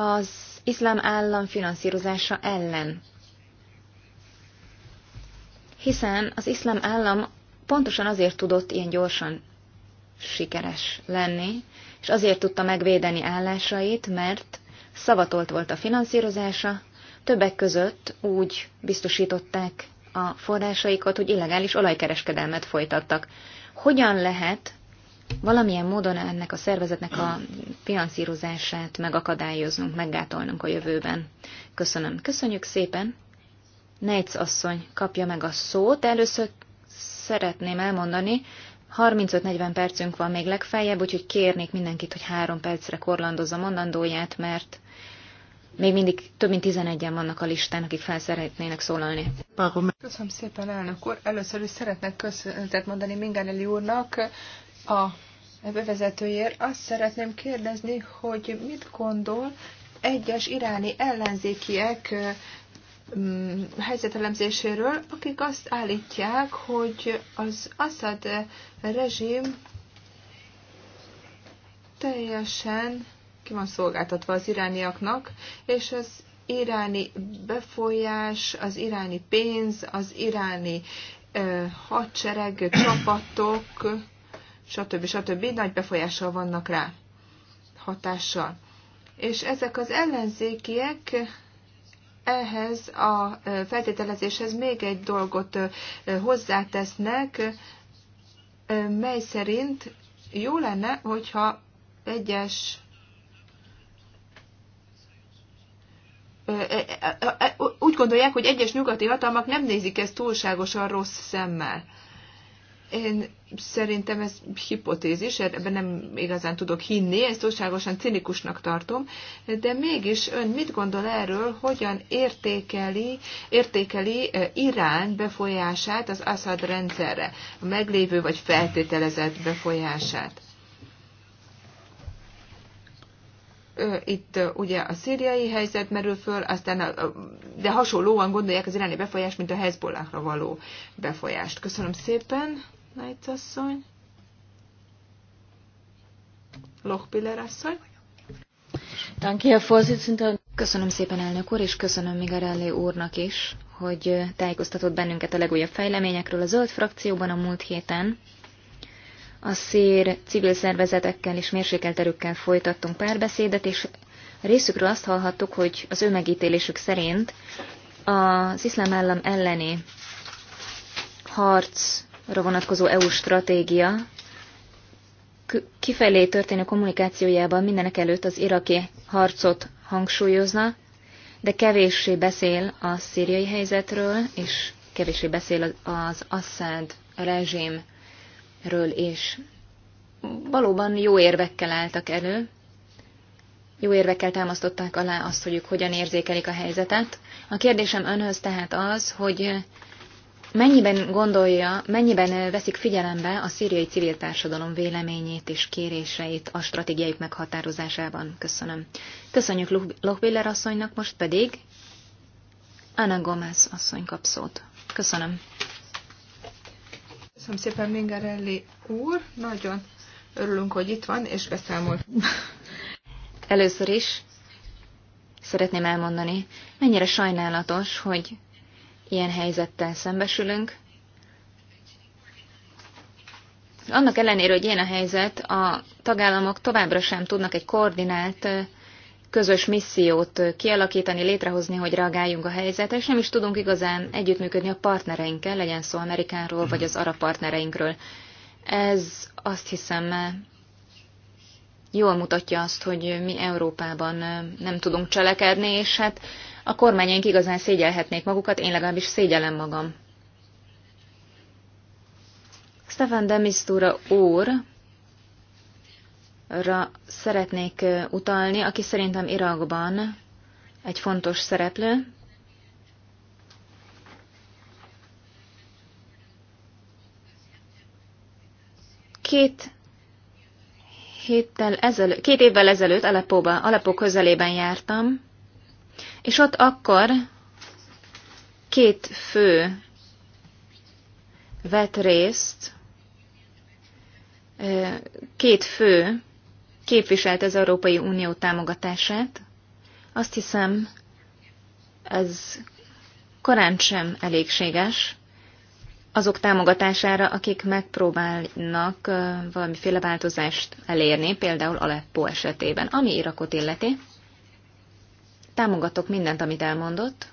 az iszlám állam finanszírozása ellen. Hiszen az iszlám állam pontosan azért tudott ilyen gyorsan sikeres lenni, és azért tudta megvédeni állásait, mert szavatolt volt a finanszírozása, többek között úgy biztosították a forrásaikat, hogy illegális olajkereskedelmet folytattak. Hogyan lehet valamilyen módon ennek a szervezetnek a finanszírozását megakadályoznunk, meggátolnunk a jövőben. Köszönöm. Köszönjük szépen. Nejc asszony kapja meg a szót. Először szeretném elmondani, 35-40 percünk van még legfeljebb, úgyhogy kérnék mindenkit, hogy három percre korlandozza mondandóját, mert még mindig több mint 11-en vannak a listán, akik fel szeretnének szólalni. Köszönöm szépen, elnök úr. Először is szeretnék köszönetet mondani Mingeneli úrnak a bevezetőjér Azt szeretném kérdezni, hogy mit gondol egyes iráni ellenzékiek mm, helyzetelemzéséről, akik azt állítják, hogy az Assad rezsim teljesen ki van szolgáltatva az irániaknak, és az iráni befolyás, az iráni pénz, az iráni ö, hadsereg, csapatok stb. stb. nagy befolyással vannak rá, hatással. És ezek az ellenzékiek ehhez a feltételezéshez még egy dolgot hozzátesznek, mely szerint jó lenne, hogyha egyes úgy gondolják, hogy egyes nyugati hatalmak nem nézik ezt túlságosan rossz szemmel. Én szerintem ez hipotézis, ebben nem igazán tudok hinni, ezt túlságosan cinikusnak tartom, de mégis ön mit gondol erről, hogyan értékeli, értékeli eh, Irán befolyását az Assad rendszerre, a meglévő vagy feltételezett befolyását? Itt eh, ugye a szíriai helyzet merül föl, aztán a, de hasonlóan gondolják az iráni befolyást, mint a Hezbollahra való befolyást. Köszönöm szépen! Knight asszony. Lochbiller asszony. Köszönöm szépen, elnök úr, és köszönöm Migarelli úrnak is, hogy tájékoztatott bennünket a legújabb fejleményekről a zöld frakcióban a múlt héten. A szér civil szervezetekkel és mérsékelt erőkkel folytattunk párbeszédet, és részükről azt hallhattuk, hogy az ő megítélésük szerint az iszlám állam elleni harc vonatkozó EU stratégia kifelé történő kommunikációjában mindenek előtt az iraki harcot hangsúlyozna, de kevéssé beszél a szíriai helyzetről, és kevéssé beszél az Assad rezsimről is. Valóban jó érvekkel álltak elő, jó érvekkel támasztották alá azt, hogy ők hogyan érzékelik a helyzetet. A kérdésem önhöz tehát az, hogy Mennyiben gondolja, mennyiben veszik figyelembe a szíriai civil társadalom véleményét és kéréseit a stratégiájuk meghatározásában? Köszönöm. Köszönjük Lochbiller asszonynak, most pedig Anna Gomez asszony kap szót. Köszönöm. Köszönöm szépen Mingarelli úr, nagyon örülünk, hogy itt van, és beszámol. Először is szeretném elmondani, mennyire sajnálatos, hogy ilyen helyzettel szembesülünk. Annak ellenére, hogy ilyen a helyzet, a tagállamok továbbra sem tudnak egy koordinált közös missziót kialakítani, létrehozni, hogy reagáljunk a helyzetre, és nem is tudunk igazán együttműködni a partnereinkkel, legyen szó amerikánról vagy az arab partnereinkről. Ez azt hiszem jól mutatja azt, hogy mi Európában nem tudunk cselekedni, és hát a kormányaink igazán szégyelhetnék magukat, én legalábbis szégyellem magam. Stefan de Mistura úr ra szeretnék utalni, aki szerintem Irakban egy fontos szereplő. Két héttel ezelőtt, két évvel ezelőtt Aleppo közelében jártam, és ott akkor két fő vett részt, két fő képviselt az Európai Unió támogatását. Azt hiszem, ez korán sem elégséges azok támogatására, akik megpróbálnak valamiféle változást elérni, például Aleppo esetében, ami Irakot illeti. Támogatok mindent, amit elmondott.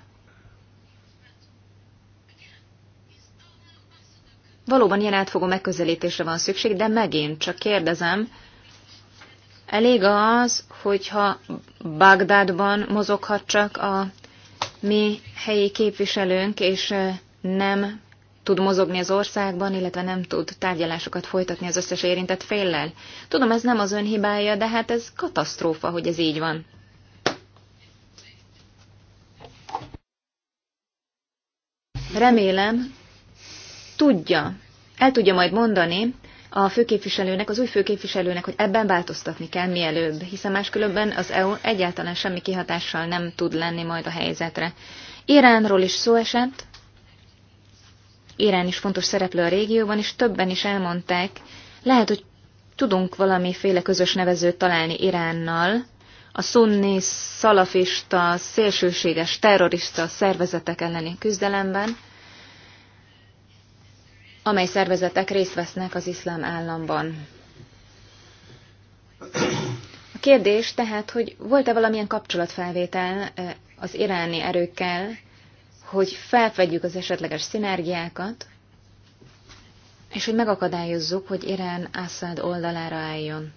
Valóban ilyen átfogó megközelítésre van szükség, de megint csak kérdezem, elég az, hogyha Bagdádban mozoghat csak a mi helyi képviselőnk, és nem tud mozogni az országban, illetve nem tud tárgyalásokat folytatni az összes érintett féllel. Tudom, ez nem az ön hibája, de hát ez katasztrófa, hogy ez így van. remélem tudja, el tudja majd mondani a főképviselőnek, az új főképviselőnek, hogy ebben változtatni kell mielőbb, hiszen máskülönben az EU egyáltalán semmi kihatással nem tud lenni majd a helyzetre. Iránról is szó esett, Irán is fontos szereplő a régióban, és többen is elmondták, lehet, hogy tudunk valamiféle közös nevezőt találni Iránnal, a szunni, szalafista, szélsőséges, terrorista szervezetek elleni küzdelemben, amely szervezetek részt vesznek az iszlám államban. A kérdés tehát, hogy volt-e valamilyen kapcsolatfelvétel az iráni erőkkel, hogy felfedjük az esetleges szinergiákat, és hogy megakadályozzuk, hogy Irán Assad oldalára álljon.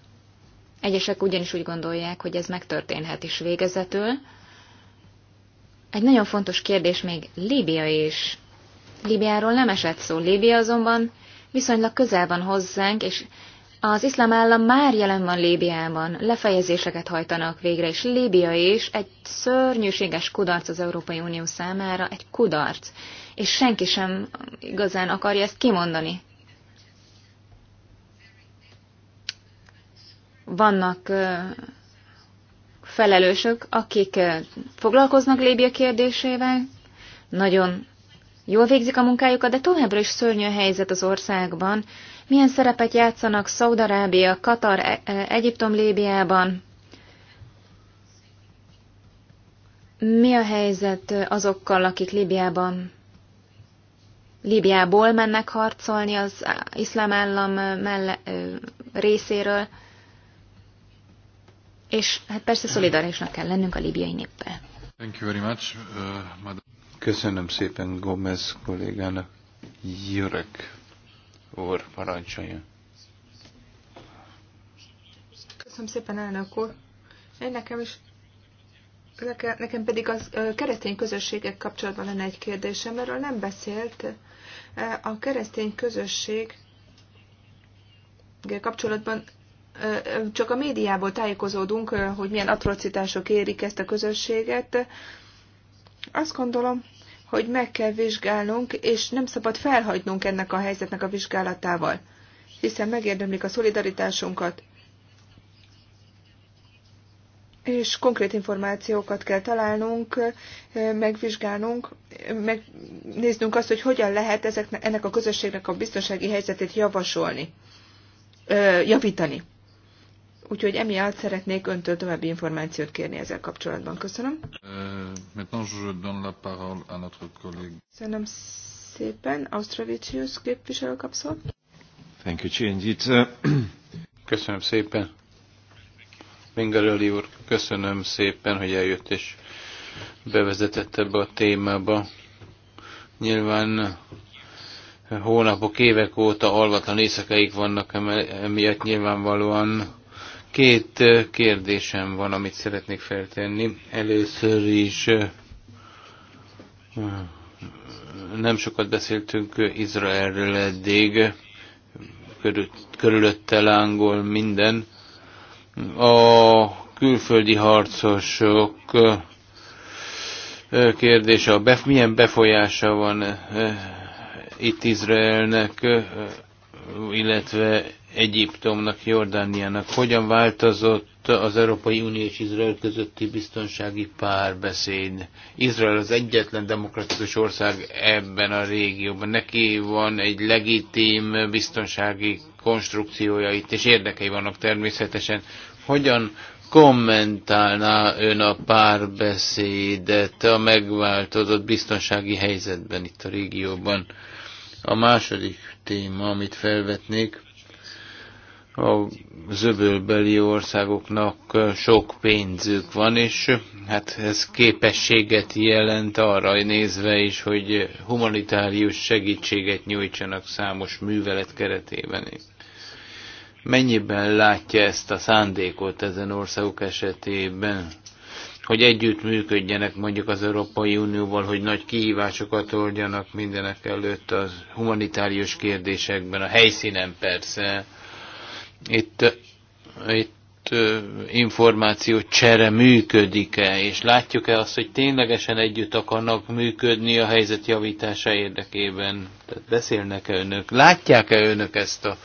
Egyesek ugyanis úgy gondolják, hogy ez megtörténhet is végezetül. Egy nagyon fontos kérdés még Líbia is. Líbiáról nem esett szó. Líbia azonban viszonylag közel van hozzánk, és az iszlám állam már jelen van Líbiában, lefejezéseket hajtanak végre, és Líbia is egy szörnyűséges kudarc az Európai Unió számára, egy kudarc, és senki sem igazán akarja ezt kimondani. Vannak felelősök, akik foglalkoznak Líbia kérdésével, nagyon Jól végzik a munkájukat, de továbbra is szörnyű a helyzet az országban. Milyen szerepet játszanak Szaudarábia, Katar, e, e- Egyiptom, Líbiában? Mi a helyzet azokkal, akik Líbiában, Líbiából mennek harcolni az iszlám állam melle, részéről? És hát persze szolidarisnak kell lennünk a líbiai néppel. Thank you very much, uh, Köszönöm szépen Gomez kollégának. Jörek úr, parancsolja. Köszönöm szépen, elnök úr. Én nekem is Nekem pedig az keresztény közösségek kapcsolatban lenne egy kérdésem, erről nem beszélt. A keresztény közösség kapcsolatban csak a médiából tájékozódunk, hogy milyen atrocitások érik ezt a közösséget. Azt gondolom, hogy meg kell vizsgálnunk, és nem szabad felhagynunk ennek a helyzetnek a vizsgálatával, hiszen megérdemlik a szolidaritásunkat. És konkrét információkat kell találnunk, megvizsgálnunk, megnéznünk azt, hogy hogyan lehet ezeknek, ennek a közösségnek a biztonsági helyzetét javasolni, javítani. Úgyhogy emiatt szeretnék öntől további információt kérni ezzel kapcsolatban. Köszönöm. Euh, köszönöm szépen. Austrovicius képviselő kapszol. Thank you, uh, Köszönöm szépen. Mingarelli úr, köszönöm szépen, hogy eljött és bevezetett ebbe a témába. Nyilván eh, hónapok, évek óta alvatlan éjszakaik vannak, emiatt nyilvánvalóan Két kérdésem van, amit szeretnék feltenni. Először is nem sokat beszéltünk Izraelről eddig, körülötte lángol minden. A külföldi harcosok kérdése, a bef, milyen befolyása van itt Izraelnek, illetve Egyiptomnak, Jordániának. Hogyan változott az Európai Unió és Izrael közötti biztonsági párbeszéd? Izrael az egyetlen demokratikus ország ebben a régióban. Neki van egy legitim biztonsági konstrukciója itt, és érdekei vannak természetesen. Hogyan kommentálná ön a párbeszédet a megváltozott biztonsági helyzetben itt a régióban? A második téma, amit felvetnék, a zöbölbeli országoknak sok pénzük van, és hát ez képességet jelent arra nézve is, hogy humanitárius segítséget nyújtsanak számos művelet keretében. Mennyiben látja ezt a szándékot ezen országok esetében? hogy együttműködjenek mondjuk az Európai Unióval, hogy nagy kihívásokat oldjanak mindenek előtt az humanitárius kérdésekben, a helyszínen persze, itt, itt információ csere működik-e, és látjuk-e azt, hogy ténylegesen együtt akarnak működni a helyzet javítása érdekében? Tehát beszélnek-e önök, látják-e önök ezt a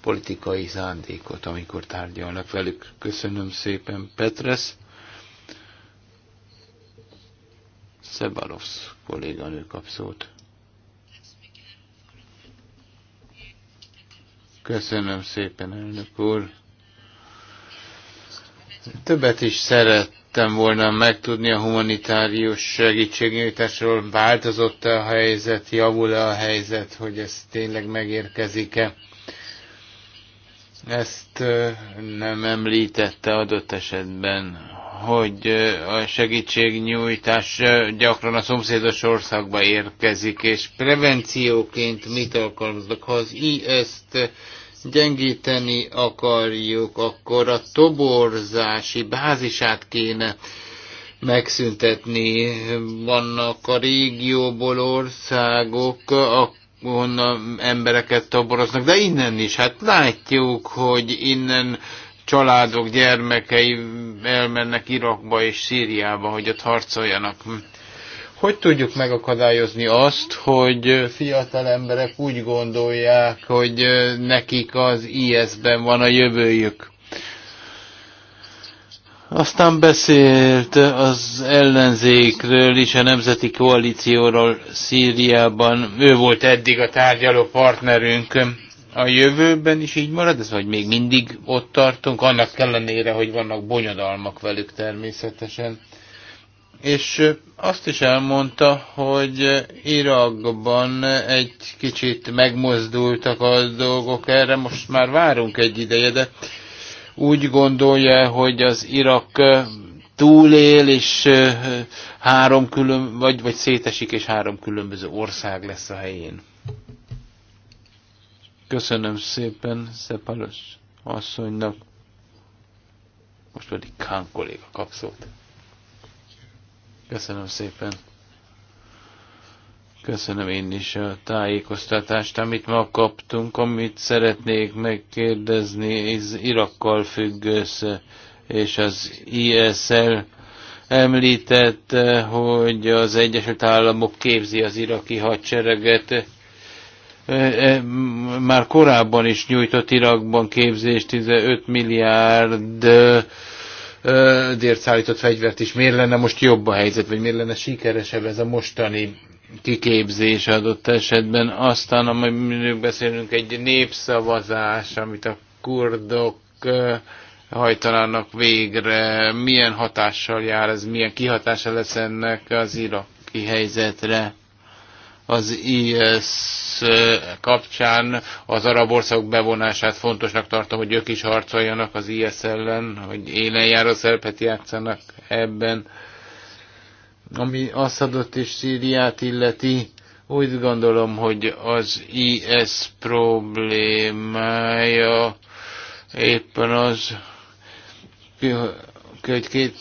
politikai szándékot, amikor tárgyalnak velük? Köszönöm szépen, Petres. Szebalovsz kolléganő kap szót. Köszönöm szépen, elnök úr. Többet is szerettem volna megtudni a humanitárius segítségnyújtásról. Változott-e a helyzet, javul-e a helyzet, hogy ez tényleg megérkezik-e? Ezt nem említette adott esetben hogy a segítségnyújtás gyakran a szomszédos országba érkezik, és prevencióként mit alkalmaznak? Ha az ezt gyengíteni akarjuk, akkor a toborzási bázisát kéne megszüntetni. Vannak a régióból országok, honnan embereket toboroznak, de innen is, hát látjuk, hogy innen családok gyermekei elmennek Irakba és Szíriába, hogy ott harcoljanak. Hogy tudjuk megakadályozni azt, hogy fiatal emberek úgy gondolják, hogy nekik az IS-ben van a jövőjük? Aztán beszélt az ellenzékről és a Nemzeti Koalícióról Szíriában. Ő volt eddig a tárgyaló partnerünk a jövőben is így marad ez, vagy még mindig ott tartunk, annak ellenére, hogy vannak bonyodalmak velük természetesen. És azt is elmondta, hogy Irakban egy kicsit megmozdultak a dolgok, erre most már várunk egy ideje, de úgy gondolja, hogy az Irak túlél, és három külön, vagy, vagy szétesik, és három különböző ország lesz a helyén. Köszönöm szépen Szepalos asszonynak. Most pedig Kán kolléga kap szót. Köszönöm szépen. Köszönöm én is a tájékoztatást, amit ma kaptunk, amit szeretnék megkérdezni, ez Irakkal függ össze, és az ISL említett, hogy az Egyesült Államok képzi az iraki hadsereget már korábban is nyújtott Irakban képzést, 15 milliárd dért szállított fegyvert is. Miért lenne most jobb a helyzet, vagy miért lenne sikeresebb ez a mostani kiképzés adott esetben? Aztán, amiről beszélünk, egy népszavazás, amit a kurdok hajtanának végre, milyen hatással jár ez, milyen kihatása lesz ennek az iraki helyzetre? az IS kapcsán az arab ország bevonását fontosnak tartom, hogy ők is harcoljanak az IS ellen, hogy élen járó szerepet játszanak ebben. Ami Assadot és Szíriát illeti, úgy gondolom, hogy az IS problémája éppen az, hogy, két,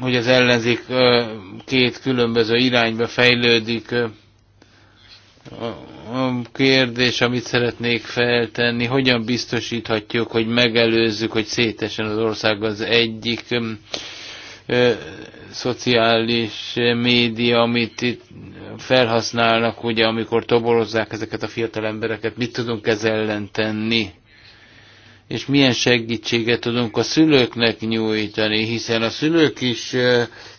hogy az ellenzék két különböző irányba fejlődik, a kérdés, amit szeretnék feltenni, hogyan biztosíthatjuk, hogy megelőzzük, hogy szétesen az ország az egyik ö, szociális média, amit itt felhasználnak, ugye, amikor toborozzák ezeket a fiatal embereket, mit tudunk ez ellen tenni? És milyen segítséget tudunk a szülőknek nyújtani, hiszen a szülők is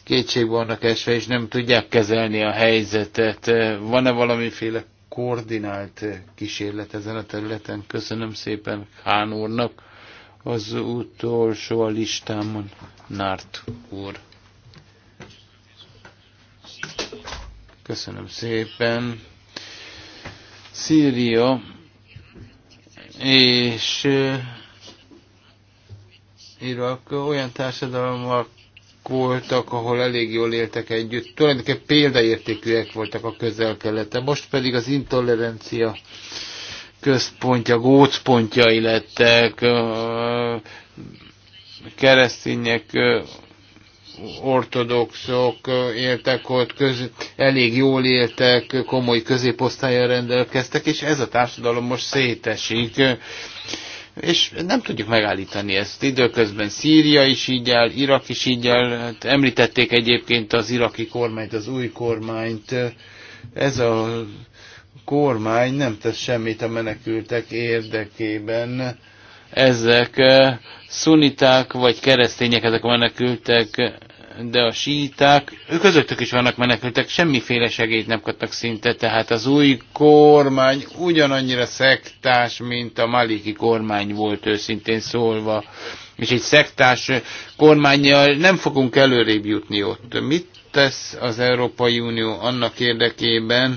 kétségbe vannak esve, és nem tudják kezelni a helyzetet. Van-e valamiféle koordinált kísérlet ezen a területen? Köszönöm szépen Hán úrnak. Az utolsó a listámon Nárt úr. Köszönöm szépen. Szíria és eh, Irak olyan társadalmak voltak, ahol elég jól éltek együtt. Tulajdonképpen példaértékűek voltak a közel Most pedig az intolerancia központja, gócpontjai lettek, keresztények, ortodoxok éltek ott, köz, elég jól éltek, komoly középosztályra rendelkeztek, és ez a társadalom most szétesik és nem tudjuk megállítani ezt. Időközben Szíria is így el, Irak is így el, hát említették egyébként az iraki kormányt, az új kormányt. Ez a kormány nem tesz semmit a menekültek érdekében. Ezek eh, szuniták vagy keresztények, ezek a menekültek de a síták, ők közöttük is vannak menekültek, semmiféle segélyt nem kaptak szinte, tehát az új kormány ugyanannyira szektás, mint a maliki kormány volt őszintén szólva, és egy szektás kormányjal nem fogunk előrébb jutni ott. Mit tesz az Európai Unió annak érdekében,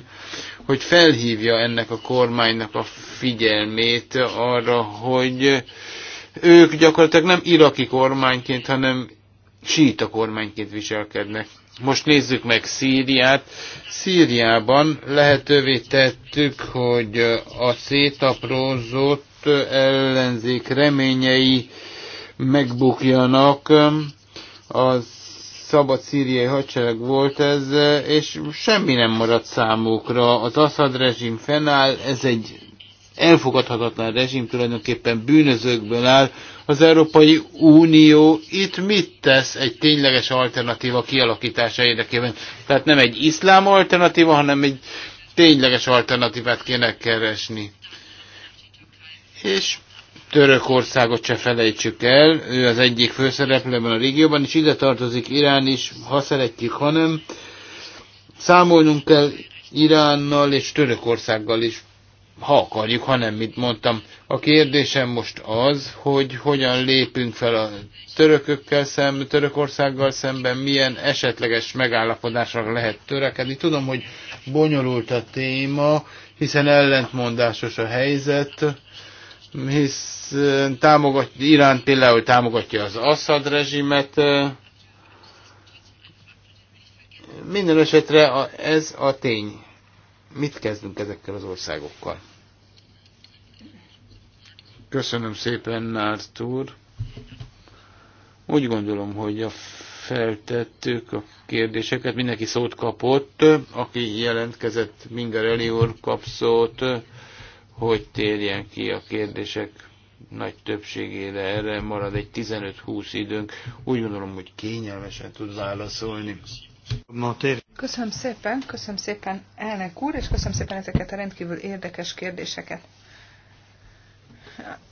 hogy felhívja ennek a kormánynak a figyelmét arra, hogy ők gyakorlatilag nem iraki kormányként, hanem síta kormányként viselkednek. Most nézzük meg Szíriát. Szíriában lehetővé tettük, hogy a szétaprózott ellenzék reményei megbukjanak. Az szabad szíriai hadsereg volt ez, és semmi nem maradt számukra. Az Assad rezsim fennáll, ez egy elfogadhatatlan rezsim, tulajdonképpen bűnözőkből áll, az Európai Unió itt mit tesz egy tényleges alternatíva kialakítása érdekében? Tehát nem egy iszlám alternatíva, hanem egy tényleges alternatívát kéne keresni. És Törökországot se felejtsük el, ő az egyik főszereplőben a régióban, és ide tartozik Irán is, ha szeretjük, hanem számolnunk kell Iránnal és Törökországgal is ha akarjuk, hanem, mit mondtam. A kérdésem most az, hogy hogyan lépünk fel a törökökkel szemben, Törökországgal szemben, milyen esetleges megállapodásra lehet törekedni. Tudom, hogy bonyolult a téma, hiszen ellentmondásos a helyzet, hisz támogat, Irán például támogatja az Assad rezsimet, minden esetre a, ez a tény. Mit kezdünk ezekkel az országokkal? Köszönöm szépen, Nárt úr. Úgy gondolom, hogy a feltettük a kérdéseket, mindenki szót kapott, aki jelentkezett, Eli úr kap szót, hogy térjen ki a kérdések nagy többségére, erre marad egy 15-20 időnk. Úgy gondolom, hogy kényelmesen tud válaszolni. Köszönöm szépen, köszönöm szépen elnök úr, és köszönöm szépen ezeket a rendkívül érdekes kérdéseket.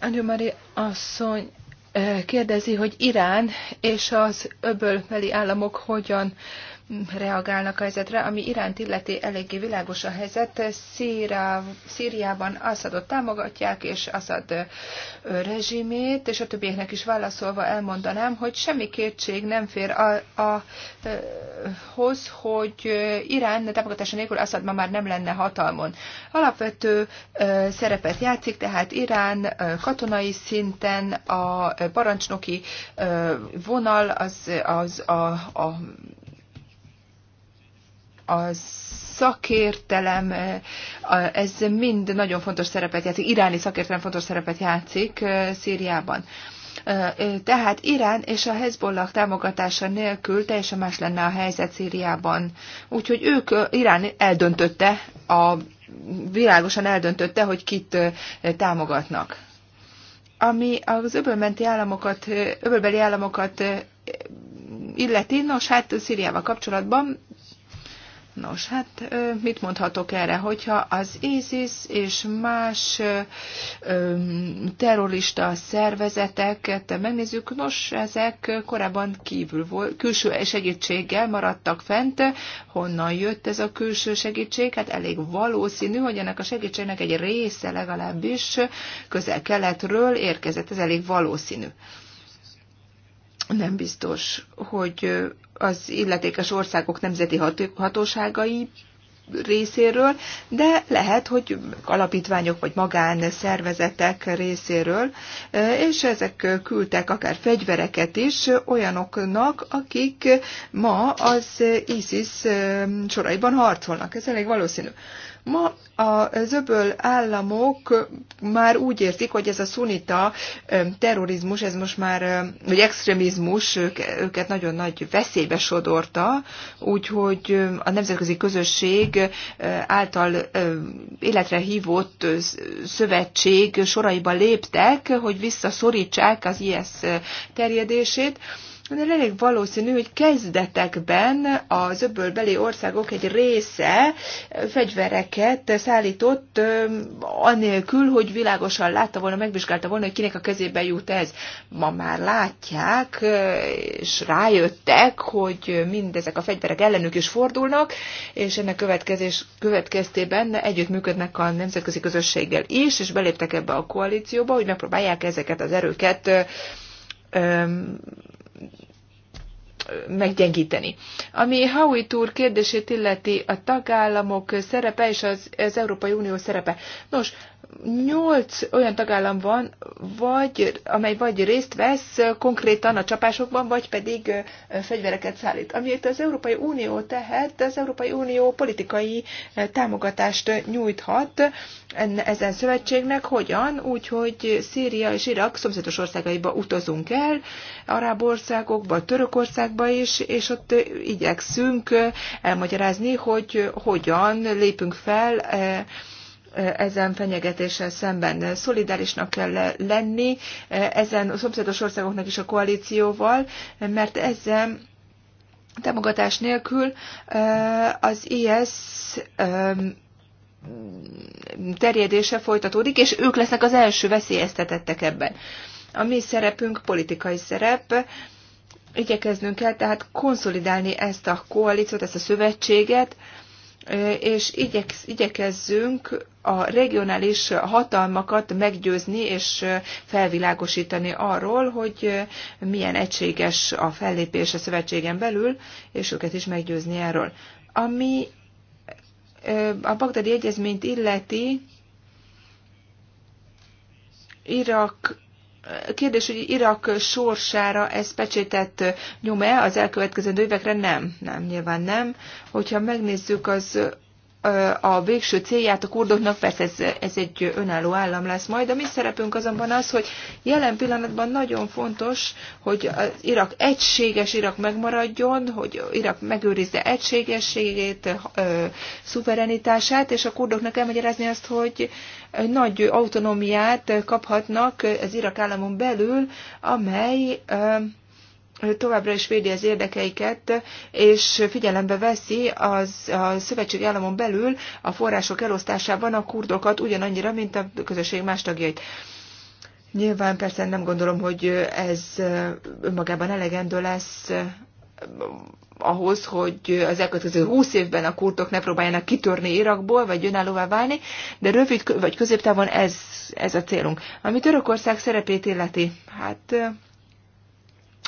Anjumari asszony eh, kérdezi, hogy Irán és az öbölbeli államok hogyan reagálnak a helyzetre, ami iránt illeti eléggé világos a helyzet. Szíra, Szíriában Assadot támogatják, és Assad rezsimét, és a többieknek is válaszolva elmondanám, hogy semmi kétség nem fér a, a, a, hoz, hogy Irán támogatása nélkül Assad ma már nem lenne hatalmon. Alapvető szerepet játszik, tehát Irán katonai szinten a parancsnoki vonal az, az a, a a szakértelem, ez mind nagyon fontos szerepet játszik, iráni szakértelem fontos szerepet játszik Szíriában. Tehát Irán és a Hezbollah támogatása nélkül teljesen más lenne a helyzet Szíriában. Úgyhogy ők, Irán eldöntötte, a, világosan eldöntötte, hogy kit támogatnak. Ami az öbölmenti államokat, öbölbeli államokat illeti, nos hát Szíriával kapcsolatban Nos, hát mit mondhatok erre, hogyha az ISIS és más terrorista szervezeteket megnézzük, nos, ezek korábban kívül volt, külső segítséggel maradtak fent. Honnan jött ez a külső segítség? Hát elég valószínű, hogy ennek a segítségnek egy része legalábbis közel-keletről érkezett. Ez elég valószínű. Nem biztos, hogy az illetékes országok nemzeti hatóságai részéről, de lehet, hogy alapítványok vagy magán szervezetek részéről, és ezek küldtek akár fegyvereket is olyanoknak, akik ma az ISIS soraiban harcolnak. Ez elég valószínű. Ma a zöböl államok már úgy érzik, hogy ez a szunita terrorizmus, ez most már, vagy extrémizmus őket nagyon nagy veszélybe sodorta, úgyhogy a nemzetközi közösség által életre hívott szövetség soraiba léptek, hogy visszaszorítsák az IS terjedését mert elég valószínű, hogy kezdetekben az öbölbeli országok egy része fegyvereket szállított, anélkül, hogy világosan látta volna, megvizsgálta volna, hogy kinek a kezébe jut ez. Ma már látják, és rájöttek, hogy mindezek a fegyverek ellenük is fordulnak, és ennek következés, következtében együttműködnek a nemzetközi közösséggel is, és beléptek ebbe a koalícióba, hogy megpróbálják ezeket az erőket meggyengíteni. Ami Howie Tour kérdését illeti a tagállamok szerepe és az, az Európai Unió szerepe. Nos, nyolc olyan tagállam van, vagy, amely vagy részt vesz konkrétan a csapásokban, vagy pedig fegyvereket szállít. Amiért az Európai Unió tehet, az Európai Unió politikai támogatást nyújthat ezen szövetségnek. Hogyan? Úgy, hogy Szíria és Irak szomszédos országaiba utazunk el, arab országokba, Törökországba is, és ott igyekszünk elmagyarázni, hogy hogyan lépünk fel ezen fenyegetéssel szemben. Szolidárisnak kell lenni eh, ezen a szomszédos országoknak is a koalícióval, mert ezzel támogatás nélkül eh, az IS terjedése folytatódik, és ők lesznek az első veszélyeztetettek ebben. A mi szerepünk politikai szerep, igyekeznünk kell tehát konszolidálni ezt a koalíciót, ezt a szövetséget, eh, és igyekezzünk a regionális hatalmakat meggyőzni és felvilágosítani arról, hogy milyen egységes a fellépés a szövetségen belül, és őket is meggyőzni erről. Ami a bagdadi egyezményt illeti, Irak Kérdés, hogy Irak sorsára ez pecsétett nyom-e az elkövetkezendő évekre? Nem, nem, nyilván nem. Hogyha megnézzük az a végső célját a kurdoknak, persze ez, ez egy önálló állam lesz majd. A mi szerepünk azonban az, hogy jelen pillanatban nagyon fontos, hogy az Irak egységes Irak megmaradjon, hogy Irak megőrizze egységességét, szuverenitását, és a kurdoknak elmagyarázni azt, hogy nagy autonómiát kaphatnak az Irak államon belül, amely továbbra is védi az érdekeiket, és figyelembe veszi az, a szövetség államon belül a források elosztásában a kurdokat ugyanannyira, mint a közösség más tagjait. Nyilván persze nem gondolom, hogy ez önmagában elegendő lesz ahhoz, hogy az elkövetkező 20 évben a kurtok ne próbáljanak kitörni Irakból, vagy önállóvá válni, de rövid vagy középtávon ez, ez a célunk. Ami Törökország szerepét illeti, hát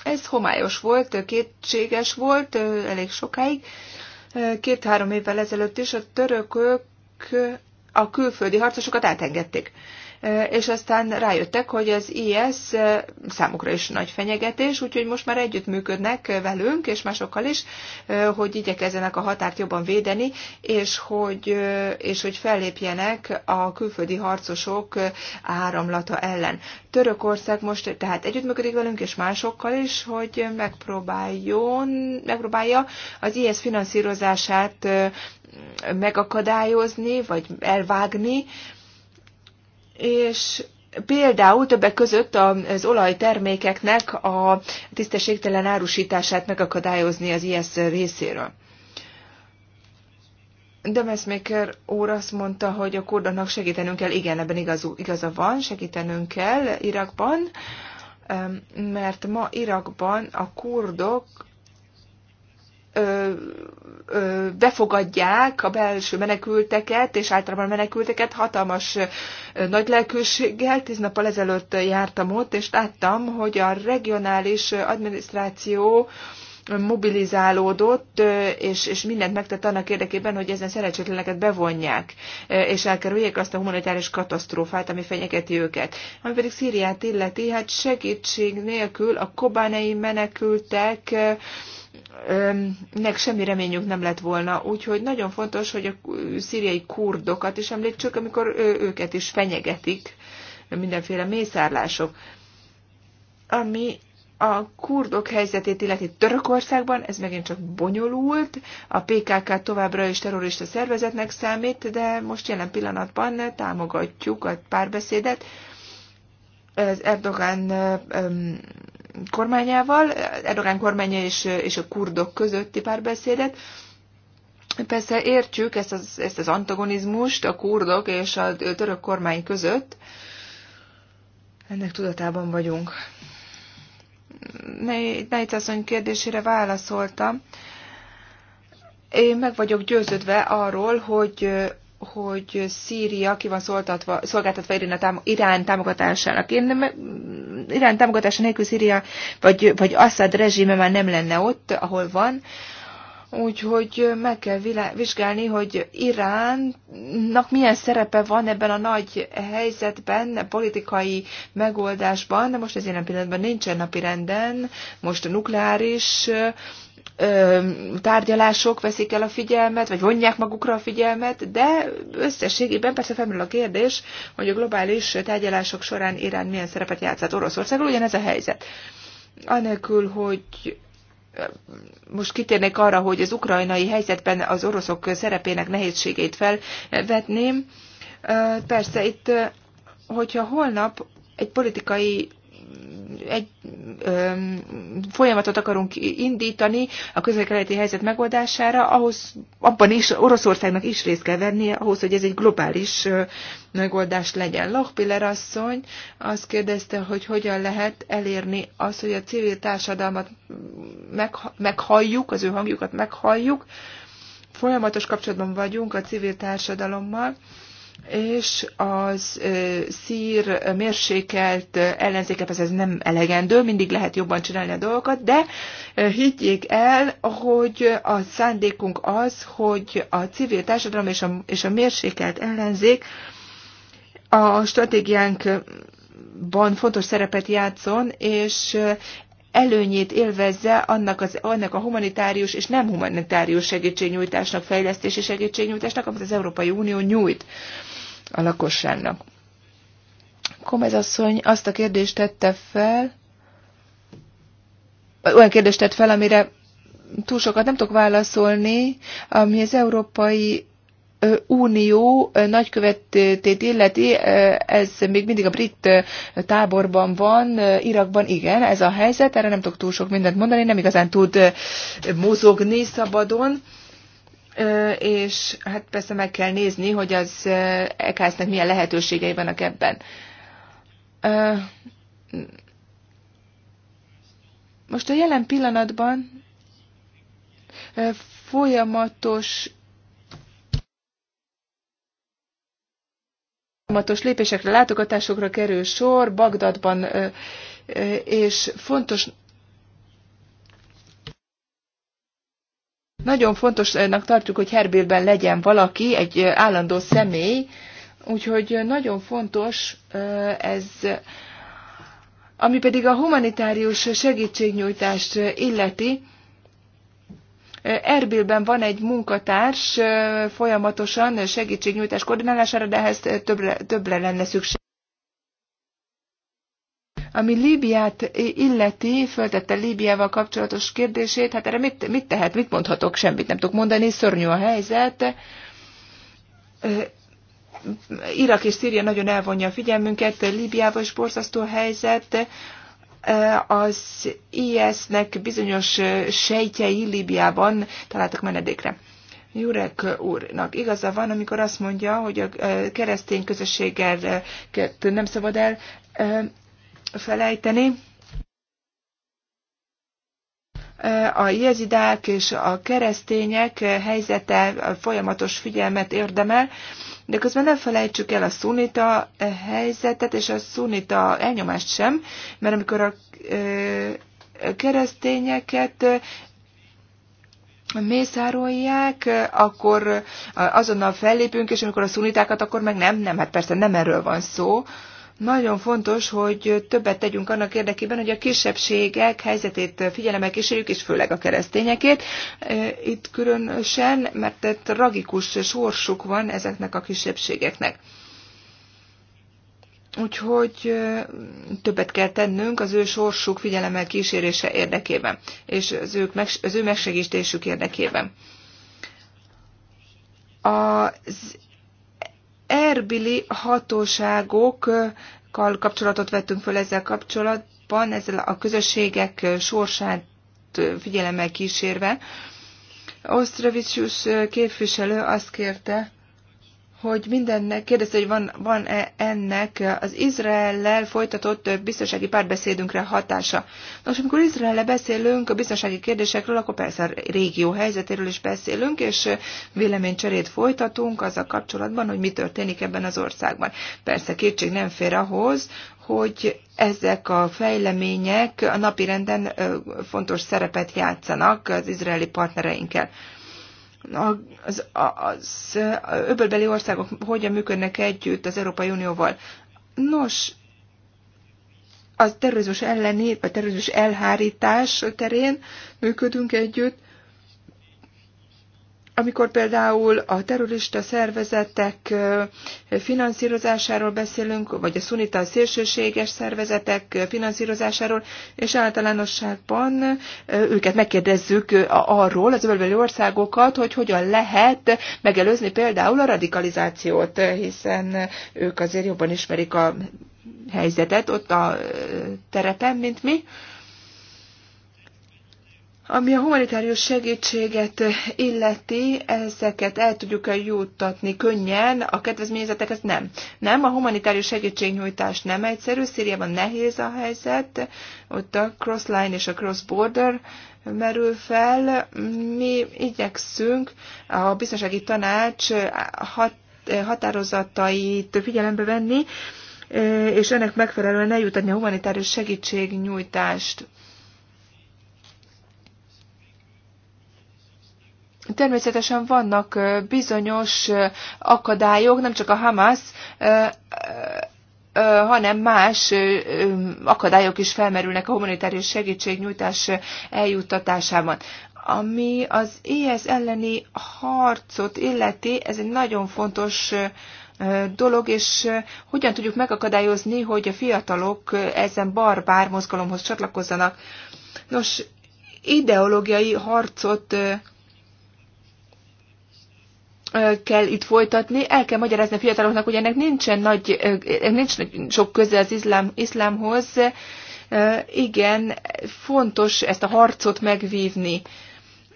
ez homályos volt, kétséges volt elég sokáig. Két-három évvel ezelőtt is a törökök a külföldi harcosokat átengedték. Eh, és aztán rájöttek, hogy az IS eh, számukra is nagy fenyegetés, úgyhogy most már együttműködnek eh, velünk és másokkal is, hogy igyekezzenek a határt jobban védeni, és hogy, és hogy fellépjenek a külföldi harcosok áramlata ellen. Törökország most tehát együttműködik velünk és másokkal is, hogy megpróbáljon, megpróbálja az IS finanszírozását megakadályozni, vagy elvágni, és például többek között az olajtermékeknek a tisztességtelen árusítását megakadályozni az IS részéről. De Messmaker úr azt mondta, hogy a kurdoknak segítenünk kell, igen, ebben igazú, igaza van, segítenünk kell Irakban, ehm, mert ma Irakban a kurdok ö, ö, befogadják a belső menekülteket, és általában menekülteket hatalmas ö, nagy lelkőséggel. Tíz nappal ezelőtt jártam ott, és láttam, hogy a regionális adminisztráció mobilizálódott, és, és mindent megtett annak érdekében, hogy ezen szerencsétleneket bevonják, és elkerüljék azt a humanitáris katasztrófát, ami fenyegeti őket. Ami pedig Szíriát illeti, hát segítség nélkül a kobánei menekültek, nek semmi reményünk nem lett volna. Úgyhogy nagyon fontos, hogy a szíriai kurdokat is említsük, amikor őket is fenyegetik mindenféle mészárlások. Ami a kurdok helyzetét illeti Törökországban, ez megint csak bonyolult, a PKK továbbra is terrorista szervezetnek számít, de most jelen pillanatban támogatjuk a párbeszédet. Az Erdogan kormányával, Erdogan kormánya és, és a kurdok közötti párbeszédet. Persze értjük ezt az, ezt az antagonizmust a kurdok és a török kormány között. Ennek tudatában vagyunk. Nejc asszony kérdésére válaszoltam. Én meg vagyok győződve arról, hogy hogy Szíria ki van szolgáltatva Irán, tám- Irán támogatásának. Én nem Irán támogatása nélkül Szíria, vagy, vagy Assad rezsime már nem lenne ott, ahol van. Úgyhogy meg kell vizsgálni, hogy Iránnak milyen szerepe van ebben a nagy helyzetben, a politikai megoldásban, de most ez jelen pillanatban nincsen napirenden, most a nukleáris tárgyalások veszik el a figyelmet, vagy vonják magukra a figyelmet, de összességében persze felmerül a kérdés, hogy a globális tárgyalások során Irán milyen szerepet játszott Oroszországgal, ugyanez a helyzet. Anélkül, hogy most kitérnék arra, hogy az ukrajnai helyzetben az oroszok szerepének nehézségét felvetném. Persze itt, hogyha holnap egy politikai egy ö, folyamatot akarunk indítani a közelkeleti helyzet megoldására, ahhoz abban is Oroszországnak is részt kell vennie, ahhoz, hogy ez egy globális ö, megoldás legyen. Lochpiller asszony azt kérdezte, hogy hogyan lehet elérni azt, hogy a civil társadalmat meg, meghalljuk, az ő hangjukat meghalljuk. Folyamatos kapcsolatban vagyunk a civil társadalommal, és az szír mérsékelt ellenzéke, ez nem elegendő, mindig lehet jobban csinálni a dolgokat, de higgyék el, hogy a szándékunk az, hogy a civil társadalom és a, és a mérsékelt ellenzék a stratégiánkban fontos szerepet játszon, és előnyét élvezze annak, az, annak a humanitárius és nem humanitárius segítségnyújtásnak, fejlesztési segítségnyújtásnak, amit az Európai Unió nyújt a lakosságnak. Komez asszony azt a kérdést tette fel, olyan kérdést tett fel, amire túl sokat nem tudok válaszolni, ami az Európai Unió nagykövetét illeti, ez még mindig a brit táborban van, Irakban igen, ez a helyzet, erre nem tudok túl sok mindent mondani, nem igazán tud mozogni szabadon és hát persze meg kell nézni, hogy az EKSZ-nek milyen lehetőségei vannak ebben. Most a jelen pillanatban folyamatos folyamatos lépésekre, látogatásokra kerül sor, Bagdadban, és fontos Nagyon fontosnak tartjuk, hogy Herbélben legyen valaki, egy állandó személy, úgyhogy nagyon fontos ez, ami pedig a humanitárius segítségnyújtást illeti. Erbilben van egy munkatárs folyamatosan segítségnyújtás koordinálására, de ehhez többre, többre lenne szükség. Ami Líbiát illeti, föltette Líbiával kapcsolatos kérdését, hát erre mit, mit tehet, mit mondhatok, semmit nem tudok mondani, szörnyű a helyzet. Irak és Szíria nagyon elvonja a figyelmünket, Líbiával is borzasztó helyzet, az IS-nek bizonyos sejtjei Líbiában találtak menedékre. Jurek úrnak igaza van, amikor azt mondja, hogy a keresztény közösséget nem szabad el felejteni. A jezidák és a keresztények helyzete folyamatos figyelmet érdemel, de közben ne felejtsük el a szunita helyzetet és a szunita elnyomást sem, mert amikor a keresztényeket mészárolják, akkor azonnal fellépünk, és amikor a szunitákat, akkor meg nem, nem, hát persze nem erről van szó, nagyon fontos, hogy többet tegyünk annak érdekében, hogy a kisebbségek helyzetét figyelembe kísérjük, és főleg a keresztényekét. Itt különösen, mert egy tragikus sorsuk van ezeknek a kisebbségeknek. Úgyhogy többet kell tennünk az ő sorsuk figyelemmel kísérése érdekében, és az, ők meg, az ő megsegítésük érdekében. Az erbili hatóságokkal kapcsolatot vettünk föl ezzel kapcsolatban, ezzel a közösségek sorsát figyelemmel kísérve. Osztrovicius képviselő azt kérte, hogy mindennek, kérdezte, hogy van, van-e ennek az Izraellel folytatott biztonsági párbeszédünkre hatása. Nos, amikor Izraellel beszélünk a biztonsági kérdésekről, akkor persze a régió helyzetéről is beszélünk, és véleménycserét folytatunk az a kapcsolatban, hogy mi történik ebben az országban. Persze kétség nem fér ahhoz, hogy ezek a fejlemények a napirenden fontos szerepet játszanak az izraeli partnereinkkel az, az öbölbeli országok hogyan működnek együtt az Európai Unióval. Nos, a terrorizmus elleni, a terrorizmus elhárítás terén működünk együtt, amikor például a terrorista szervezetek finanszírozásáról beszélünk, vagy a szunita szélsőséges szervezetek finanszírozásáról, és általánosságban őket megkérdezzük arról, az öbölbeli országokat, hogy hogyan lehet megelőzni például a radikalizációt, hiszen ők azért jobban ismerik a helyzetet ott a terepen, mint mi. Ami a humanitárius segítséget illeti, ezeket el tudjuk -e juttatni könnyen, a kedvezményezetek ezt nem. Nem, a humanitárius segítségnyújtás nem egyszerű, Szíriában nehéz a helyzet, ott a crossline és a cross-border merül fel. Mi igyekszünk a biztonsági tanács határozatait figyelembe venni, és ennek megfelelően eljutatni a humanitárius segítségnyújtást Természetesen vannak bizonyos akadályok, nem csak a Hamas, hanem más akadályok is felmerülnek a humanitárius segítségnyújtás eljuttatásában. Ami az IS elleni harcot illeti, ez egy nagyon fontos dolog, és hogyan tudjuk megakadályozni, hogy a fiatalok ezen barbár mozgalomhoz csatlakozzanak. Nos, ideológiai harcot kell itt folytatni, el kell magyarázni a fiataloknak, hogy ennek nincsen nagy, nincs sok köze az iszlám, iszlámhoz. Igen, fontos ezt a harcot megvívni.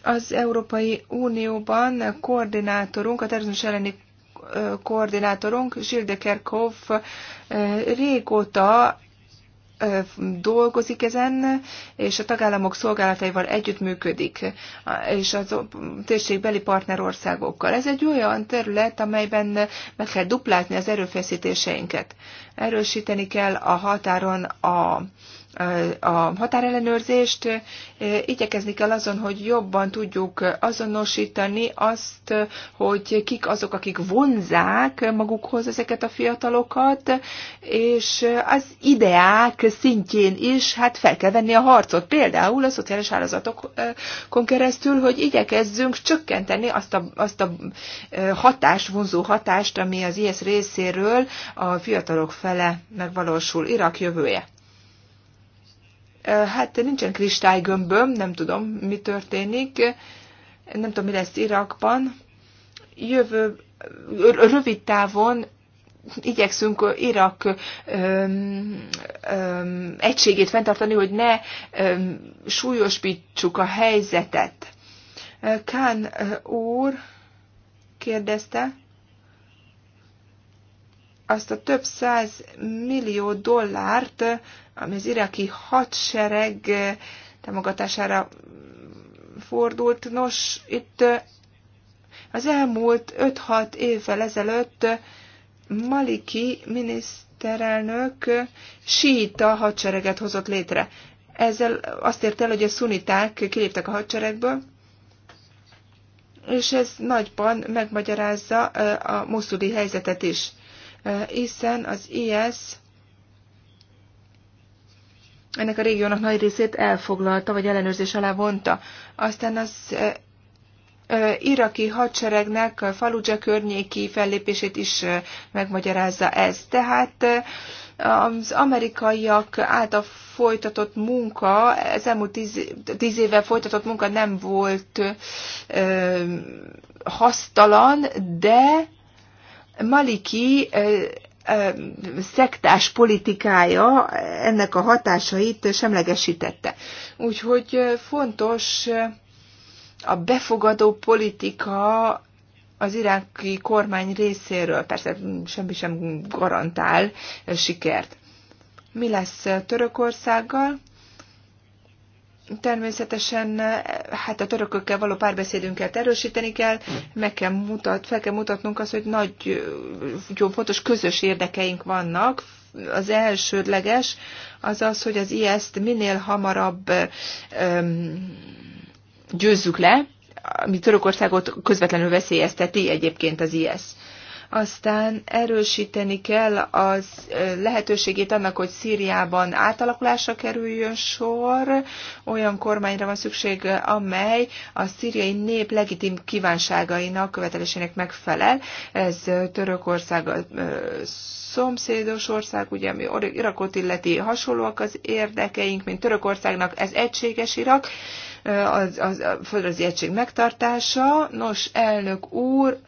Az Európai Unióban koordinátorunk, a terrorizmus elleni koordinátorunk, Zsildekerkov régóta dolgozik ezen, és a tagállamok szolgálataival együttműködik, és a térségbeli partnerországokkal. Ez egy olyan terület, amelyben meg kell duplázni az erőfeszítéseinket. Erősíteni kell a határon a a határellenőrzést. Igyekezni kell azon, hogy jobban tudjuk azonosítani azt, hogy kik azok, akik vonzák magukhoz ezeket a fiatalokat, és az ideák szintjén is hát fel kell venni a harcot, például a szociális hálózatokon keresztül, hogy igyekezzünk csökkenteni azt a, azt a hatást, vonzó hatást, ami az ilyes részéről a fiatalok fele megvalósul, Irak jövője hát nincsen kristálygömböm, nem tudom, mi történik, nem tudom, mi lesz Irakban. Jövő, rövid távon igyekszünk Irak öm, öm, egységét fenntartani, hogy ne öm, súlyosbítsuk a helyzetet. Kán úr kérdezte, azt a több száz millió dollárt ami az iraki hadsereg támogatására fordult. Nos, itt az elmúlt 5-6 évvel ezelőtt Maliki miniszterelnök síta hadsereget hozott létre. Ezzel azt ért el, hogy a szuniták kiléptek a hadseregből, és ez nagyban megmagyarázza a muszuli helyzetet is, hiszen az IS ennek a régiónak nagy részét elfoglalta, vagy ellenőrzés alá vonta. Aztán az iraki hadseregnek a Faludzsa környéki fellépését is megmagyarázza ez. Tehát az amerikaiak által folytatott munka, az elmúlt tíz, tíz éve folytatott munka nem volt ö, hasztalan, de Maliki szektás politikája ennek a hatásait semlegesítette. Úgyhogy fontos a befogadó politika az iráki kormány részéről. Persze semmi sem garantál sikert. Mi lesz Törökországgal? Természetesen hát a törökökkel való párbeszédünket erősíteni kell, meg kell mutat, fel kell mutatnunk azt, hogy nagy, jó, fontos közös érdekeink vannak. Az elsődleges az az, hogy az IS-t minél hamarabb öm, győzzük le, ami Törökországot közvetlenül veszélyezteti egyébként az IS. Aztán erősíteni kell az lehetőségét annak, hogy Szíriában átalakulásra kerüljön sor. Olyan kormányra van szükség, amely a szíriai nép legitim kívánságainak, követelésének megfelel. Ez Törökország a szomszédos ország, ugye ami Irakot illeti hasonlóak az érdekeink, mint Törökországnak, ez egységes Irak, az, az, a földrajzi egység megtartása. Nos, elnök úr,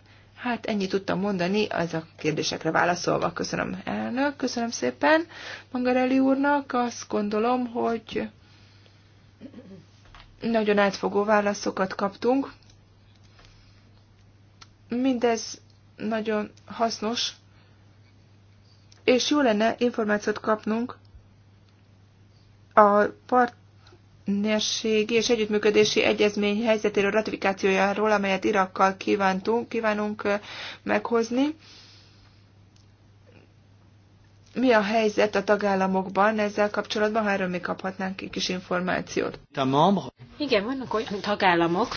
Hát ennyit tudtam mondani, az a kérdésekre válaszolva. Köszönöm elnök, köszönöm szépen Mangarelli úrnak. Azt gondolom, hogy nagyon átfogó válaszokat kaptunk. Mindez nagyon hasznos, és jó lenne információt kapnunk a part partnerségi és együttműködési egyezmény helyzetéről, ratifikációjáról, amelyet Irakkal kívántunk, kívánunk meghozni. Mi a helyzet a tagállamokban ezzel kapcsolatban? Ha erről még kaphatnánk egy kis információt. Igen, vannak olyan tagállamok,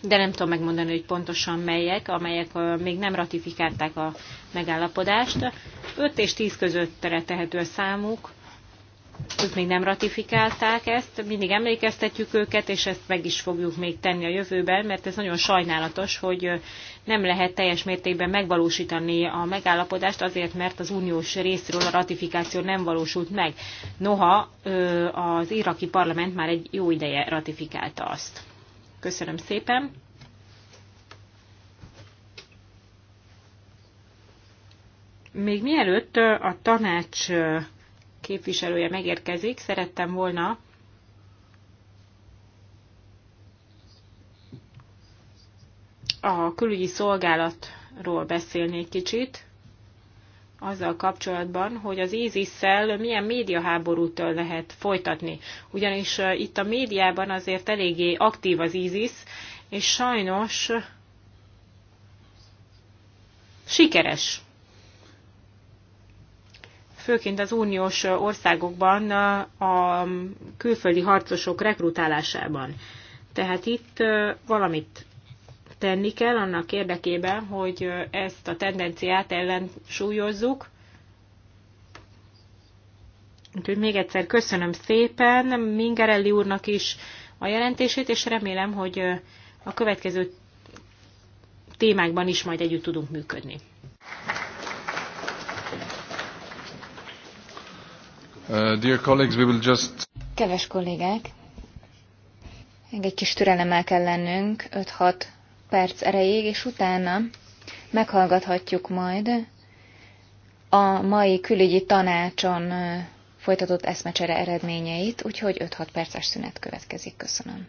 de nem tudom megmondani, hogy pontosan melyek, amelyek még nem ratifikálták a megállapodást. 5 és 10 közöttre tehető a számuk, ők még nem ratifikálták ezt, mindig emlékeztetjük őket, és ezt meg is fogjuk még tenni a jövőben, mert ez nagyon sajnálatos, hogy nem lehet teljes mértékben megvalósítani a megállapodást, azért mert az uniós részről a ratifikáció nem valósult meg. Noha az iraki parlament már egy jó ideje ratifikálta azt. Köszönöm szépen! Még mielőtt a tanács képviselője megérkezik, szerettem volna a külügyi szolgálatról beszélni egy kicsit, azzal kapcsolatban, hogy az ISIS-szel milyen médiaháborút lehet folytatni. Ugyanis itt a médiában azért eléggé aktív az ISIS, és sajnos sikeres főként az uniós országokban a külföldi harcosok rekrutálásában. Tehát itt valamit tenni kell annak érdekében, hogy ezt a tendenciát ellensúlyozzuk. Úgyhogy még egyszer köszönöm szépen Mingerelli úrnak is a jelentését, és remélem, hogy a következő témákban is majd együtt tudunk működni. Uh, dear colleagues, we will just... kollégák, egy kis türelemmel kell lennünk, 5-6 perc erejéig, és utána meghallgathatjuk majd a mai külügyi tanácson uh, folytatott eszmecsere eredményeit, úgyhogy 5-6 perces szünet következik. Köszönöm.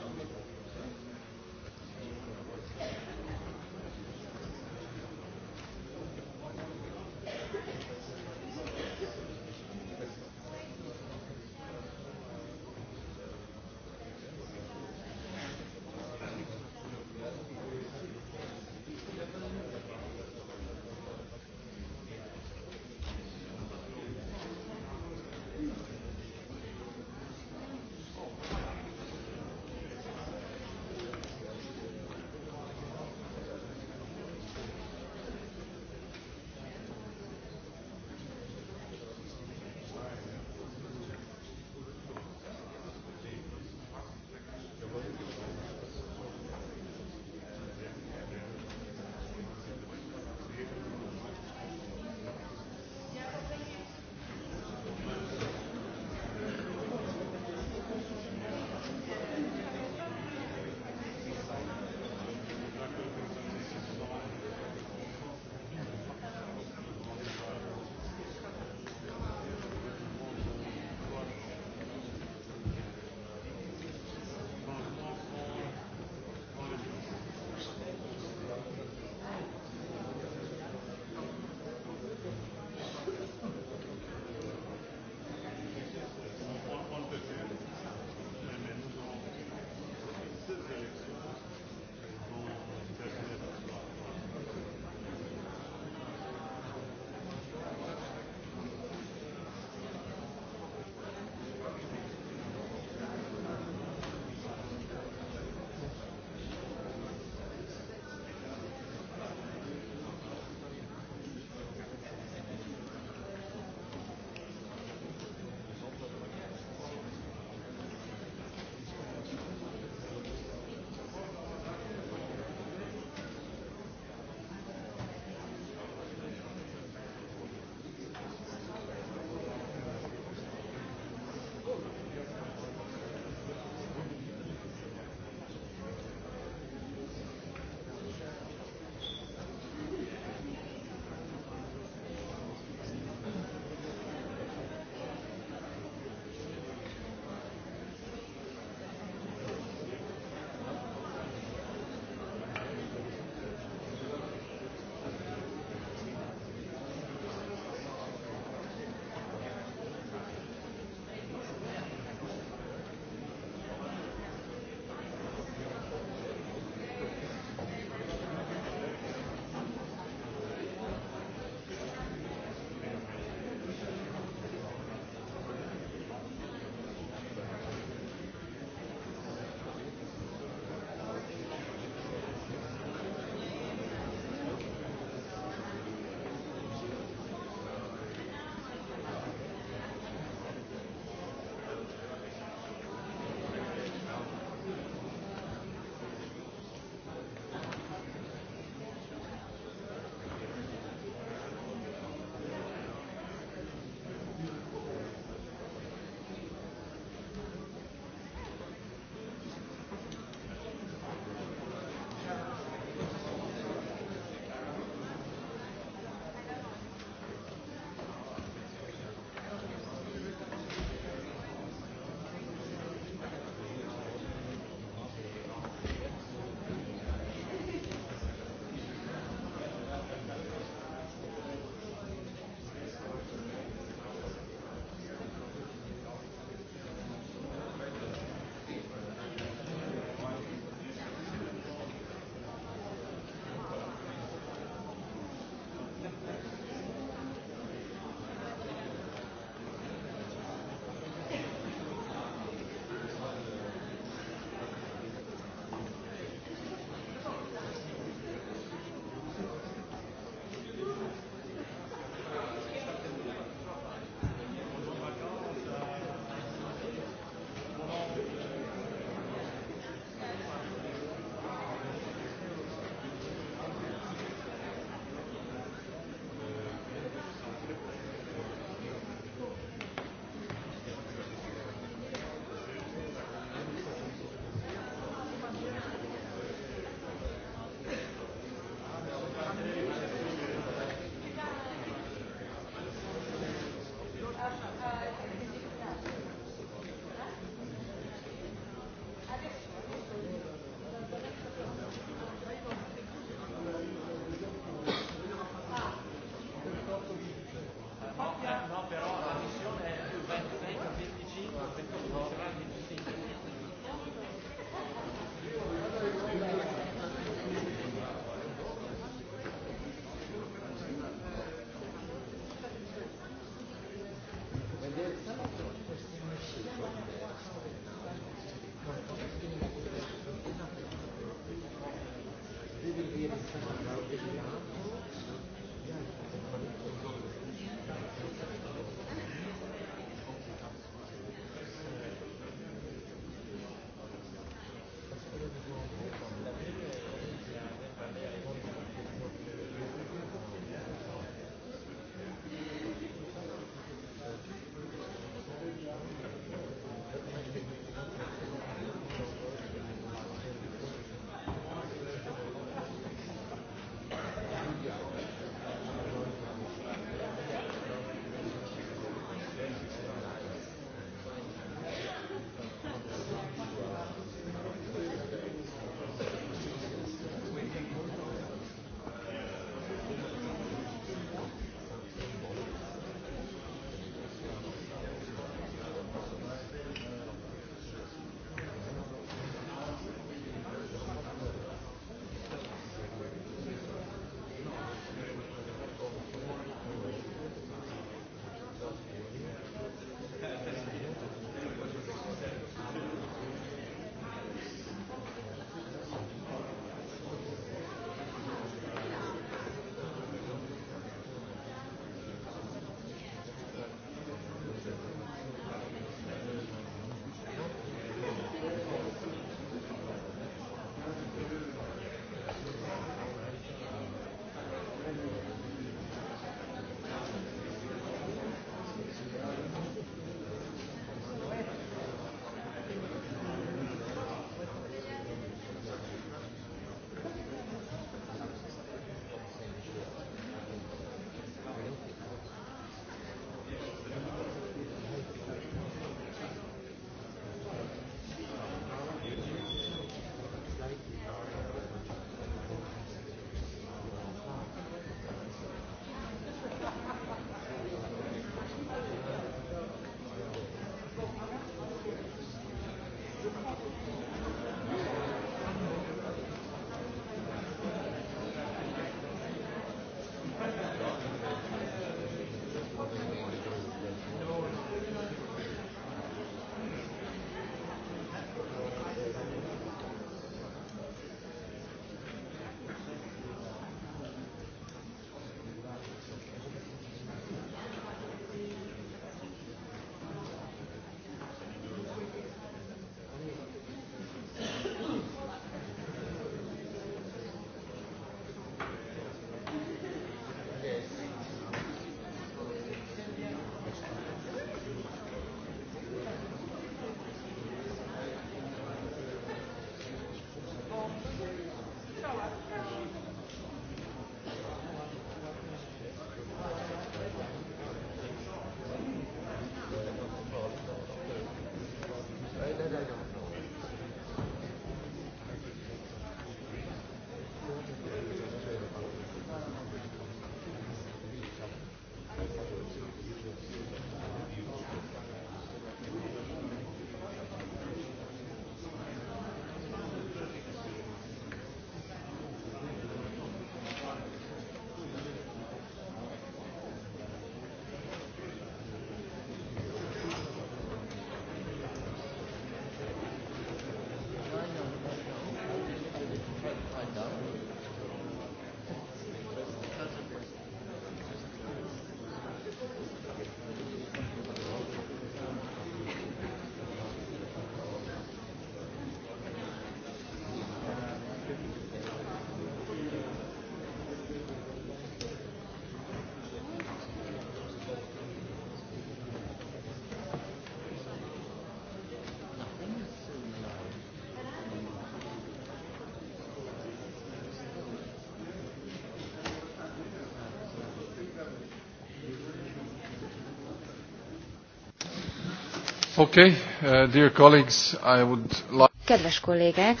Okay, uh, dear colleagues, I would like... Kedves kollégák,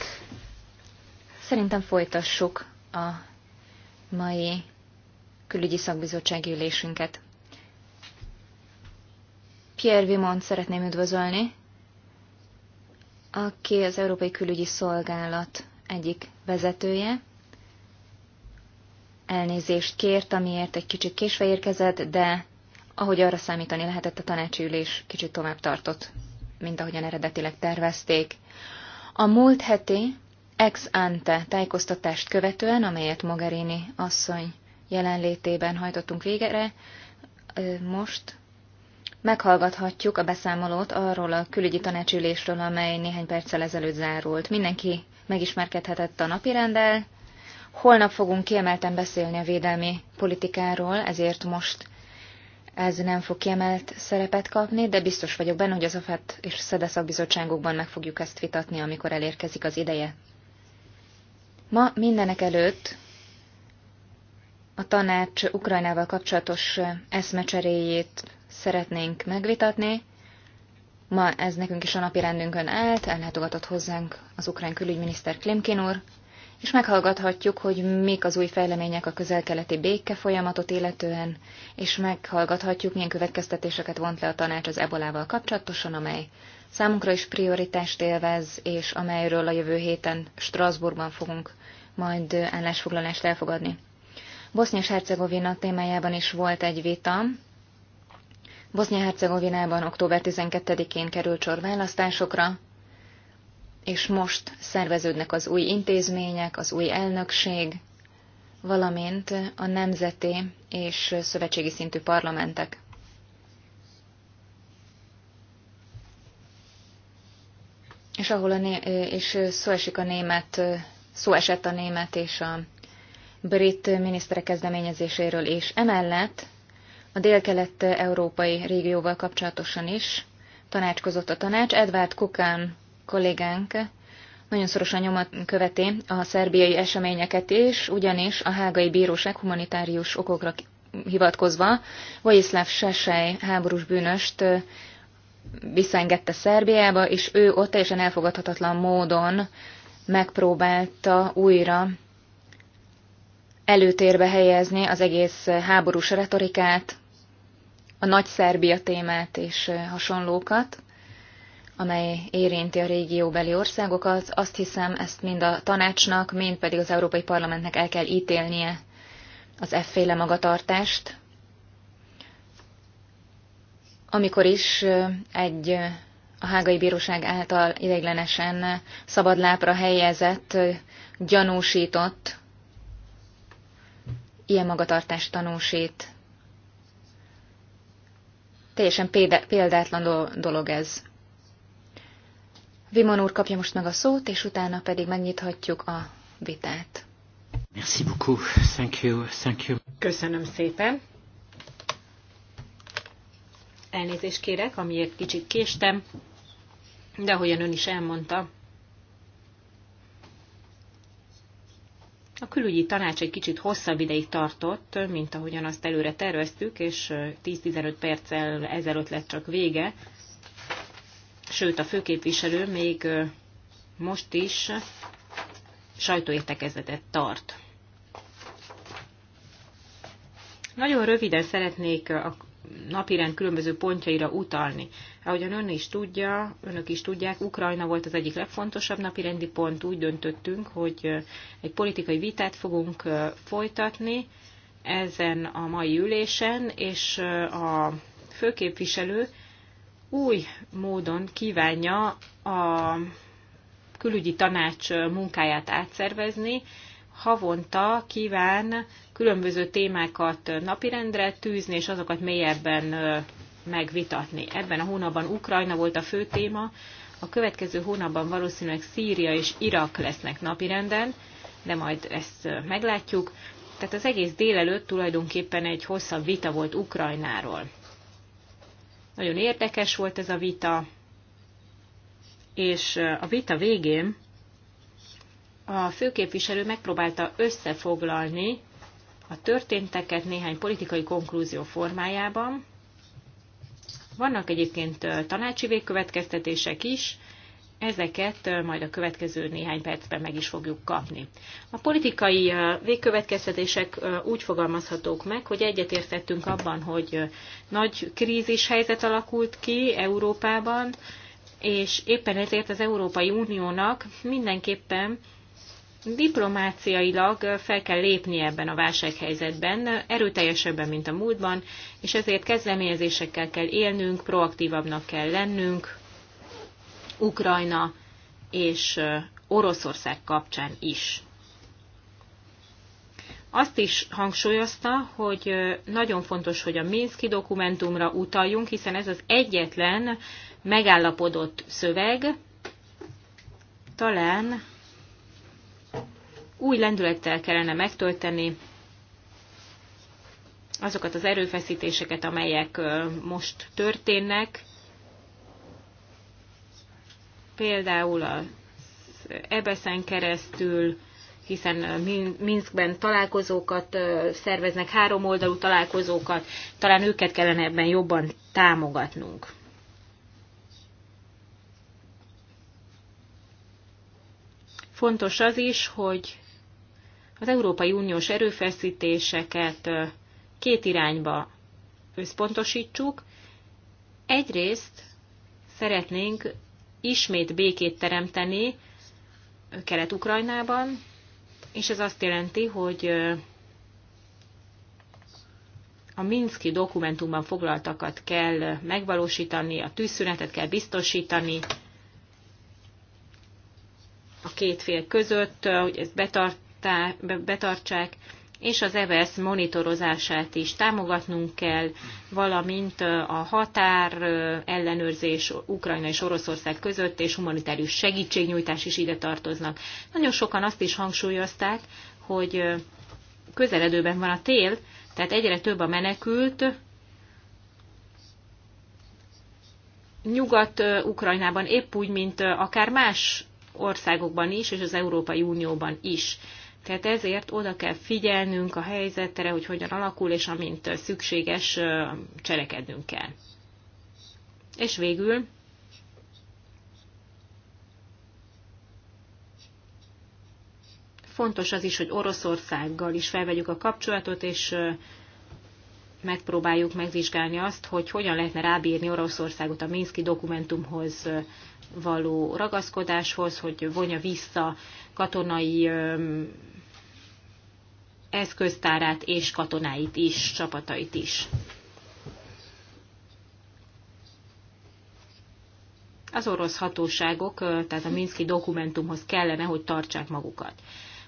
szerintem folytassuk a mai külügyi szakbizottsági ülésünket. Pierre Vimont szeretném üdvözölni, aki az Európai Külügyi Szolgálat egyik vezetője. Elnézést kért, amiért egy kicsit késve érkezett, de ahogy arra számítani lehetett, a tanácsi ülés kicsit tovább tartott, mint ahogyan eredetileg tervezték. A múlt heti ex ante tájékoztatást követően, amelyet Mogherini asszony jelenlétében hajtottunk végre, most meghallgathatjuk a beszámolót arról a külügyi tanácsülésről, amely néhány perccel ezelőtt zárult. Mindenki megismerkedhetett a napirenddel. Holnap fogunk kiemelten beszélni a védelmi politikáról, ezért most ez nem fog kiemelt szerepet kapni, de biztos vagyok benne, hogy az AFAT és SZEDE szakbizottságokban meg fogjuk ezt vitatni, amikor elérkezik az ideje. Ma mindenek előtt a tanács Ukrajnával kapcsolatos eszmecseréjét szeretnénk megvitatni. Ma ez nekünk is a napi rendünkön állt, ellátogatott hozzánk az ukrán külügyminiszter Klimkin úr, és meghallgathatjuk, hogy mik az új fejlemények a közelkeleti béke folyamatot illetően, és meghallgathatjuk, milyen következtetéseket vont le a tanács az ebolával kapcsolatosan, amely számunkra is prioritást élvez, és amelyről a jövő héten Strasbourgban fogunk majd állásfoglalást elfogadni. Bosznia és Hercegovina témájában is volt egy vita. Bosznia-Hercegovinában október 12-én került sor választásokra, és most szerveződnek az új intézmények, az új elnökség, valamint a nemzeti és szövetségi szintű parlamentek. És, ahol a né- és szó, esik a német, szó esett a német és a brit miniszterek kezdeményezéséről is. Emellett a délkelet-európai régióval kapcsolatosan is tanácskozott a tanács. Edward Kukán kollégánk nagyon szorosan nyomat követi a szerbiai eseményeket is, ugyanis a hágai bíróság humanitárius okokra hivatkozva Vojislav Sesej háborús bűnöst visszaengedte Szerbiába, és ő ott teljesen elfogadhatatlan módon megpróbálta újra előtérbe helyezni az egész háborús retorikát, a nagy Szerbia témát és hasonlókat amely érinti a régióbeli országokat. Azt hiszem, ezt mind a tanácsnak, mind pedig az Európai Parlamentnek el kell ítélnie az efféle magatartást, amikor is egy a Hágai Bíróság által ideiglenesen szabadlápra helyezett, gyanúsított, ilyen magatartást tanúsít. Teljesen példátlan dolog ez. Vimon úr kapja most meg a szót, és utána pedig megnyithatjuk a vitát. Merci beaucoup. Thank you. Thank you. Köszönöm szépen. Elnézést kérek, amiért kicsit késtem, de ahogyan ön is elmondta, A külügyi tanács egy kicsit hosszabb ideig tartott, mint ahogyan azt előre terveztük, és 10-15 perccel ezelőtt lett csak vége, sőt a főképviselő még most is sajtóértekezetet tart. Nagyon röviden szeretnék a napirend különböző pontjaira utalni. Ahogyan ön is tudja, önök is tudják, Ukrajna volt az egyik legfontosabb napirendi pont. Úgy döntöttünk, hogy egy politikai vitát fogunk folytatni ezen a mai ülésen, és a főképviselő új módon kívánja a külügyi tanács munkáját átszervezni, havonta kíván különböző témákat napirendre tűzni, és azokat mélyebben megvitatni. Ebben a hónapban Ukrajna volt a fő téma, a következő hónapban valószínűleg Szíria és Irak lesznek napirenden, de majd ezt meglátjuk. Tehát az egész délelőtt tulajdonképpen egy hosszabb vita volt Ukrajnáról. Nagyon érdekes volt ez a vita, és a vita végén a főképviselő megpróbálta összefoglalni a történteket néhány politikai konklúzió formájában. Vannak egyébként tanácsi végkövetkeztetések is, Ezeket majd a következő néhány percben meg is fogjuk kapni. A politikai végkövetkeztetések úgy fogalmazhatók meg, hogy egyetértettünk abban, hogy nagy krízis helyzet alakult ki Európában, és éppen ezért az Európai Uniónak mindenképpen diplomáciailag fel kell lépni ebben a válsághelyzetben, erőteljesebben, mint a múltban, és ezért kezdeményezésekkel kell élnünk, proaktívabbnak kell lennünk, Ukrajna és Oroszország kapcsán is. Azt is hangsúlyozta, hogy nagyon fontos, hogy a Minszki dokumentumra utaljunk, hiszen ez az egyetlen megállapodott szöveg, talán új lendülettel kellene megtölteni azokat az erőfeszítéseket, amelyek most történnek, például az Ebeszen keresztül, hiszen Minskben találkozókat szerveznek, háromoldalú találkozókat, talán őket kellene ebben jobban támogatnunk. Fontos az is, hogy az Európai Uniós erőfeszítéseket két irányba összpontosítsuk. Egyrészt szeretnénk ismét békét teremteni Kelet-Ukrajnában, és ez azt jelenti, hogy a Minszki dokumentumban foglaltakat kell megvalósítani, a tűzszünetet kell biztosítani a két fél között, hogy ezt betartá, betartsák, és az EVESZ monitorozását is támogatnunk kell, valamint a határ ellenőrzés Ukrajna és Oroszország között, és humanitárius segítségnyújtás is ide tartoznak. Nagyon sokan azt is hangsúlyozták, hogy közeledőben van a tél, tehát egyre több a menekült, Nyugat-Ukrajnában épp úgy, mint akár más országokban is, és az Európai Unióban is. Tehát ezért oda kell figyelnünk a helyzetre, hogy hogyan alakul, és amint szükséges, cselekednünk kell. És végül fontos az is, hogy Oroszországgal is felvegyük a kapcsolatot, és megpróbáljuk megvizsgálni azt, hogy hogyan lehetne rábírni Oroszországot a Minszki dokumentumhoz való ragaszkodáshoz, hogy vonja vissza katonai eszköztárát és katonáit is, csapatait is. Az orosz hatóságok, tehát a Minszki dokumentumhoz kellene, hogy tartsák magukat.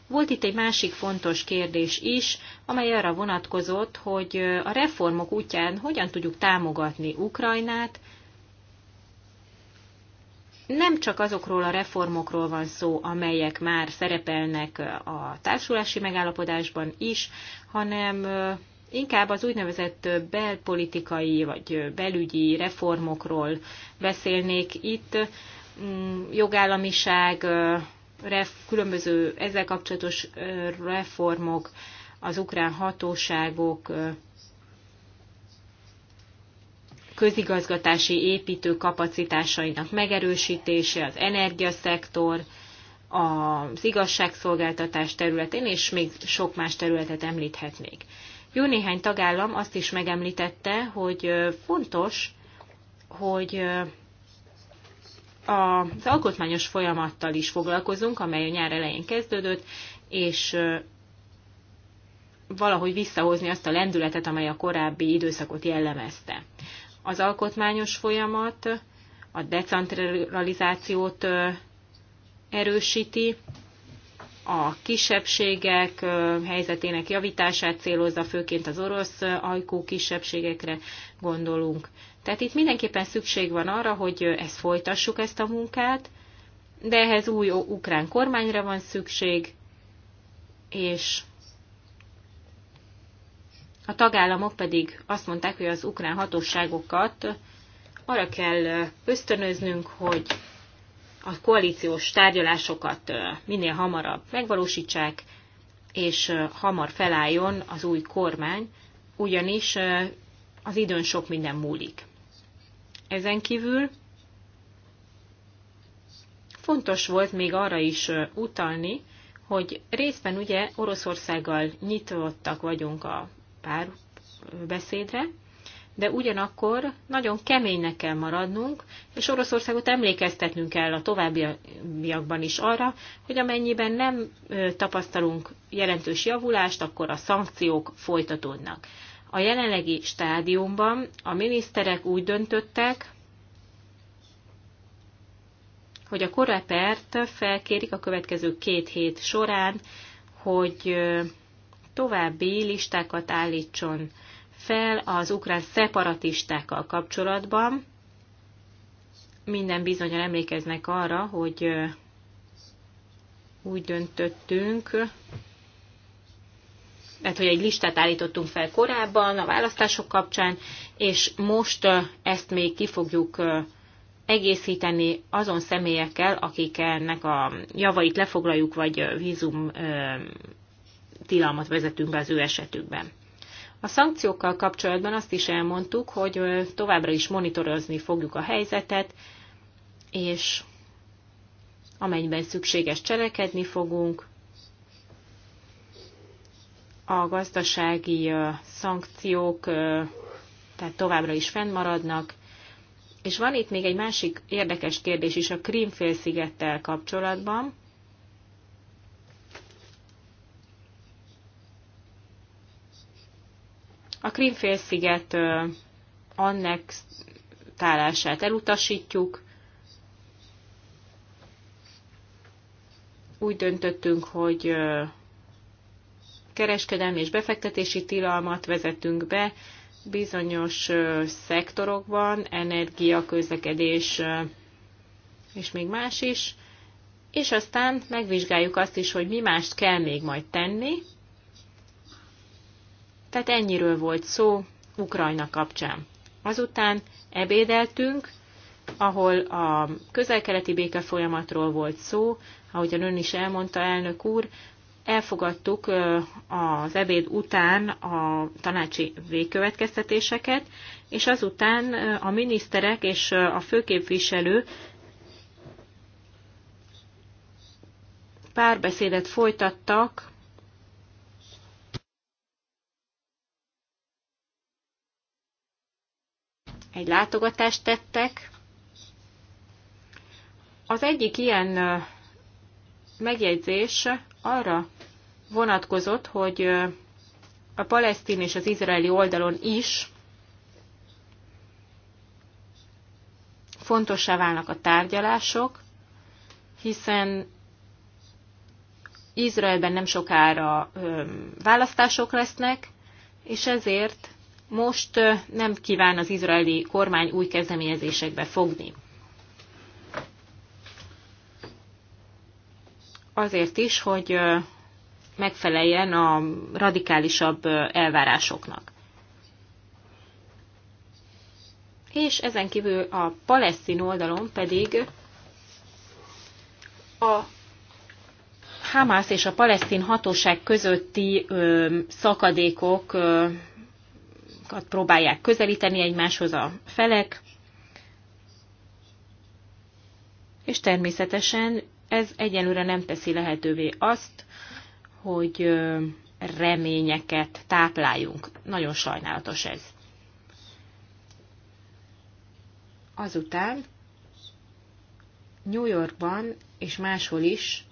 Volt itt egy másik fontos kérdés is, amely arra vonatkozott, hogy a reformok útján hogyan tudjuk támogatni Ukrajnát, nem csak azokról a reformokról van szó, amelyek már szerepelnek a társulási megállapodásban is, hanem inkább az úgynevezett belpolitikai vagy belügyi reformokról beszélnék itt. Mm, jogállamiság, ref, különböző ezzel kapcsolatos reformok, az ukrán hatóságok közigazgatási építő kapacitásainak megerősítése, az energiaszektor, az igazságszolgáltatás területén, és még sok más területet említhetnék. Jó néhány tagállam azt is megemlítette, hogy fontos, hogy az alkotmányos folyamattal is foglalkozunk, amely a nyár elején kezdődött, és valahogy visszahozni azt a lendületet, amely a korábbi időszakot jellemezte az alkotmányos folyamat, a decentralizációt erősíti, a kisebbségek helyzetének javítását célozza, főként az orosz ajkú kisebbségekre gondolunk. Tehát itt mindenképpen szükség van arra, hogy ezt folytassuk, ezt a munkát, de ehhez új ukrán kormányra van szükség, és a tagállamok pedig azt mondták, hogy az ukrán hatóságokat arra kell ösztönöznünk, hogy a koalíciós tárgyalásokat minél hamarabb megvalósítsák, és hamar felálljon az új kormány, ugyanis az időn sok minden múlik. Ezen kívül fontos volt még arra is utalni, hogy részben ugye Oroszországgal nyitottak vagyunk a pár beszédre, de ugyanakkor nagyon keménynek kell maradnunk, és Oroszországot emlékeztetnünk kell a továbbiakban is arra, hogy amennyiben nem tapasztalunk jelentős javulást, akkor a szankciók folytatódnak. A jelenlegi stádiumban a miniszterek úgy döntöttek, hogy a korepert felkérik a következő két hét során, hogy további listákat állítson fel az ukrán szeparatistákkal kapcsolatban. Minden bizonyal emlékeznek arra, hogy úgy döntöttünk, tehát hogy egy listát állítottunk fel korábban a választások kapcsán, és most ezt még ki fogjuk egészíteni azon személyekkel, akik ennek a javait lefoglaljuk, vagy vízum tilalmat vezetünk be az ő esetükben. A szankciókkal kapcsolatban azt is elmondtuk, hogy továbbra is monitorozni fogjuk a helyzetet, és amennyiben szükséges cselekedni fogunk, a gazdasági szankciók tehát továbbra is fennmaradnak, és van itt még egy másik érdekes kérdés is a Krímfélszigettel kapcsolatban. A annex tálását elutasítjuk. Úgy döntöttünk, hogy kereskedelmi és befektetési tilalmat vezetünk be bizonyos szektorokban, energia, közlekedés és még más is, és aztán megvizsgáljuk azt is, hogy mi mást kell még majd tenni, tehát ennyiről volt szó Ukrajna kapcsán. Azután ebédeltünk, ahol a közelkeleti béke folyamatról volt szó, ahogyan ön is elmondta, elnök úr, elfogadtuk az ebéd után a tanácsi végkövetkeztetéseket, és azután a miniszterek és a főképviselő párbeszédet folytattak egy látogatást tettek. Az egyik ilyen megjegyzés arra vonatkozott, hogy a palesztin és az izraeli oldalon is fontossá válnak a tárgyalások, hiszen Izraelben nem sokára választások lesznek, és ezért most nem kíván az izraeli kormány új kezdeményezésekbe fogni. Azért is, hogy megfeleljen a radikálisabb elvárásoknak. És ezen kívül a palesztin oldalon pedig a Hamász és a palesztin hatóság közötti ö, szakadékok ö, próbálják közelíteni egymáshoz a felek, és természetesen ez egyelőre nem teszi lehetővé azt, hogy reményeket tápláljunk. Nagyon sajnálatos ez. Azután New Yorkban és máshol is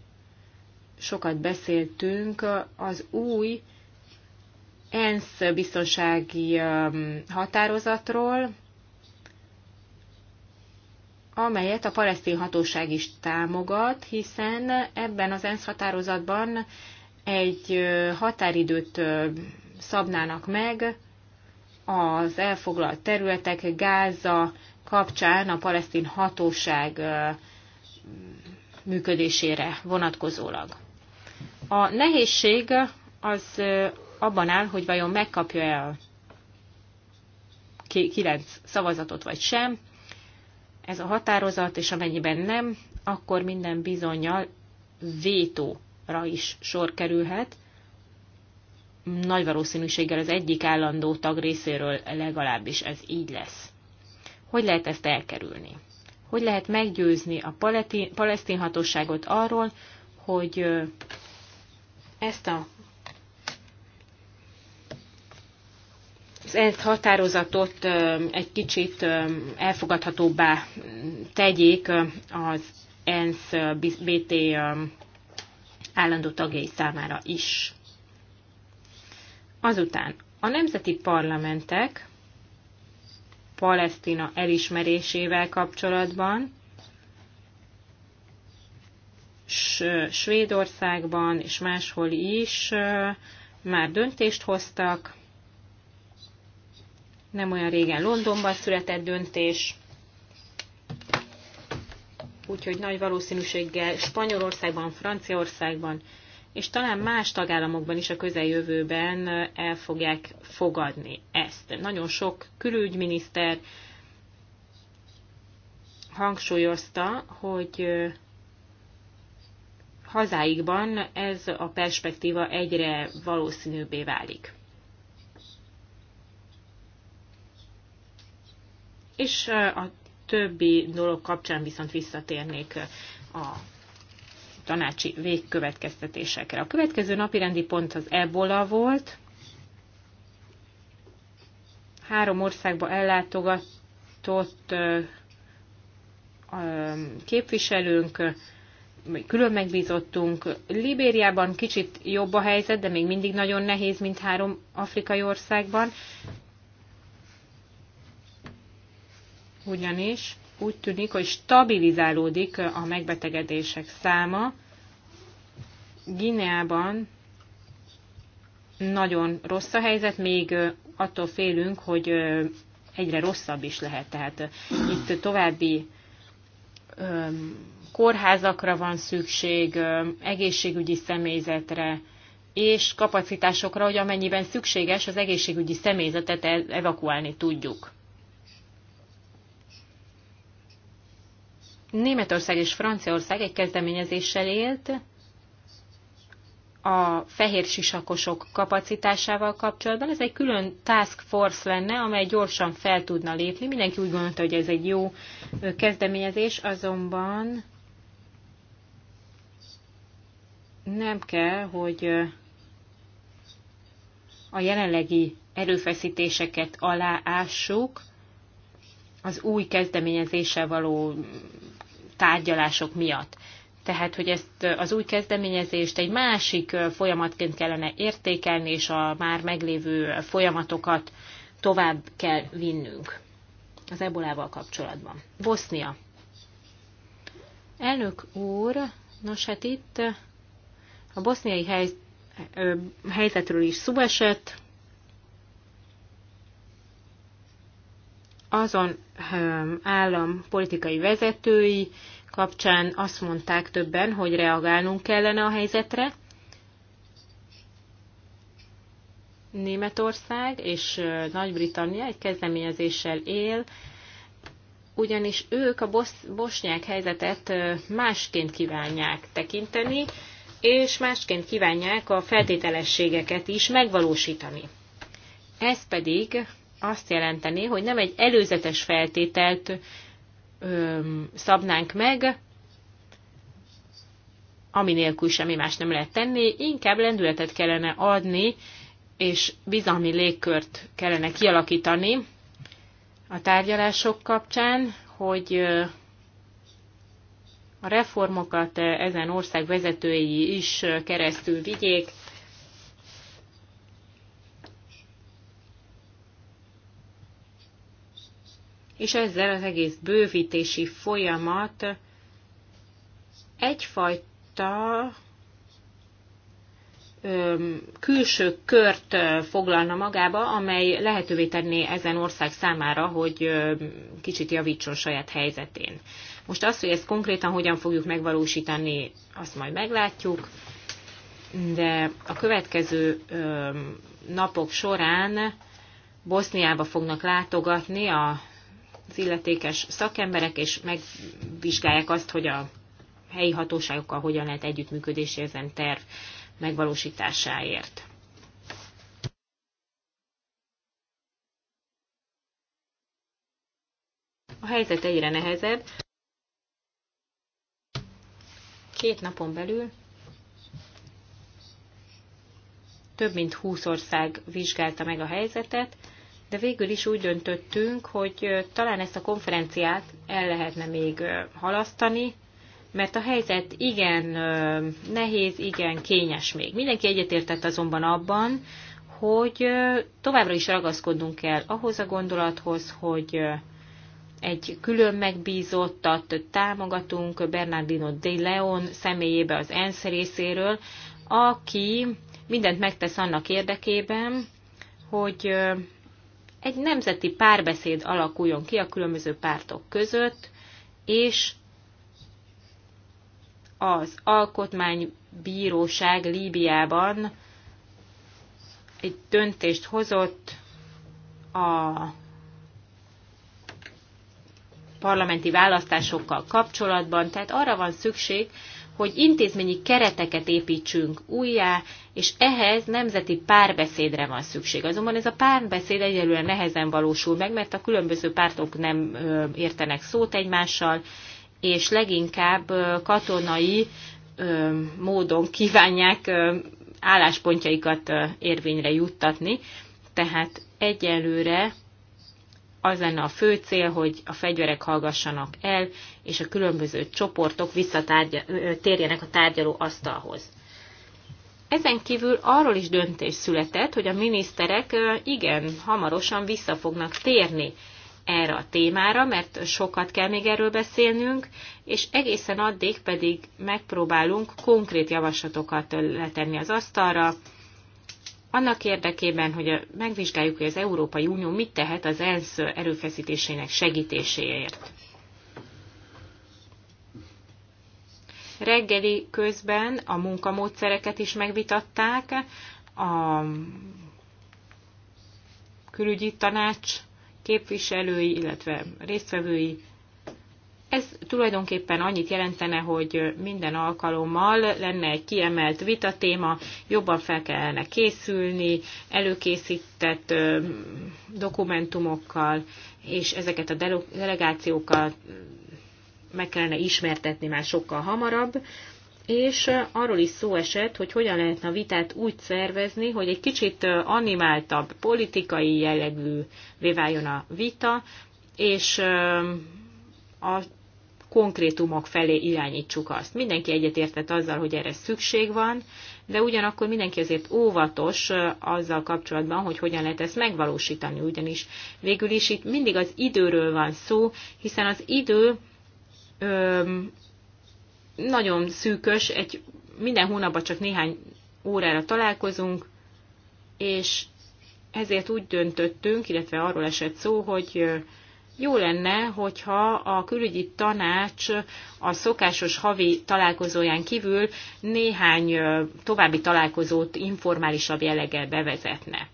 sokat beszéltünk az új ENSZ biztonsági um, határozatról, amelyet a palesztin hatóság is támogat, hiszen ebben az ENSZ határozatban egy határidőt szabnának meg az elfoglalt területek Gáza kapcsán a palesztin hatóság működésére vonatkozólag. A nehézség az abban áll, hogy vajon megkapja-e a kilenc szavazatot vagy sem, ez a határozat, és amennyiben nem, akkor minden bizonyal vétóra is sor kerülhet, nagy valószínűséggel az egyik állandó tag részéről legalábbis ez így lesz. Hogy lehet ezt elkerülni? Hogy lehet meggyőzni a palesztin hatóságot arról, hogy ezt a az ENSZ határozatot egy kicsit elfogadhatóbbá tegyék az ENSZ BT állandó tagjai számára is. Azután a nemzeti parlamentek Palesztina elismerésével kapcsolatban Svédországban és máshol is már döntést hoztak, nem olyan régen Londonban született döntés, úgyhogy nagy valószínűséggel Spanyolországban, Franciaországban és talán más tagállamokban is a közeljövőben el fogják fogadni ezt. Nagyon sok külügyminiszter hangsúlyozta, hogy hazáikban ez a perspektíva egyre valószínűbbé válik. és a többi dolog kapcsán viszont visszatérnék a tanácsi végkövetkeztetésekre. A következő napi rendi pont az ebola volt. Három országba ellátogatott képviselőnk, külön megbízottunk. Libériában kicsit jobb a helyzet, de még mindig nagyon nehéz, mint három afrikai országban. ugyanis úgy tűnik, hogy stabilizálódik a megbetegedések száma. Gineában nagyon rossz a helyzet, még attól félünk, hogy egyre rosszabb is lehet. Tehát itt további kórházakra van szükség, egészségügyi személyzetre, és kapacitásokra, hogy amennyiben szükséges, az egészségügyi személyzetet e-, evakuálni tudjuk. Németország és Franciaország egy kezdeményezéssel élt a fehér sisakosok kapacitásával kapcsolatban. Ez egy külön task force lenne, amely gyorsan fel tudna lépni. Mindenki úgy gondolta, hogy ez egy jó kezdeményezés, azonban nem kell, hogy a jelenlegi erőfeszítéseket aláássuk, az új kezdeményezéssel való tárgyalások miatt. Tehát, hogy ezt az új kezdeményezést egy másik folyamatként kellene értékelni, és a már meglévő folyamatokat tovább kell vinnünk az ebolával kapcsolatban. Bosznia. Elnök úr, nos hát itt a boszniai helyzetről is szó esett, azon állam politikai vezetői kapcsán azt mondták többen, hogy reagálnunk kellene a helyzetre. Németország és Nagy-Britannia egy kezdeményezéssel él, ugyanis ők a bosz, bosnyák helyzetet másként kívánják tekinteni, és másként kívánják a feltételességeket is megvalósítani. Ez pedig azt jelenteni, hogy nem egy előzetes feltételt öm, szabnánk meg, ami nélkül semmi más nem lehet tenni, inkább lendületet kellene adni, és bizalmi légkört kellene kialakítani a tárgyalások kapcsán, hogy a reformokat ezen ország vezetői is keresztül vigyék, és ezzel az egész bővítési folyamat egyfajta külső kört foglalna magába, amely lehetővé tenné ezen ország számára, hogy kicsit javítson saját helyzetén. Most azt, hogy ezt konkrétan hogyan fogjuk megvalósítani, azt majd meglátjuk, de a következő napok során Boszniába fognak látogatni a az illetékes szakemberek, és megvizsgálják azt, hogy a helyi hatóságokkal hogyan lehet együttműködési ezen terv megvalósításáért. A helyzet egyre nehezebb. Két napon belül több mint 20 ország vizsgálta meg a helyzetet, de végül is úgy döntöttünk, hogy talán ezt a konferenciát el lehetne még halasztani, mert a helyzet igen nehéz, igen kényes még. Mindenki egyetértett azonban abban, hogy továbbra is ragaszkodnunk kell ahhoz a gondolathoz, hogy egy külön megbízottat támogatunk Bernardino de Leon személyébe az ENSZ részéről, aki mindent megtesz annak érdekében, hogy egy nemzeti párbeszéd alakuljon ki a különböző pártok között, és az alkotmánybíróság Líbiában egy döntést hozott a parlamenti választásokkal kapcsolatban, tehát arra van szükség, hogy intézményi kereteket építsünk újjá, és ehhez nemzeti párbeszédre van szükség. Azonban ez a párbeszéd egyelőre nehezen valósul meg, mert a különböző pártok nem értenek szót egymással, és leginkább katonai módon kívánják álláspontjaikat érvényre juttatni. Tehát egyelőre az lenne a fő cél, hogy a fegyverek hallgassanak el, és a különböző csoportok visszatérjenek a tárgyaló asztalhoz. Ezen kívül arról is döntés született, hogy a miniszterek igen hamarosan vissza fognak térni erre a témára, mert sokat kell még erről beszélnünk, és egészen addig pedig megpróbálunk konkrét javaslatokat letenni az asztalra, annak érdekében, hogy megvizsgáljuk, hogy az Európai Unió mit tehet az ENSZ erőfeszítésének segítéséért. Reggeli közben a munkamódszereket is megvitatták, a külügyi tanács képviselői, illetve résztvevői ez tulajdonképpen annyit jelentene, hogy minden alkalommal lenne egy kiemelt vitatéma, jobban fel kellene készülni, előkészített dokumentumokkal, és ezeket a delegációkat meg kellene ismertetni már sokkal hamarabb, és arról is szó esett, hogy hogyan lehetne a vitát úgy szervezni, hogy egy kicsit animáltabb, politikai jellegű váljon a vita, és a konkrétumok felé irányítsuk azt. Mindenki egyetértett azzal, hogy erre szükség van, de ugyanakkor mindenki azért óvatos azzal kapcsolatban, hogy hogyan lehet ezt megvalósítani, ugyanis végül is itt mindig az időről van szó, hiszen az idő öm, nagyon szűkös, egy, minden hónapban csak néhány órára találkozunk, és ezért úgy döntöttünk, illetve arról esett szó, hogy jó lenne, hogyha a külügyi tanács a szokásos havi találkozóján kívül néhány további találkozót informálisabb jelleggel bevezetne.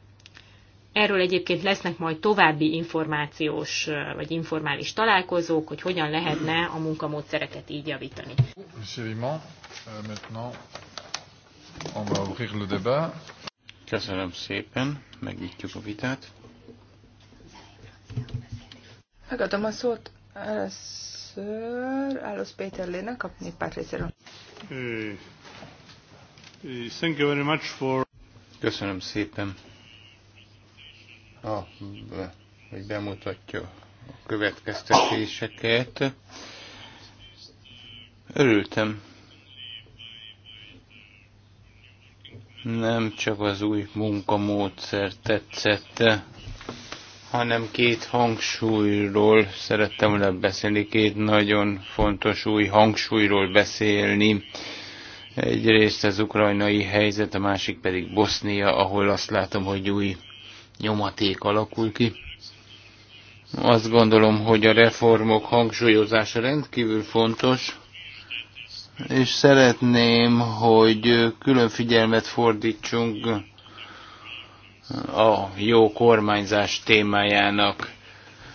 Erről egyébként lesznek majd további információs vagy informális találkozók, hogy hogyan lehetne a munkamódszereket így javítani. Euh, Köszönöm szépen, megnyitjuk a vitát. Megadom a szót először Állósz Péter Lének a néppárt részéről. Thank you very much for... Köszönöm szépen, a, hogy bemutatja a következtetéseket. Örültem. Nem csak az új munkamódszer tetszett, hanem két hangsúlyról szerettem volna beszélni, két nagyon fontos új hangsúlyról beszélni. Egyrészt az ukrajnai helyzet, a másik pedig Bosznia, ahol azt látom, hogy új nyomaték alakul ki. Azt gondolom, hogy a reformok hangsúlyozása rendkívül fontos, és szeretném, hogy külön figyelmet fordítsunk a jó kormányzás témájának.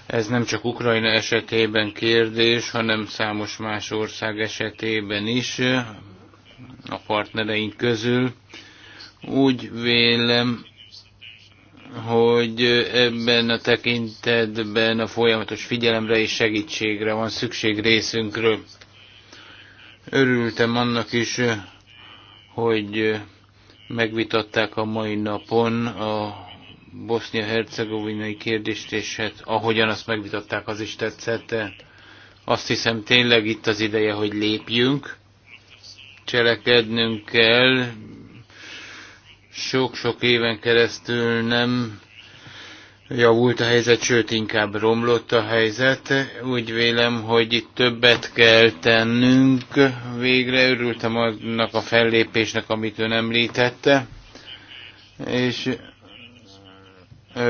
Ez nem csak Ukrajna esetében kérdés, hanem számos más ország esetében is a partnereink közül. Úgy vélem, hogy ebben a tekintetben a folyamatos figyelemre és segítségre van szükség részünkről. Örültem annak is, hogy megvitatták a mai napon a bosznia-hercegovinai kérdést, és hát ahogyan azt megvitatták, az is tetszett. Azt hiszem tényleg itt az ideje, hogy lépjünk, cselekednünk kell. Sok-sok éven keresztül nem javult a helyzet, sőt inkább romlott a helyzet. Úgy vélem, hogy itt többet kell tennünk. Végre örültem annak a fellépésnek, amit ön említette. És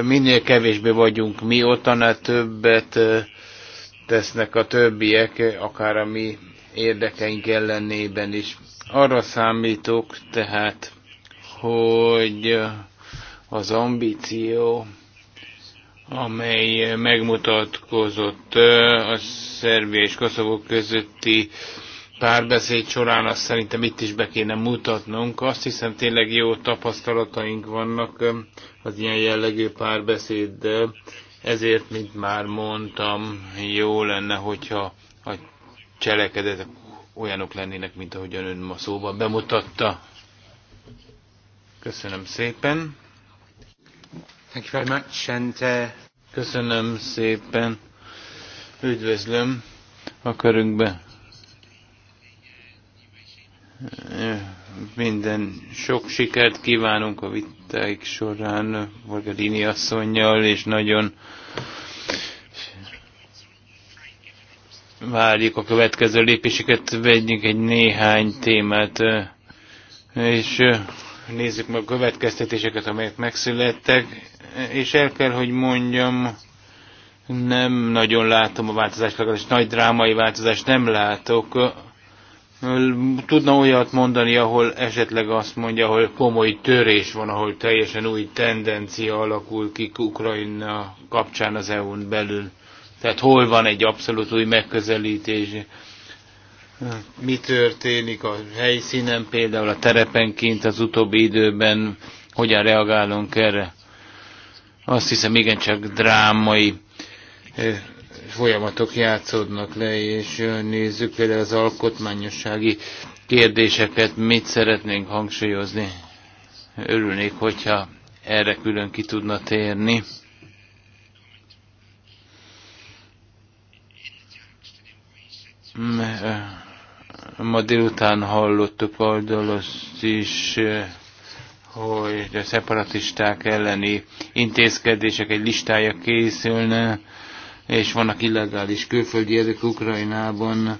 minél kevésbé vagyunk mi ott, annál hát többet tesznek a többiek, akár a mi érdekeink ellenében is. Arra számítok tehát, hogy az ambíció, amely megmutatkozott a Szerbia és Koszovó közötti párbeszéd során, azt szerintem itt is be kéne mutatnunk. Azt hiszem tényleg jó tapasztalataink vannak az ilyen jellegű párbeszéddel, ezért, mint már mondtam, jó lenne, hogyha a cselekedetek olyanok lennének, mint ahogyan ön ma szóban bemutatta. Köszönöm szépen. Thank you very much, and, uh... Köszönöm szépen. Üdvözlöm a körünkbe. Minden sok sikert kívánunk a vitáik során Margarini asszonynal, és nagyon várjuk a következő lépéseket, vegyünk egy néhány témát, és nézzük meg a következtetéseket, amelyek megszülettek, és el kell, hogy mondjam, nem nagyon látom a változást, legalábbis nagy drámai változást nem látok. Tudna olyat mondani, ahol esetleg azt mondja, ahol komoly törés van, ahol teljesen új tendencia alakul ki Ukrajna kapcsán az EU-n belül. Tehát hol van egy abszolút új megközelítés? mi történik a helyszínen, például a terepenként az utóbbi időben, hogyan reagálunk erre. Azt hiszem, igencsak drámai eh, folyamatok játszódnak le, és eh, nézzük például az alkotmányossági kérdéseket, mit szeretnénk hangsúlyozni. Örülnék, hogyha erre külön ki tudna térni. Mert, eh, Ma délután hallottuk oldal azt is, hogy a szeparatisták elleni intézkedések egy listája készülne, és vannak illegális külföldi érdek Ukrajnában.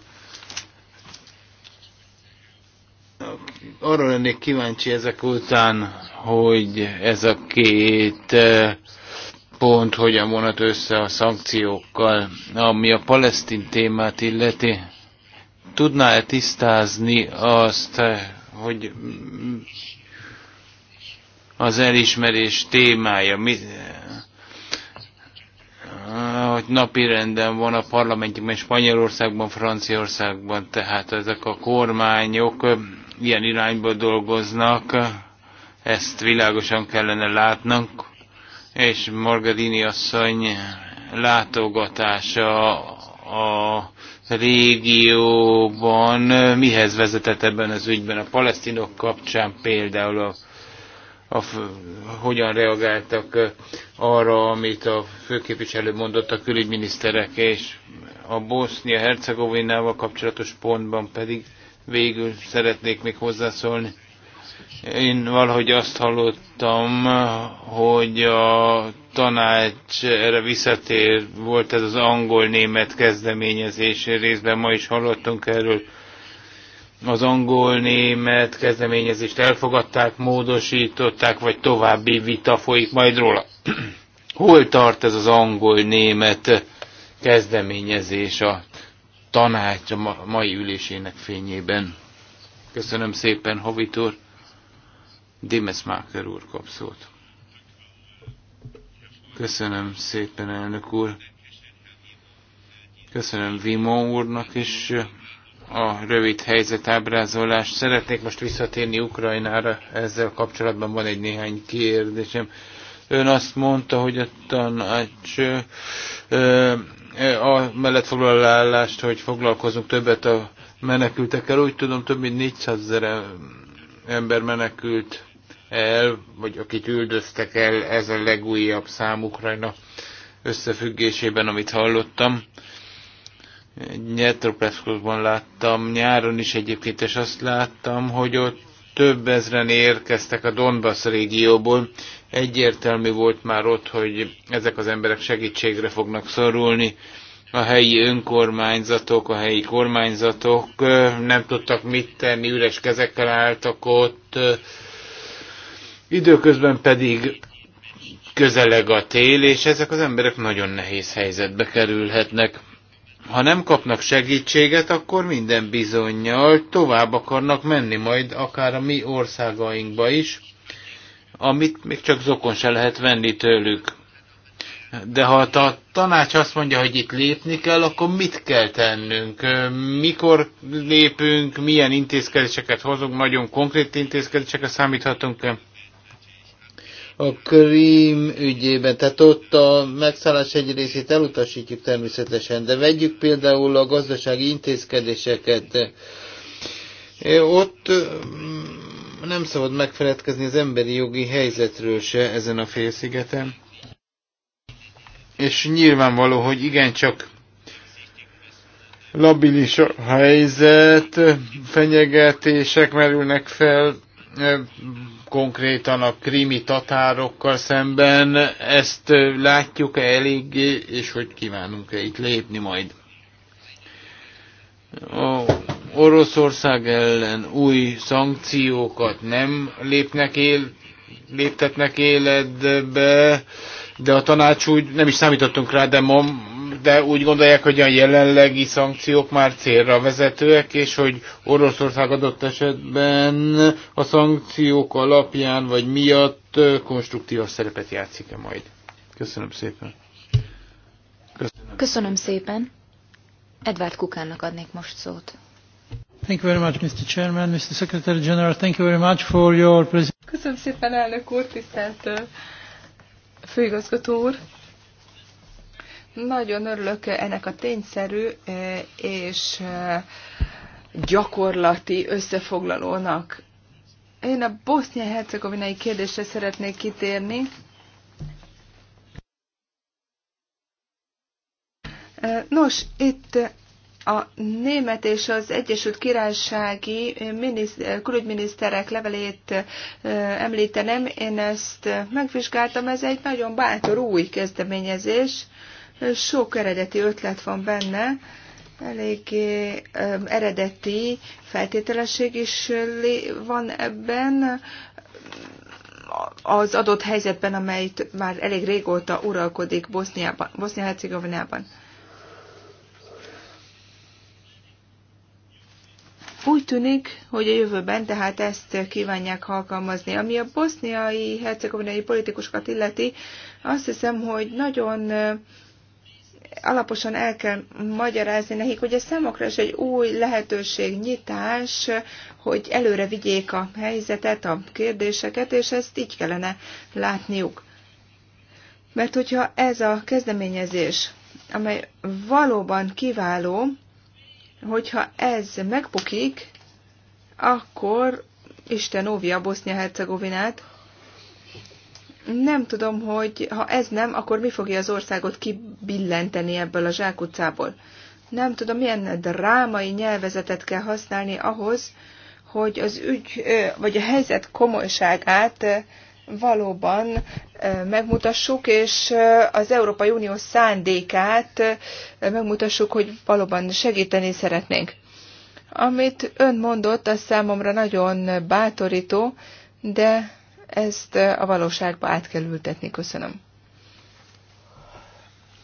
Arra lennék kíváncsi ezek után, hogy ez a két eh, pont hogyan vonat össze a szankciókkal, ami a palesztin témát illeti Tudná-e tisztázni azt, hogy az elismerés témája, mi, hogy napi renden van a parlamentjükben, Spanyolországban, Franciaországban, tehát ezek a kormányok ilyen irányba dolgoznak, ezt világosan kellene látnunk, és Margadini asszony látogatása a régióban eh, mihez vezetett ebben az ügyben a palesztinok kapcsán például a, a, hogyan reagáltak eh, arra, amit a főképviselő mondott a külügyminiszterek, és a Bosznia-Hercegovinával kapcsolatos pontban pedig végül szeretnék még hozzászólni. Én valahogy azt hallottam, hogy a tanács erre visszatér, volt ez az angol-német kezdeményezés részben, ma is hallottunk erről, az angol-német kezdeményezést elfogadták, módosították, vagy további vita folyik majd róla. Hol tart ez az angol-német kezdeményezés a tanács a mai ülésének fényében? Köszönöm szépen, Havit úr. Máker úr kap szót. Köszönöm szépen, elnök úr. Köszönöm Vimó úrnak is a rövid helyzetábrázolást. Szeretnék most visszatérni Ukrajnára, ezzel kapcsolatban van egy néhány kérdésem. Ön azt mondta, hogy a tanács ö, ö, a mellett foglalálást, hogy foglalkozunk többet a menekültekkel. Úgy tudom, több mint 400 ezer ember menekült el, vagy akit üldöztek el, ez a legújabb szám Ukrajna összefüggésében, amit hallottam. Nyetropeszkoszban láttam, nyáron is egyébként, és azt láttam, hogy ott több ezren érkeztek a Donbass régióból. Egyértelmű volt már ott, hogy ezek az emberek segítségre fognak szorulni a helyi önkormányzatok, a helyi kormányzatok nem tudtak mit tenni, üres kezekkel álltak ott, időközben pedig közeleg a tél, és ezek az emberek nagyon nehéz helyzetbe kerülhetnek. Ha nem kapnak segítséget, akkor minden bizonyal tovább akarnak menni majd akár a mi országainkba is, amit még csak zokon se lehet venni tőlük. De ha a tanács azt mondja, hogy itt lépni kell, akkor mit kell tennünk? Mikor lépünk, milyen intézkedéseket hozunk, nagyon konkrét intézkedésekre számíthatunk a Krím ügyében. Tehát ott a megszállás egy részét elutasítjuk természetesen, de vegyük például a gazdasági intézkedéseket. Ott nem szabad megfeledkezni az emberi jogi helyzetről se ezen a félszigeten és nyilvánvaló, hogy igencsak labilis a helyzet, fenyegetések merülnek fel, e, konkrétan a krimi tatárokkal szemben. Ezt e, látjuk-e eléggé, és hogy kívánunk-e itt lépni majd? A Oroszország ellen új szankciókat nem lépnek él, léptetnek életbe, de a tanács úgy, nem is számítottunk rá, de, mom, de úgy gondolják, hogy a jelenlegi szankciók már célra vezetőek, és hogy Oroszország adott esetben a szankciók alapján vagy miatt konstruktív szerepet játszik-e majd. Köszönöm szépen. Köszönöm. Köszönöm szépen. Edward Kukánnak adnék most szót. Thank you very much, Mr. Chairman, Mr. Secretary General. Thank you very much for your presentation. Köszönöm szépen, elnök úr, tisztelt főigazgató úr! Nagyon örülök ennek a tényszerű eh, és eh, gyakorlati összefoglalónak. Én a bosznia-hercegovinai kérdésre szeretnék kitérni. Eh, nos, itt a német és az Egyesült Királysági külügyminiszterek levelét említenem. Én ezt megvizsgáltam, ez egy nagyon bátor új kezdeményezés. Sok eredeti ötlet van benne, elég eredeti feltételesség is van ebben az adott helyzetben, amely már elég régóta uralkodik Bosznia-Hercegovinában. Úgy tűnik, hogy a jövőben tehát ezt kívánják alkalmazni. Ami a boszniai hercegovinai politikusokat illeti, azt hiszem, hogy nagyon alaposan el kell magyarázni nekik, hogy ez számokra is egy új lehetőség, nyitás, hogy előre vigyék a helyzetet, a kérdéseket, és ezt így kellene látniuk. Mert hogyha ez a kezdeményezés, amely valóban kiváló, hogyha ez megbukik, akkor Isten óvja Bosznia-Hercegovinát. Nem tudom, hogy ha ez nem, akkor mi fogja az országot kibillenteni ebből a zsákutcából. Nem tudom, milyen drámai nyelvezetet kell használni ahhoz, hogy az ügy, vagy a helyzet komolyságát valóban megmutassuk, és az Európai Unió szándékát megmutassuk, hogy valóban segíteni szeretnénk. Amit ön mondott, az számomra nagyon bátorító, de ezt a valóságba át kell ültetni. Köszönöm.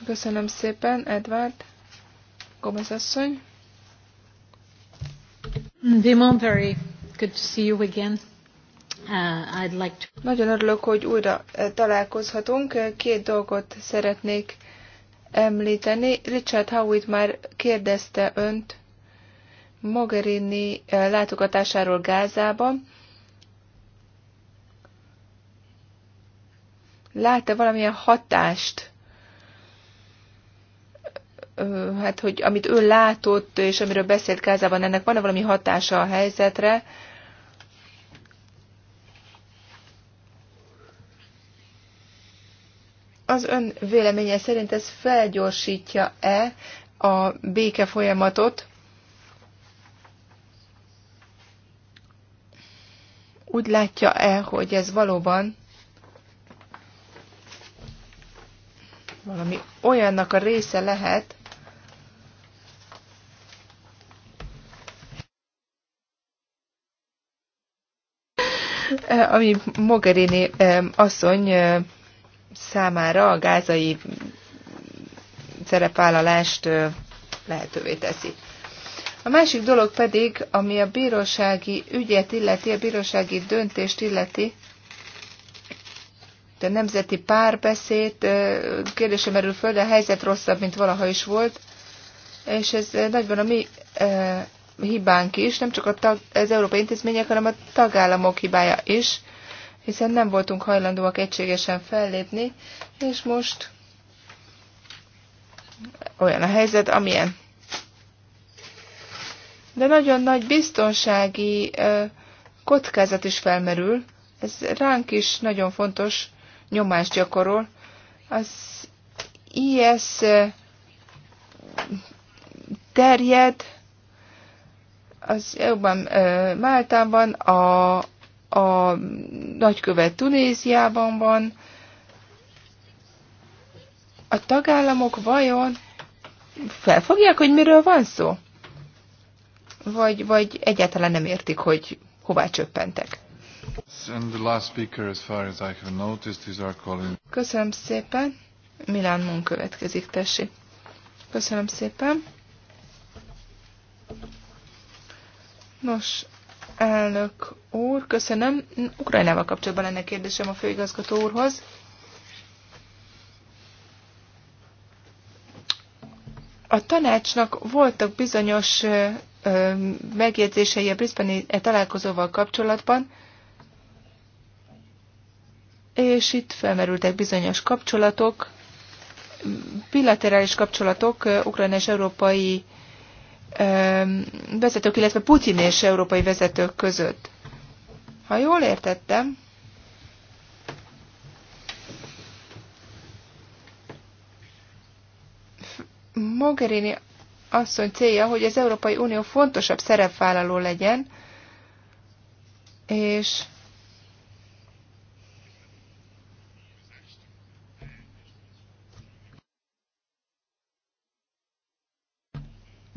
Köszönöm szépen, Edward. Gomez asszony. Dimon, very good to see you again. Uh, I'd like to... Nagyon örülök, hogy újra eh, találkozhatunk. Két dolgot szeretnék említeni. Richard Howitt már kérdezte önt Mogherini eh, látogatásáról Gázába. Lát-e valamilyen hatást eh, hát, hogy amit ő látott, és amiről beszélt Gázában, ennek van-e valami hatása a helyzetre? az ön véleménye szerint ez felgyorsítja-e a béke folyamatot? Úgy látja-e, hogy ez valóban valami olyannak a része lehet, eh, ami Mogherini eh, asszony eh, számára a gázai szerepvállalást lehetővé teszi. A másik dolog pedig, ami a bírósági ügyet illeti, a bírósági döntést illeti, a nemzeti párbeszéd kérdése merül föl, de a helyzet rosszabb, mint valaha is volt, és ez nagyban a mi hibánk is, nem csak az európai intézmények, hanem a tagállamok hibája is, hiszen nem voltunk hajlandóak egységesen fellépni, és most olyan a helyzet, amilyen. De nagyon nagy biztonsági kockázat is felmerül, ez ránk is nagyon fontos nyomást gyakorol. Az IS terjed, az EU-ban Máltában a, a nagykövet Tunéziában van. A tagállamok vajon felfogják, hogy miről van szó? Vagy, vagy egyáltalán nem értik, hogy hová csöppentek? Köszönöm szépen. Milán Mon következik, tessék. Köszönöm szépen. Nos, Elnök úr, köszönöm. Ukrajnával kapcsolatban lenne kérdésem a főigazgató úrhoz. A tanácsnak voltak bizonyos megjegyzései a Brisbane találkozóval kapcsolatban, és itt felmerültek bizonyos kapcsolatok, bilaterális kapcsolatok Ukrajna és Európai vezetők, illetve Putin és európai vezetők között. Ha jól értettem, Mogherini asszony célja, hogy az Európai Unió fontosabb szerepvállaló legyen, és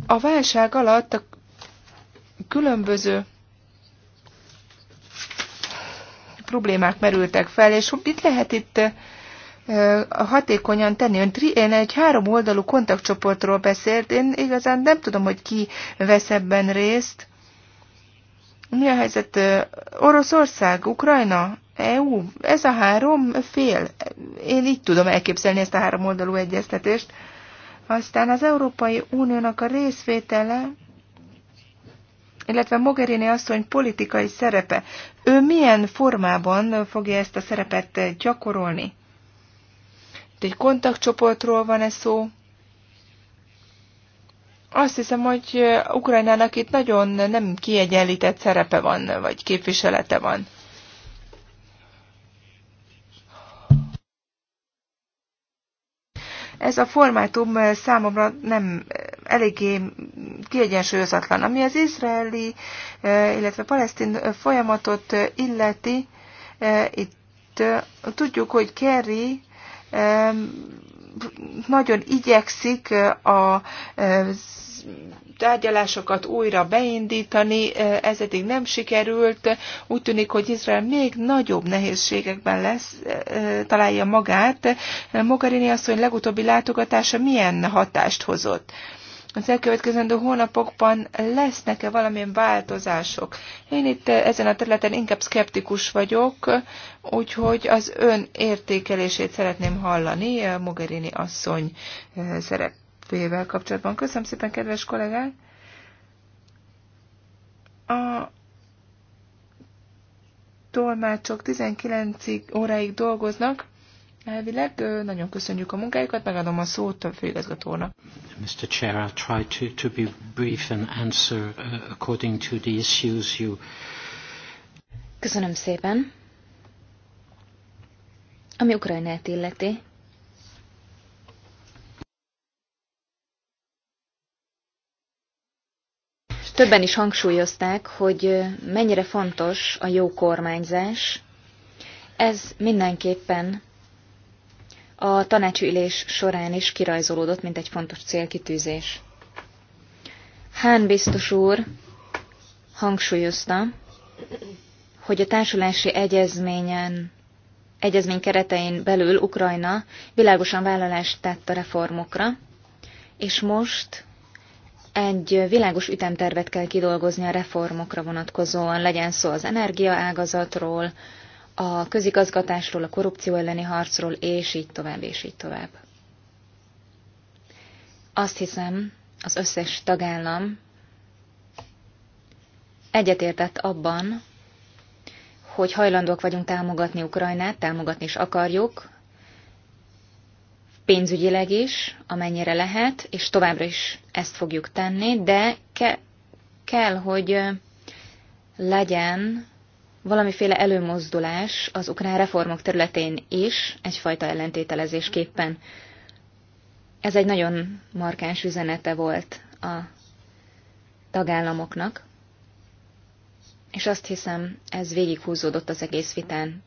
A válság alatt a különböző problémák merültek fel, és mit lehet itt hatékonyan tenni. Ön, tri, én egy három oldalú kontaktcsoportról beszélt, én igazán nem tudom, hogy ki vesz ebben részt. Mi a helyzet? Oroszország, Ukrajna, EU, ez a három fél. Én így tudom elképzelni ezt a három oldalú egyeztetést. Aztán az Európai Uniónak a részvétele, illetve Mogherini asszony politikai szerepe. Ő milyen formában fogja ezt a szerepet gyakorolni? Itt egy kontaktcsoportról van ez szó? Azt hiszem, hogy Ukrajnának itt nagyon nem kiegyenlített szerepe van, vagy képviselete van. Ez a formátum számomra nem eléggé kiegyensúlyozatlan. Ami az izraeli, illetve palesztin folyamatot illeti, itt tudjuk, hogy Kerry nagyon igyekszik a tárgyalásokat újra beindítani, ez eddig nem sikerült. Úgy tűnik, hogy Izrael még nagyobb nehézségekben lesz, találja magát. Mogherini asszony legutóbbi látogatása milyen hatást hozott? az elkövetkezendő hónapokban lesznek-e valamilyen változások. Én itt eh, ezen a területen inkább szkeptikus vagyok, úgyhogy az ön értékelését szeretném hallani eh, Mogherini asszony eh, szerepével kapcsolatban. Köszönöm szépen, kedves kollégák! A tolmácsok 19 óráig dolgoznak, elvileg. Nagyon köszönjük a munkájukat, megadom a szót a főigazgatónak. Mr. Chair, I'll try to, to be brief and answer uh, according to the issues you... Köszönöm szépen. Ami Ukrajnát illeti, Többen is hangsúlyozták, hogy mennyire fontos a jó kormányzás. Ez mindenképpen a tanácsülés során is kirajzolódott, mint egy fontos célkitűzés. Hán biztos úr hangsúlyozta, hogy a társulási egyezményen, egyezmény keretein belül Ukrajna világosan vállalást tett a reformokra, és most egy világos ütemtervet kell kidolgozni a reformokra vonatkozóan, legyen szó az energiaágazatról, a közigazgatásról, a korrupció elleni harcról, és így tovább, és így tovább. Azt hiszem, az összes tagállam egyetértett abban, hogy hajlandók vagyunk támogatni Ukrajnát, támogatni is akarjuk, pénzügyileg is, amennyire lehet, és továbbra is ezt fogjuk tenni, de ke- kell, hogy legyen valamiféle előmozdulás az ukrán reformok területén is, egyfajta ellentételezésképpen. Ez egy nagyon markáns üzenete volt a tagállamoknak, és azt hiszem, ez végighúzódott az egész vitán.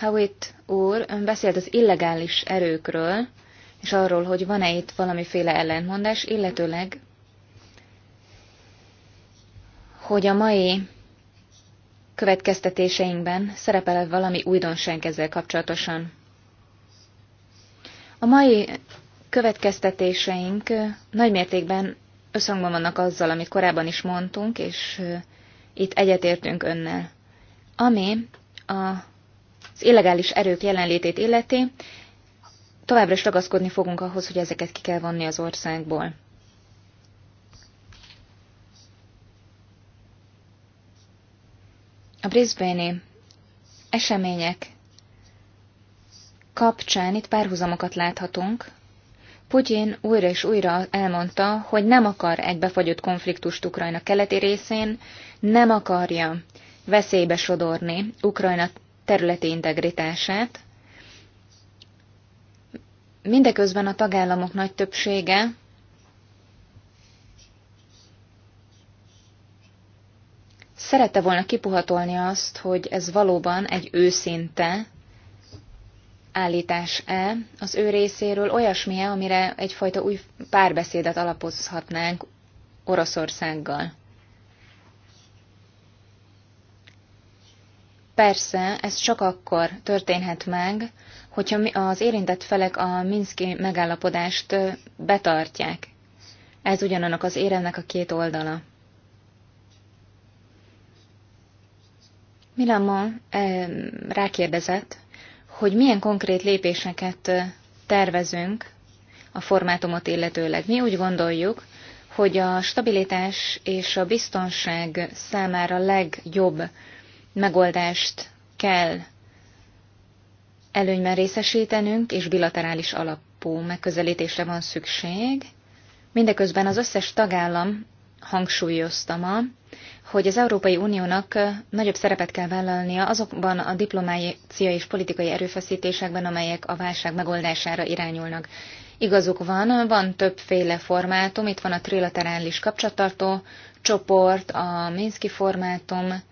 Howitt úr, ön beszélt az illegális erőkről, és arról, hogy van-e itt valamiféle ellentmondás, illetőleg, hogy a mai következtetéseinkben szerepel valami újdonság ezzel kapcsolatosan. A mai következtetéseink nagymértékben összhangban vannak azzal, amit korábban is mondtunk, és itt egyetértünk önnel. Ami a, az illegális erők jelenlétét illeti, továbbra is ragaszkodni fogunk ahhoz, hogy ezeket ki kell vonni az országból. a Brisbane-i események kapcsán itt párhuzamokat láthatunk. Putyin újra és újra elmondta, hogy nem akar befagyott konfliktust Ukrajna keleti részén, nem akarja veszélybe sodorni Ukrajna területi integritását. Mindeközben a tagállamok nagy többsége Szerette volna kipuhatolni azt, hogy ez valóban egy őszinte állítás-e az ő részéről olyasmi -e, amire egyfajta új párbeszédet alapozhatnánk Oroszországgal. Persze, ez csak akkor történhet meg, hogyha az érintett felek a Minszki megállapodást betartják. Ez ugyanannak az éremnek a két oldala. Milamo rákérdezett, hogy milyen konkrét lépéseket tervezünk a formátumot illetőleg. Mi úgy gondoljuk, hogy a stabilitás és a biztonság számára legjobb megoldást kell előnyben részesítenünk, és bilaterális alapú megközelítésre van szükség. Mindeközben az összes tagállam hangsúlyoztam-a, hogy az Európai Uniónak nagyobb szerepet kell vállalnia azokban a diplomáciai és politikai erőfeszítésekben, amelyek a válság megoldására irányulnak. Igazuk van, van többféle formátum, itt van a trilaterális kapcsolattartó csoport, a Minszki formátum,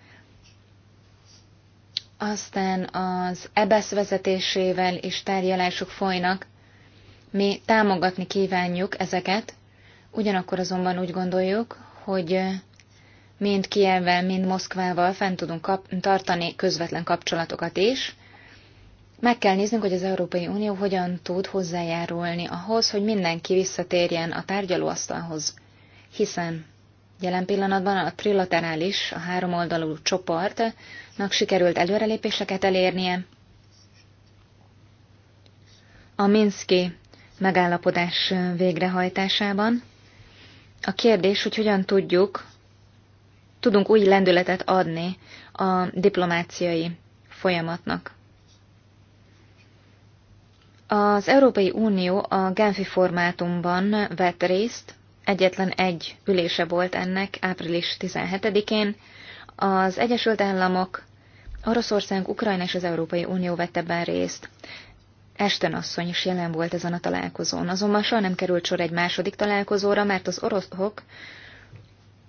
aztán az EBESZ vezetésével is tárgyalások folynak. Mi támogatni kívánjuk ezeket, Ugyanakkor azonban úgy gondoljuk, hogy eh, mind Kievvel, mind Moszkvával fent tudunk kap- tartani közvetlen kapcsolatokat is. Meg kell néznünk, hogy az Európai Unió hogyan tud hozzájárulni ahhoz, hogy mindenki visszatérjen a tárgyalóasztalhoz, hiszen jelen pillanatban a trilaterális, a háromoldalú csoportnak sikerült előrelépéseket elérnie. A Minszki megállapodás eh, végrehajtásában, a kérdés, hogy hogyan tudjuk, tudunk új lendületet adni a diplomáciai folyamatnak. Az Európai Unió a Genfi formátumban vett részt, egyetlen egy ülése volt ennek április 17-én. Az Egyesült Államok, Oroszország, Ukrajna és az Európai Unió vett ebben részt. Esten asszony is jelen volt ezen a találkozón, azonban soha nem került sor egy második találkozóra, mert az oroszok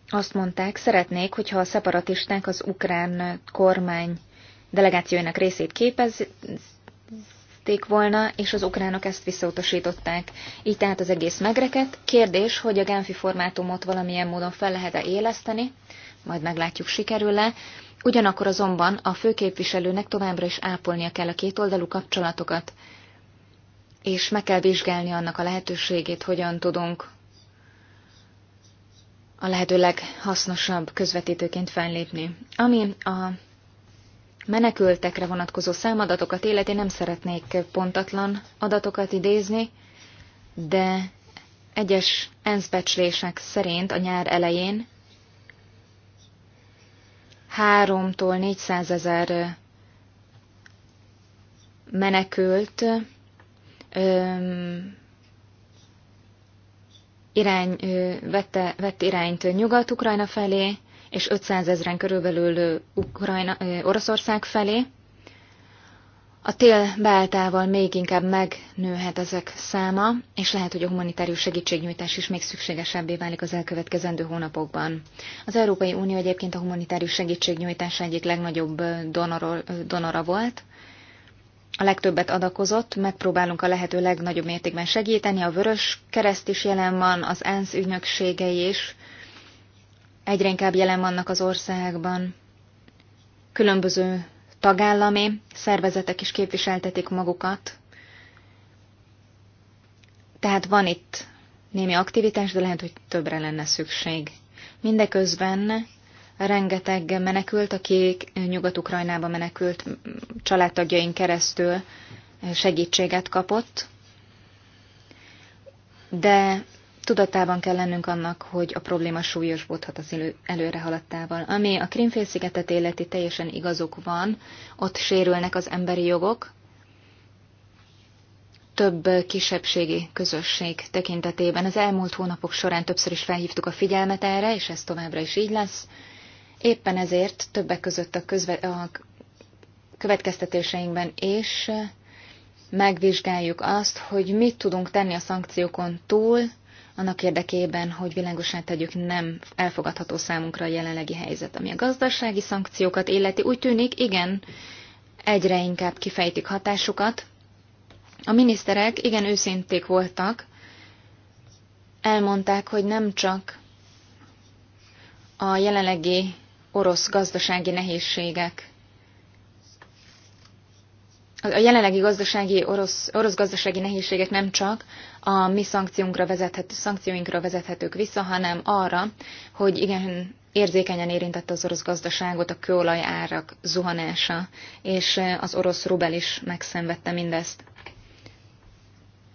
azt mondták, szeretnék, hogyha a szeparatisták az ukrán kormány delegációjának részét képezték volna, és az ukránok ezt visszautasították. Így tehát az egész megreket. Kérdés, hogy a Genfi formátumot valamilyen módon fel lehet-e éleszteni, majd meglátjuk, sikerül-e. Ugyanakkor azonban a főképviselőnek továbbra is ápolnia kell a kétoldalú kapcsolatokat, és meg kell vizsgálni annak a lehetőségét, hogyan tudunk a lehető leghasznosabb közvetítőként fellépni. Ami a menekültekre vonatkozó számadatokat életi nem szeretnék pontatlan adatokat idézni, de egyes ENSZ becslések szerint a nyár elején 3-tól 400 ezer menekült irány, vette, vett irányt Nyugat-Ukrajna felé, és 500 ezeren körülbelül Ukrajna, Oroszország felé. A tél beálltával még inkább megnőhet ezek száma, és lehet, hogy a humanitárius segítségnyújtás is még szükségesebbé válik az elkövetkezendő hónapokban. Az Európai Unió egyébként a humanitárius segítségnyújtás egyik legnagyobb donorol, donora volt, a legtöbbet adakozott, megpróbálunk a lehető legnagyobb mértékben segíteni, a Vörös Kereszt is jelen van, az ENSZ ügynökségei is egyre inkább jelen vannak az országban. Különböző tagállami szervezetek is képviseltetik magukat. Tehát van itt némi aktivitás, de lehet, hogy többre lenne szükség. Mindeközben rengeteg menekült, aki Nyugat-Ukrajnába menekült családtagjain keresztül segítséget kapott, de Tudatában kell lennünk annak, hogy a probléma súlyosbodhat az elő, haladtával, Ami a Krimfélszigetet életi teljesen igazuk van, ott sérülnek az emberi jogok, több kisebbségi közösség tekintetében. Az elmúlt hónapok során többször is felhívtuk a figyelmet erre, és ez továbbra is így lesz. Éppen ezért többek között a, közve, a következtetéseinkben és megvizsgáljuk azt, hogy mit tudunk tenni a szankciókon túl, annak érdekében, hogy világosá tegyük, nem elfogadható számunkra a jelenlegi helyzet, ami a gazdasági szankciókat illeti. Úgy tűnik, igen, egyre inkább kifejtik hatásukat. A miniszterek igen őszinték voltak, elmondták, hogy nem csak a jelenlegi orosz gazdasági nehézségek a jelenlegi gazdasági orosz, orosz gazdasági nehézségek nem csak a mi szankciónkra vezethető, szankcióinkra vezethetők vissza, hanem arra, hogy igen érzékenyen érintette az orosz gazdaságot a kőolaj árak zuhanása, és eh, az orosz rubel is megszenvedte mindezt.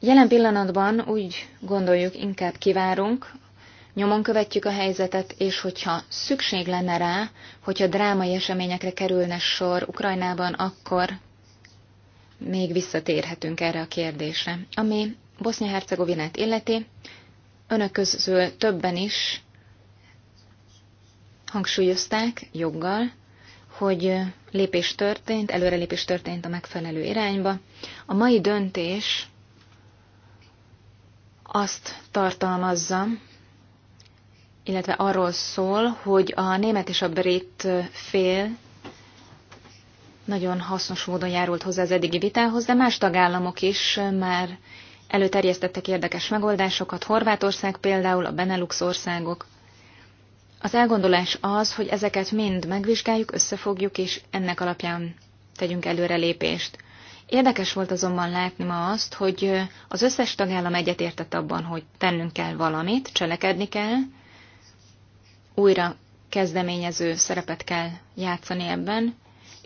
Jelen pillanatban úgy gondoljuk, inkább kivárunk, nyomon követjük a helyzetet, és hogyha szükség lenne rá, hogyha drámai eseményekre kerülne sor Ukrajnában, akkor még visszatérhetünk erre a kérdésre. Ami Bosznia-Hercegovinát illeti, önök közül többen is hangsúlyozták joggal, hogy lépés történt, előrelépés történt a megfelelő irányba. A mai döntés azt tartalmazza, illetve arról szól, hogy a német és a brit fél nagyon hasznos módon járult hozzá az eddigi vitához, de más tagállamok is már előterjesztettek érdekes megoldásokat, Horvátország például, a Benelux országok. Az elgondolás az, hogy ezeket mind megvizsgáljuk, összefogjuk, és ennek alapján tegyünk előre lépést. Érdekes volt azonban látni ma azt, hogy az összes tagállam egyetértett abban, hogy tennünk kell valamit, cselekedni kell, újra kezdeményező szerepet kell játszani ebben,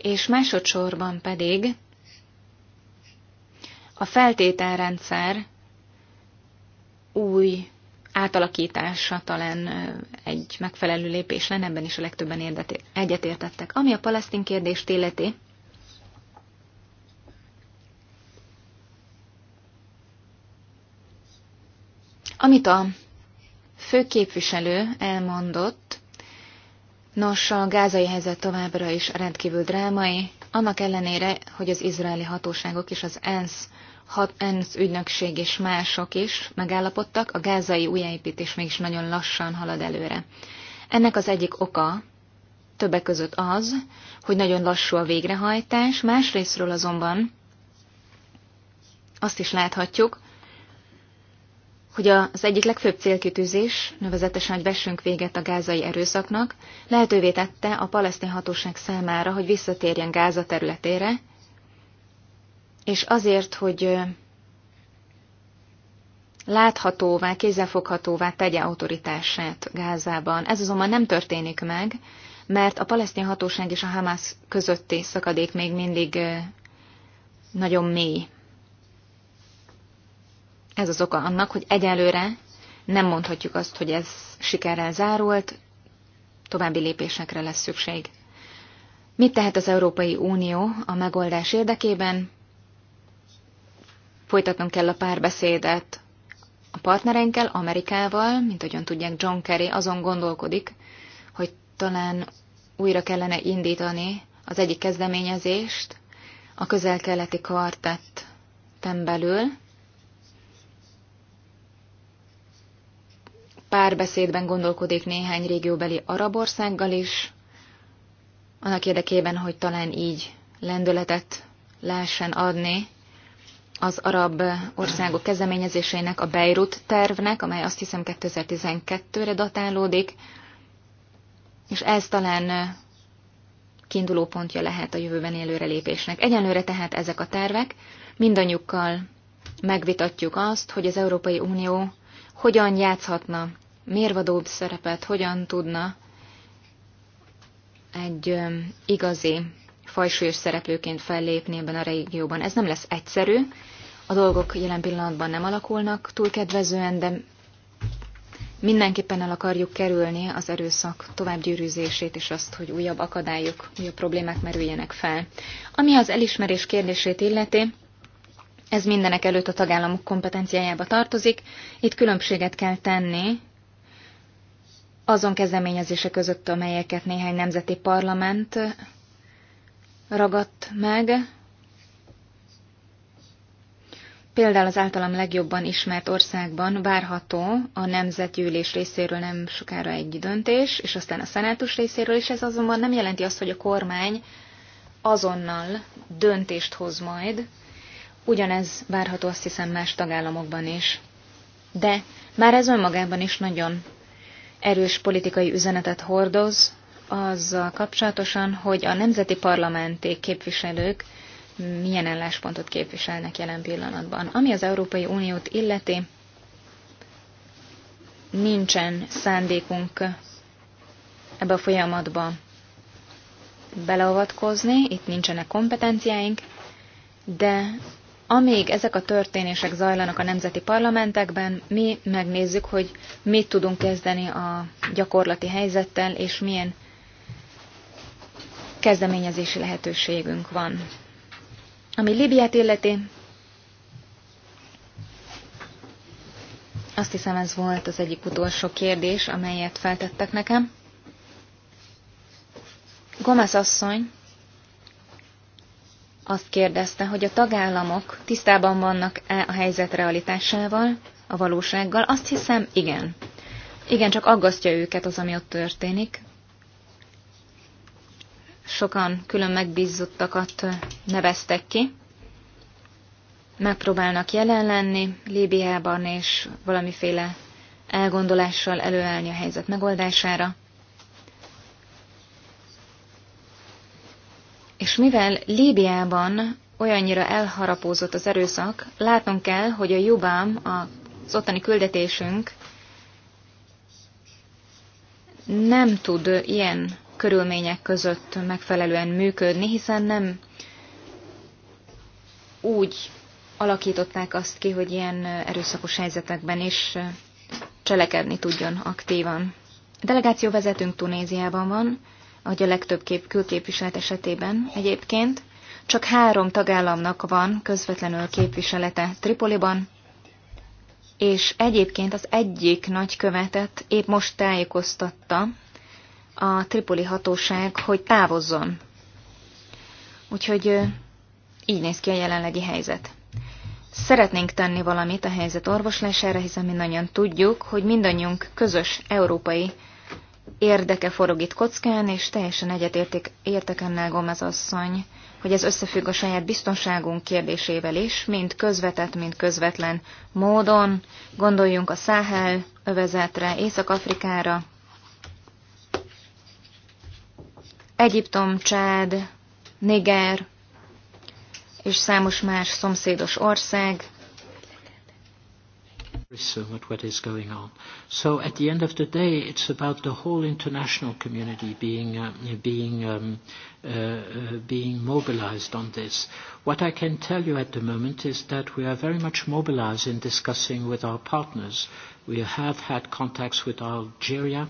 és másodszorban pedig a feltételrendszer új átalakítása talán egy megfelelő lépés lenne, ebben is a legtöbben egyetértettek. Ami a palesztin kérdést illeti, amit a főképviselő elmondott, Nos, a gázai helyzet továbbra is rendkívül drámai, annak ellenére, hogy az izraeli hatóságok és az ENSZ, hat, ENSZ ügynökség és mások is megállapodtak, a gázai újjáépítés mégis nagyon lassan halad előre. Ennek az egyik oka többek között az, hogy nagyon lassú a végrehajtás, másrésztről azonban azt is láthatjuk, hogy az egyik legfőbb célkitűzés, nevezetesen, hogy vessünk véget a gázai erőszaknak, lehetővé tette a palesztin hatóság számára, hogy visszatérjen Gáza területére, és azért, hogy láthatóvá, kézzelfoghatóvá tegye autoritását Gázában. Ez azonban nem történik meg, mert a palesztin hatóság és a Hamász közötti szakadék még mindig nagyon mély. Ez az oka annak, hogy egyelőre nem mondhatjuk azt, hogy ez sikerrel zárult, további lépésekre lesz szükség. Mit tehet az Európai Unió a megoldás érdekében? Folytatnunk kell a párbeszédet a partnereinkkel, Amerikával, mint ahogyan tudják, John Kerry azon gondolkodik, hogy talán újra kellene indítani az egyik kezdeményezést, a közel-keleti kartetten belül, párbeszédben gondolkodik néhány régióbeli arab országgal is, annak érdekében, hogy talán így lendületet lehessen adni az arab országok kezdeményezésének, a Beirut tervnek, amely azt hiszem 2012-re datálódik, és ez talán kiinduló pontja lehet a jövőben előrelépésnek. Egyenlőre tehát ezek a tervek, mindannyiukkal megvitatjuk azt, hogy az Európai Unió hogyan játszhatna mérvadóbb szerepet hogyan tudna egy igazi fajsúlyos szereplőként fellépni ebben a régióban. Ez nem lesz egyszerű, a dolgok jelen pillanatban nem alakulnak túl kedvezően, de mindenképpen el akarjuk kerülni az erőszak továbbgyűrűzését és azt, hogy újabb akadályok, újabb problémák merüljenek fel. Ami az elismerés kérdését illeti, ez mindenek előtt a tagállamok kompetenciájába tartozik, itt különbséget kell tenni azon kezdeményezése között, amelyeket néhány nemzeti parlament ragadt meg. Például az általam legjobban ismert országban várható a nemzetgyűlés részéről nem sokára egy döntés, és aztán a szenátus részéről is. Ez azonban nem jelenti azt, hogy a kormány azonnal döntést hoz majd. Ugyanez várható azt hiszem más tagállamokban is. De már ez önmagában is nagyon erős politikai üzenetet hordoz azzal kapcsolatosan, hogy a nemzeti parlamenti képviselők milyen álláspontot képviselnek jelen pillanatban. Ami az Európai Uniót illeti, nincsen szándékunk ebbe a folyamatba beleavatkozni, itt nincsenek kompetenciáink, de amíg ezek a történések zajlanak a nemzeti parlamentekben, mi megnézzük, hogy mit tudunk kezdeni a gyakorlati helyzettel, és milyen kezdeményezési lehetőségünk van. Ami Libiát illeti, azt hiszem ez volt az egyik utolsó kérdés, amelyet feltettek nekem. Gomez asszony azt kérdezte, hogy a tagállamok tisztában vannak-e a helyzet realitásával, a valósággal. Azt hiszem, igen. Igen, csak aggasztja őket az, ami ott történik. Sokan külön megbízottakat neveztek ki. Megpróbálnak jelen lenni Líbiában, és valamiféle elgondolással előállni a helyzet megoldására. És mivel Líbiában olyannyira elharapózott az erőszak, látnunk kell, hogy a Jubám, az ottani küldetésünk nem tud ilyen körülmények között megfelelően működni, hiszen nem úgy alakították azt ki, hogy ilyen erőszakos helyzetekben is cselekedni tudjon aktívan. A delegáció vezetünk Tunéziában van, ahogy a legtöbb kép, külképviselet esetében egyébként. Csak három tagállamnak van közvetlenül képviselete Tripoliban, és egyébként az egyik nagykövetet épp most tájékoztatta a tripoli hatóság, hogy távozzon. Úgyhogy így néz ki a jelenlegi helyzet. Szeretnénk tenni valamit a helyzet orvoslására, hiszen mindannyian tudjuk, hogy mindannyiunk közös európai érdeke forog itt kockán, és teljesen egyetértek értek annál Gomez asszony, hogy ez összefügg a saját biztonságunk kérdésével is, mind közvetett, mind közvetlen módon. Gondoljunk a Száhel övezetre, Észak-Afrikára, Egyiptom, Csád, Niger és számos más szomszédos ország, Prism at what is going on. So at the end of the day, it's about the whole international community being uh, being um, uh, uh, being mobilized on this. What I can tell you at the moment is that we are very much mobilized in discussing with our partners. We have had contacts with Algeria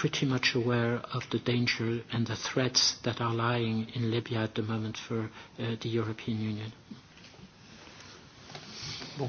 pretty much aware of the danger and the threats that are lying in Libya at the moment for uh, the European Union. Bon.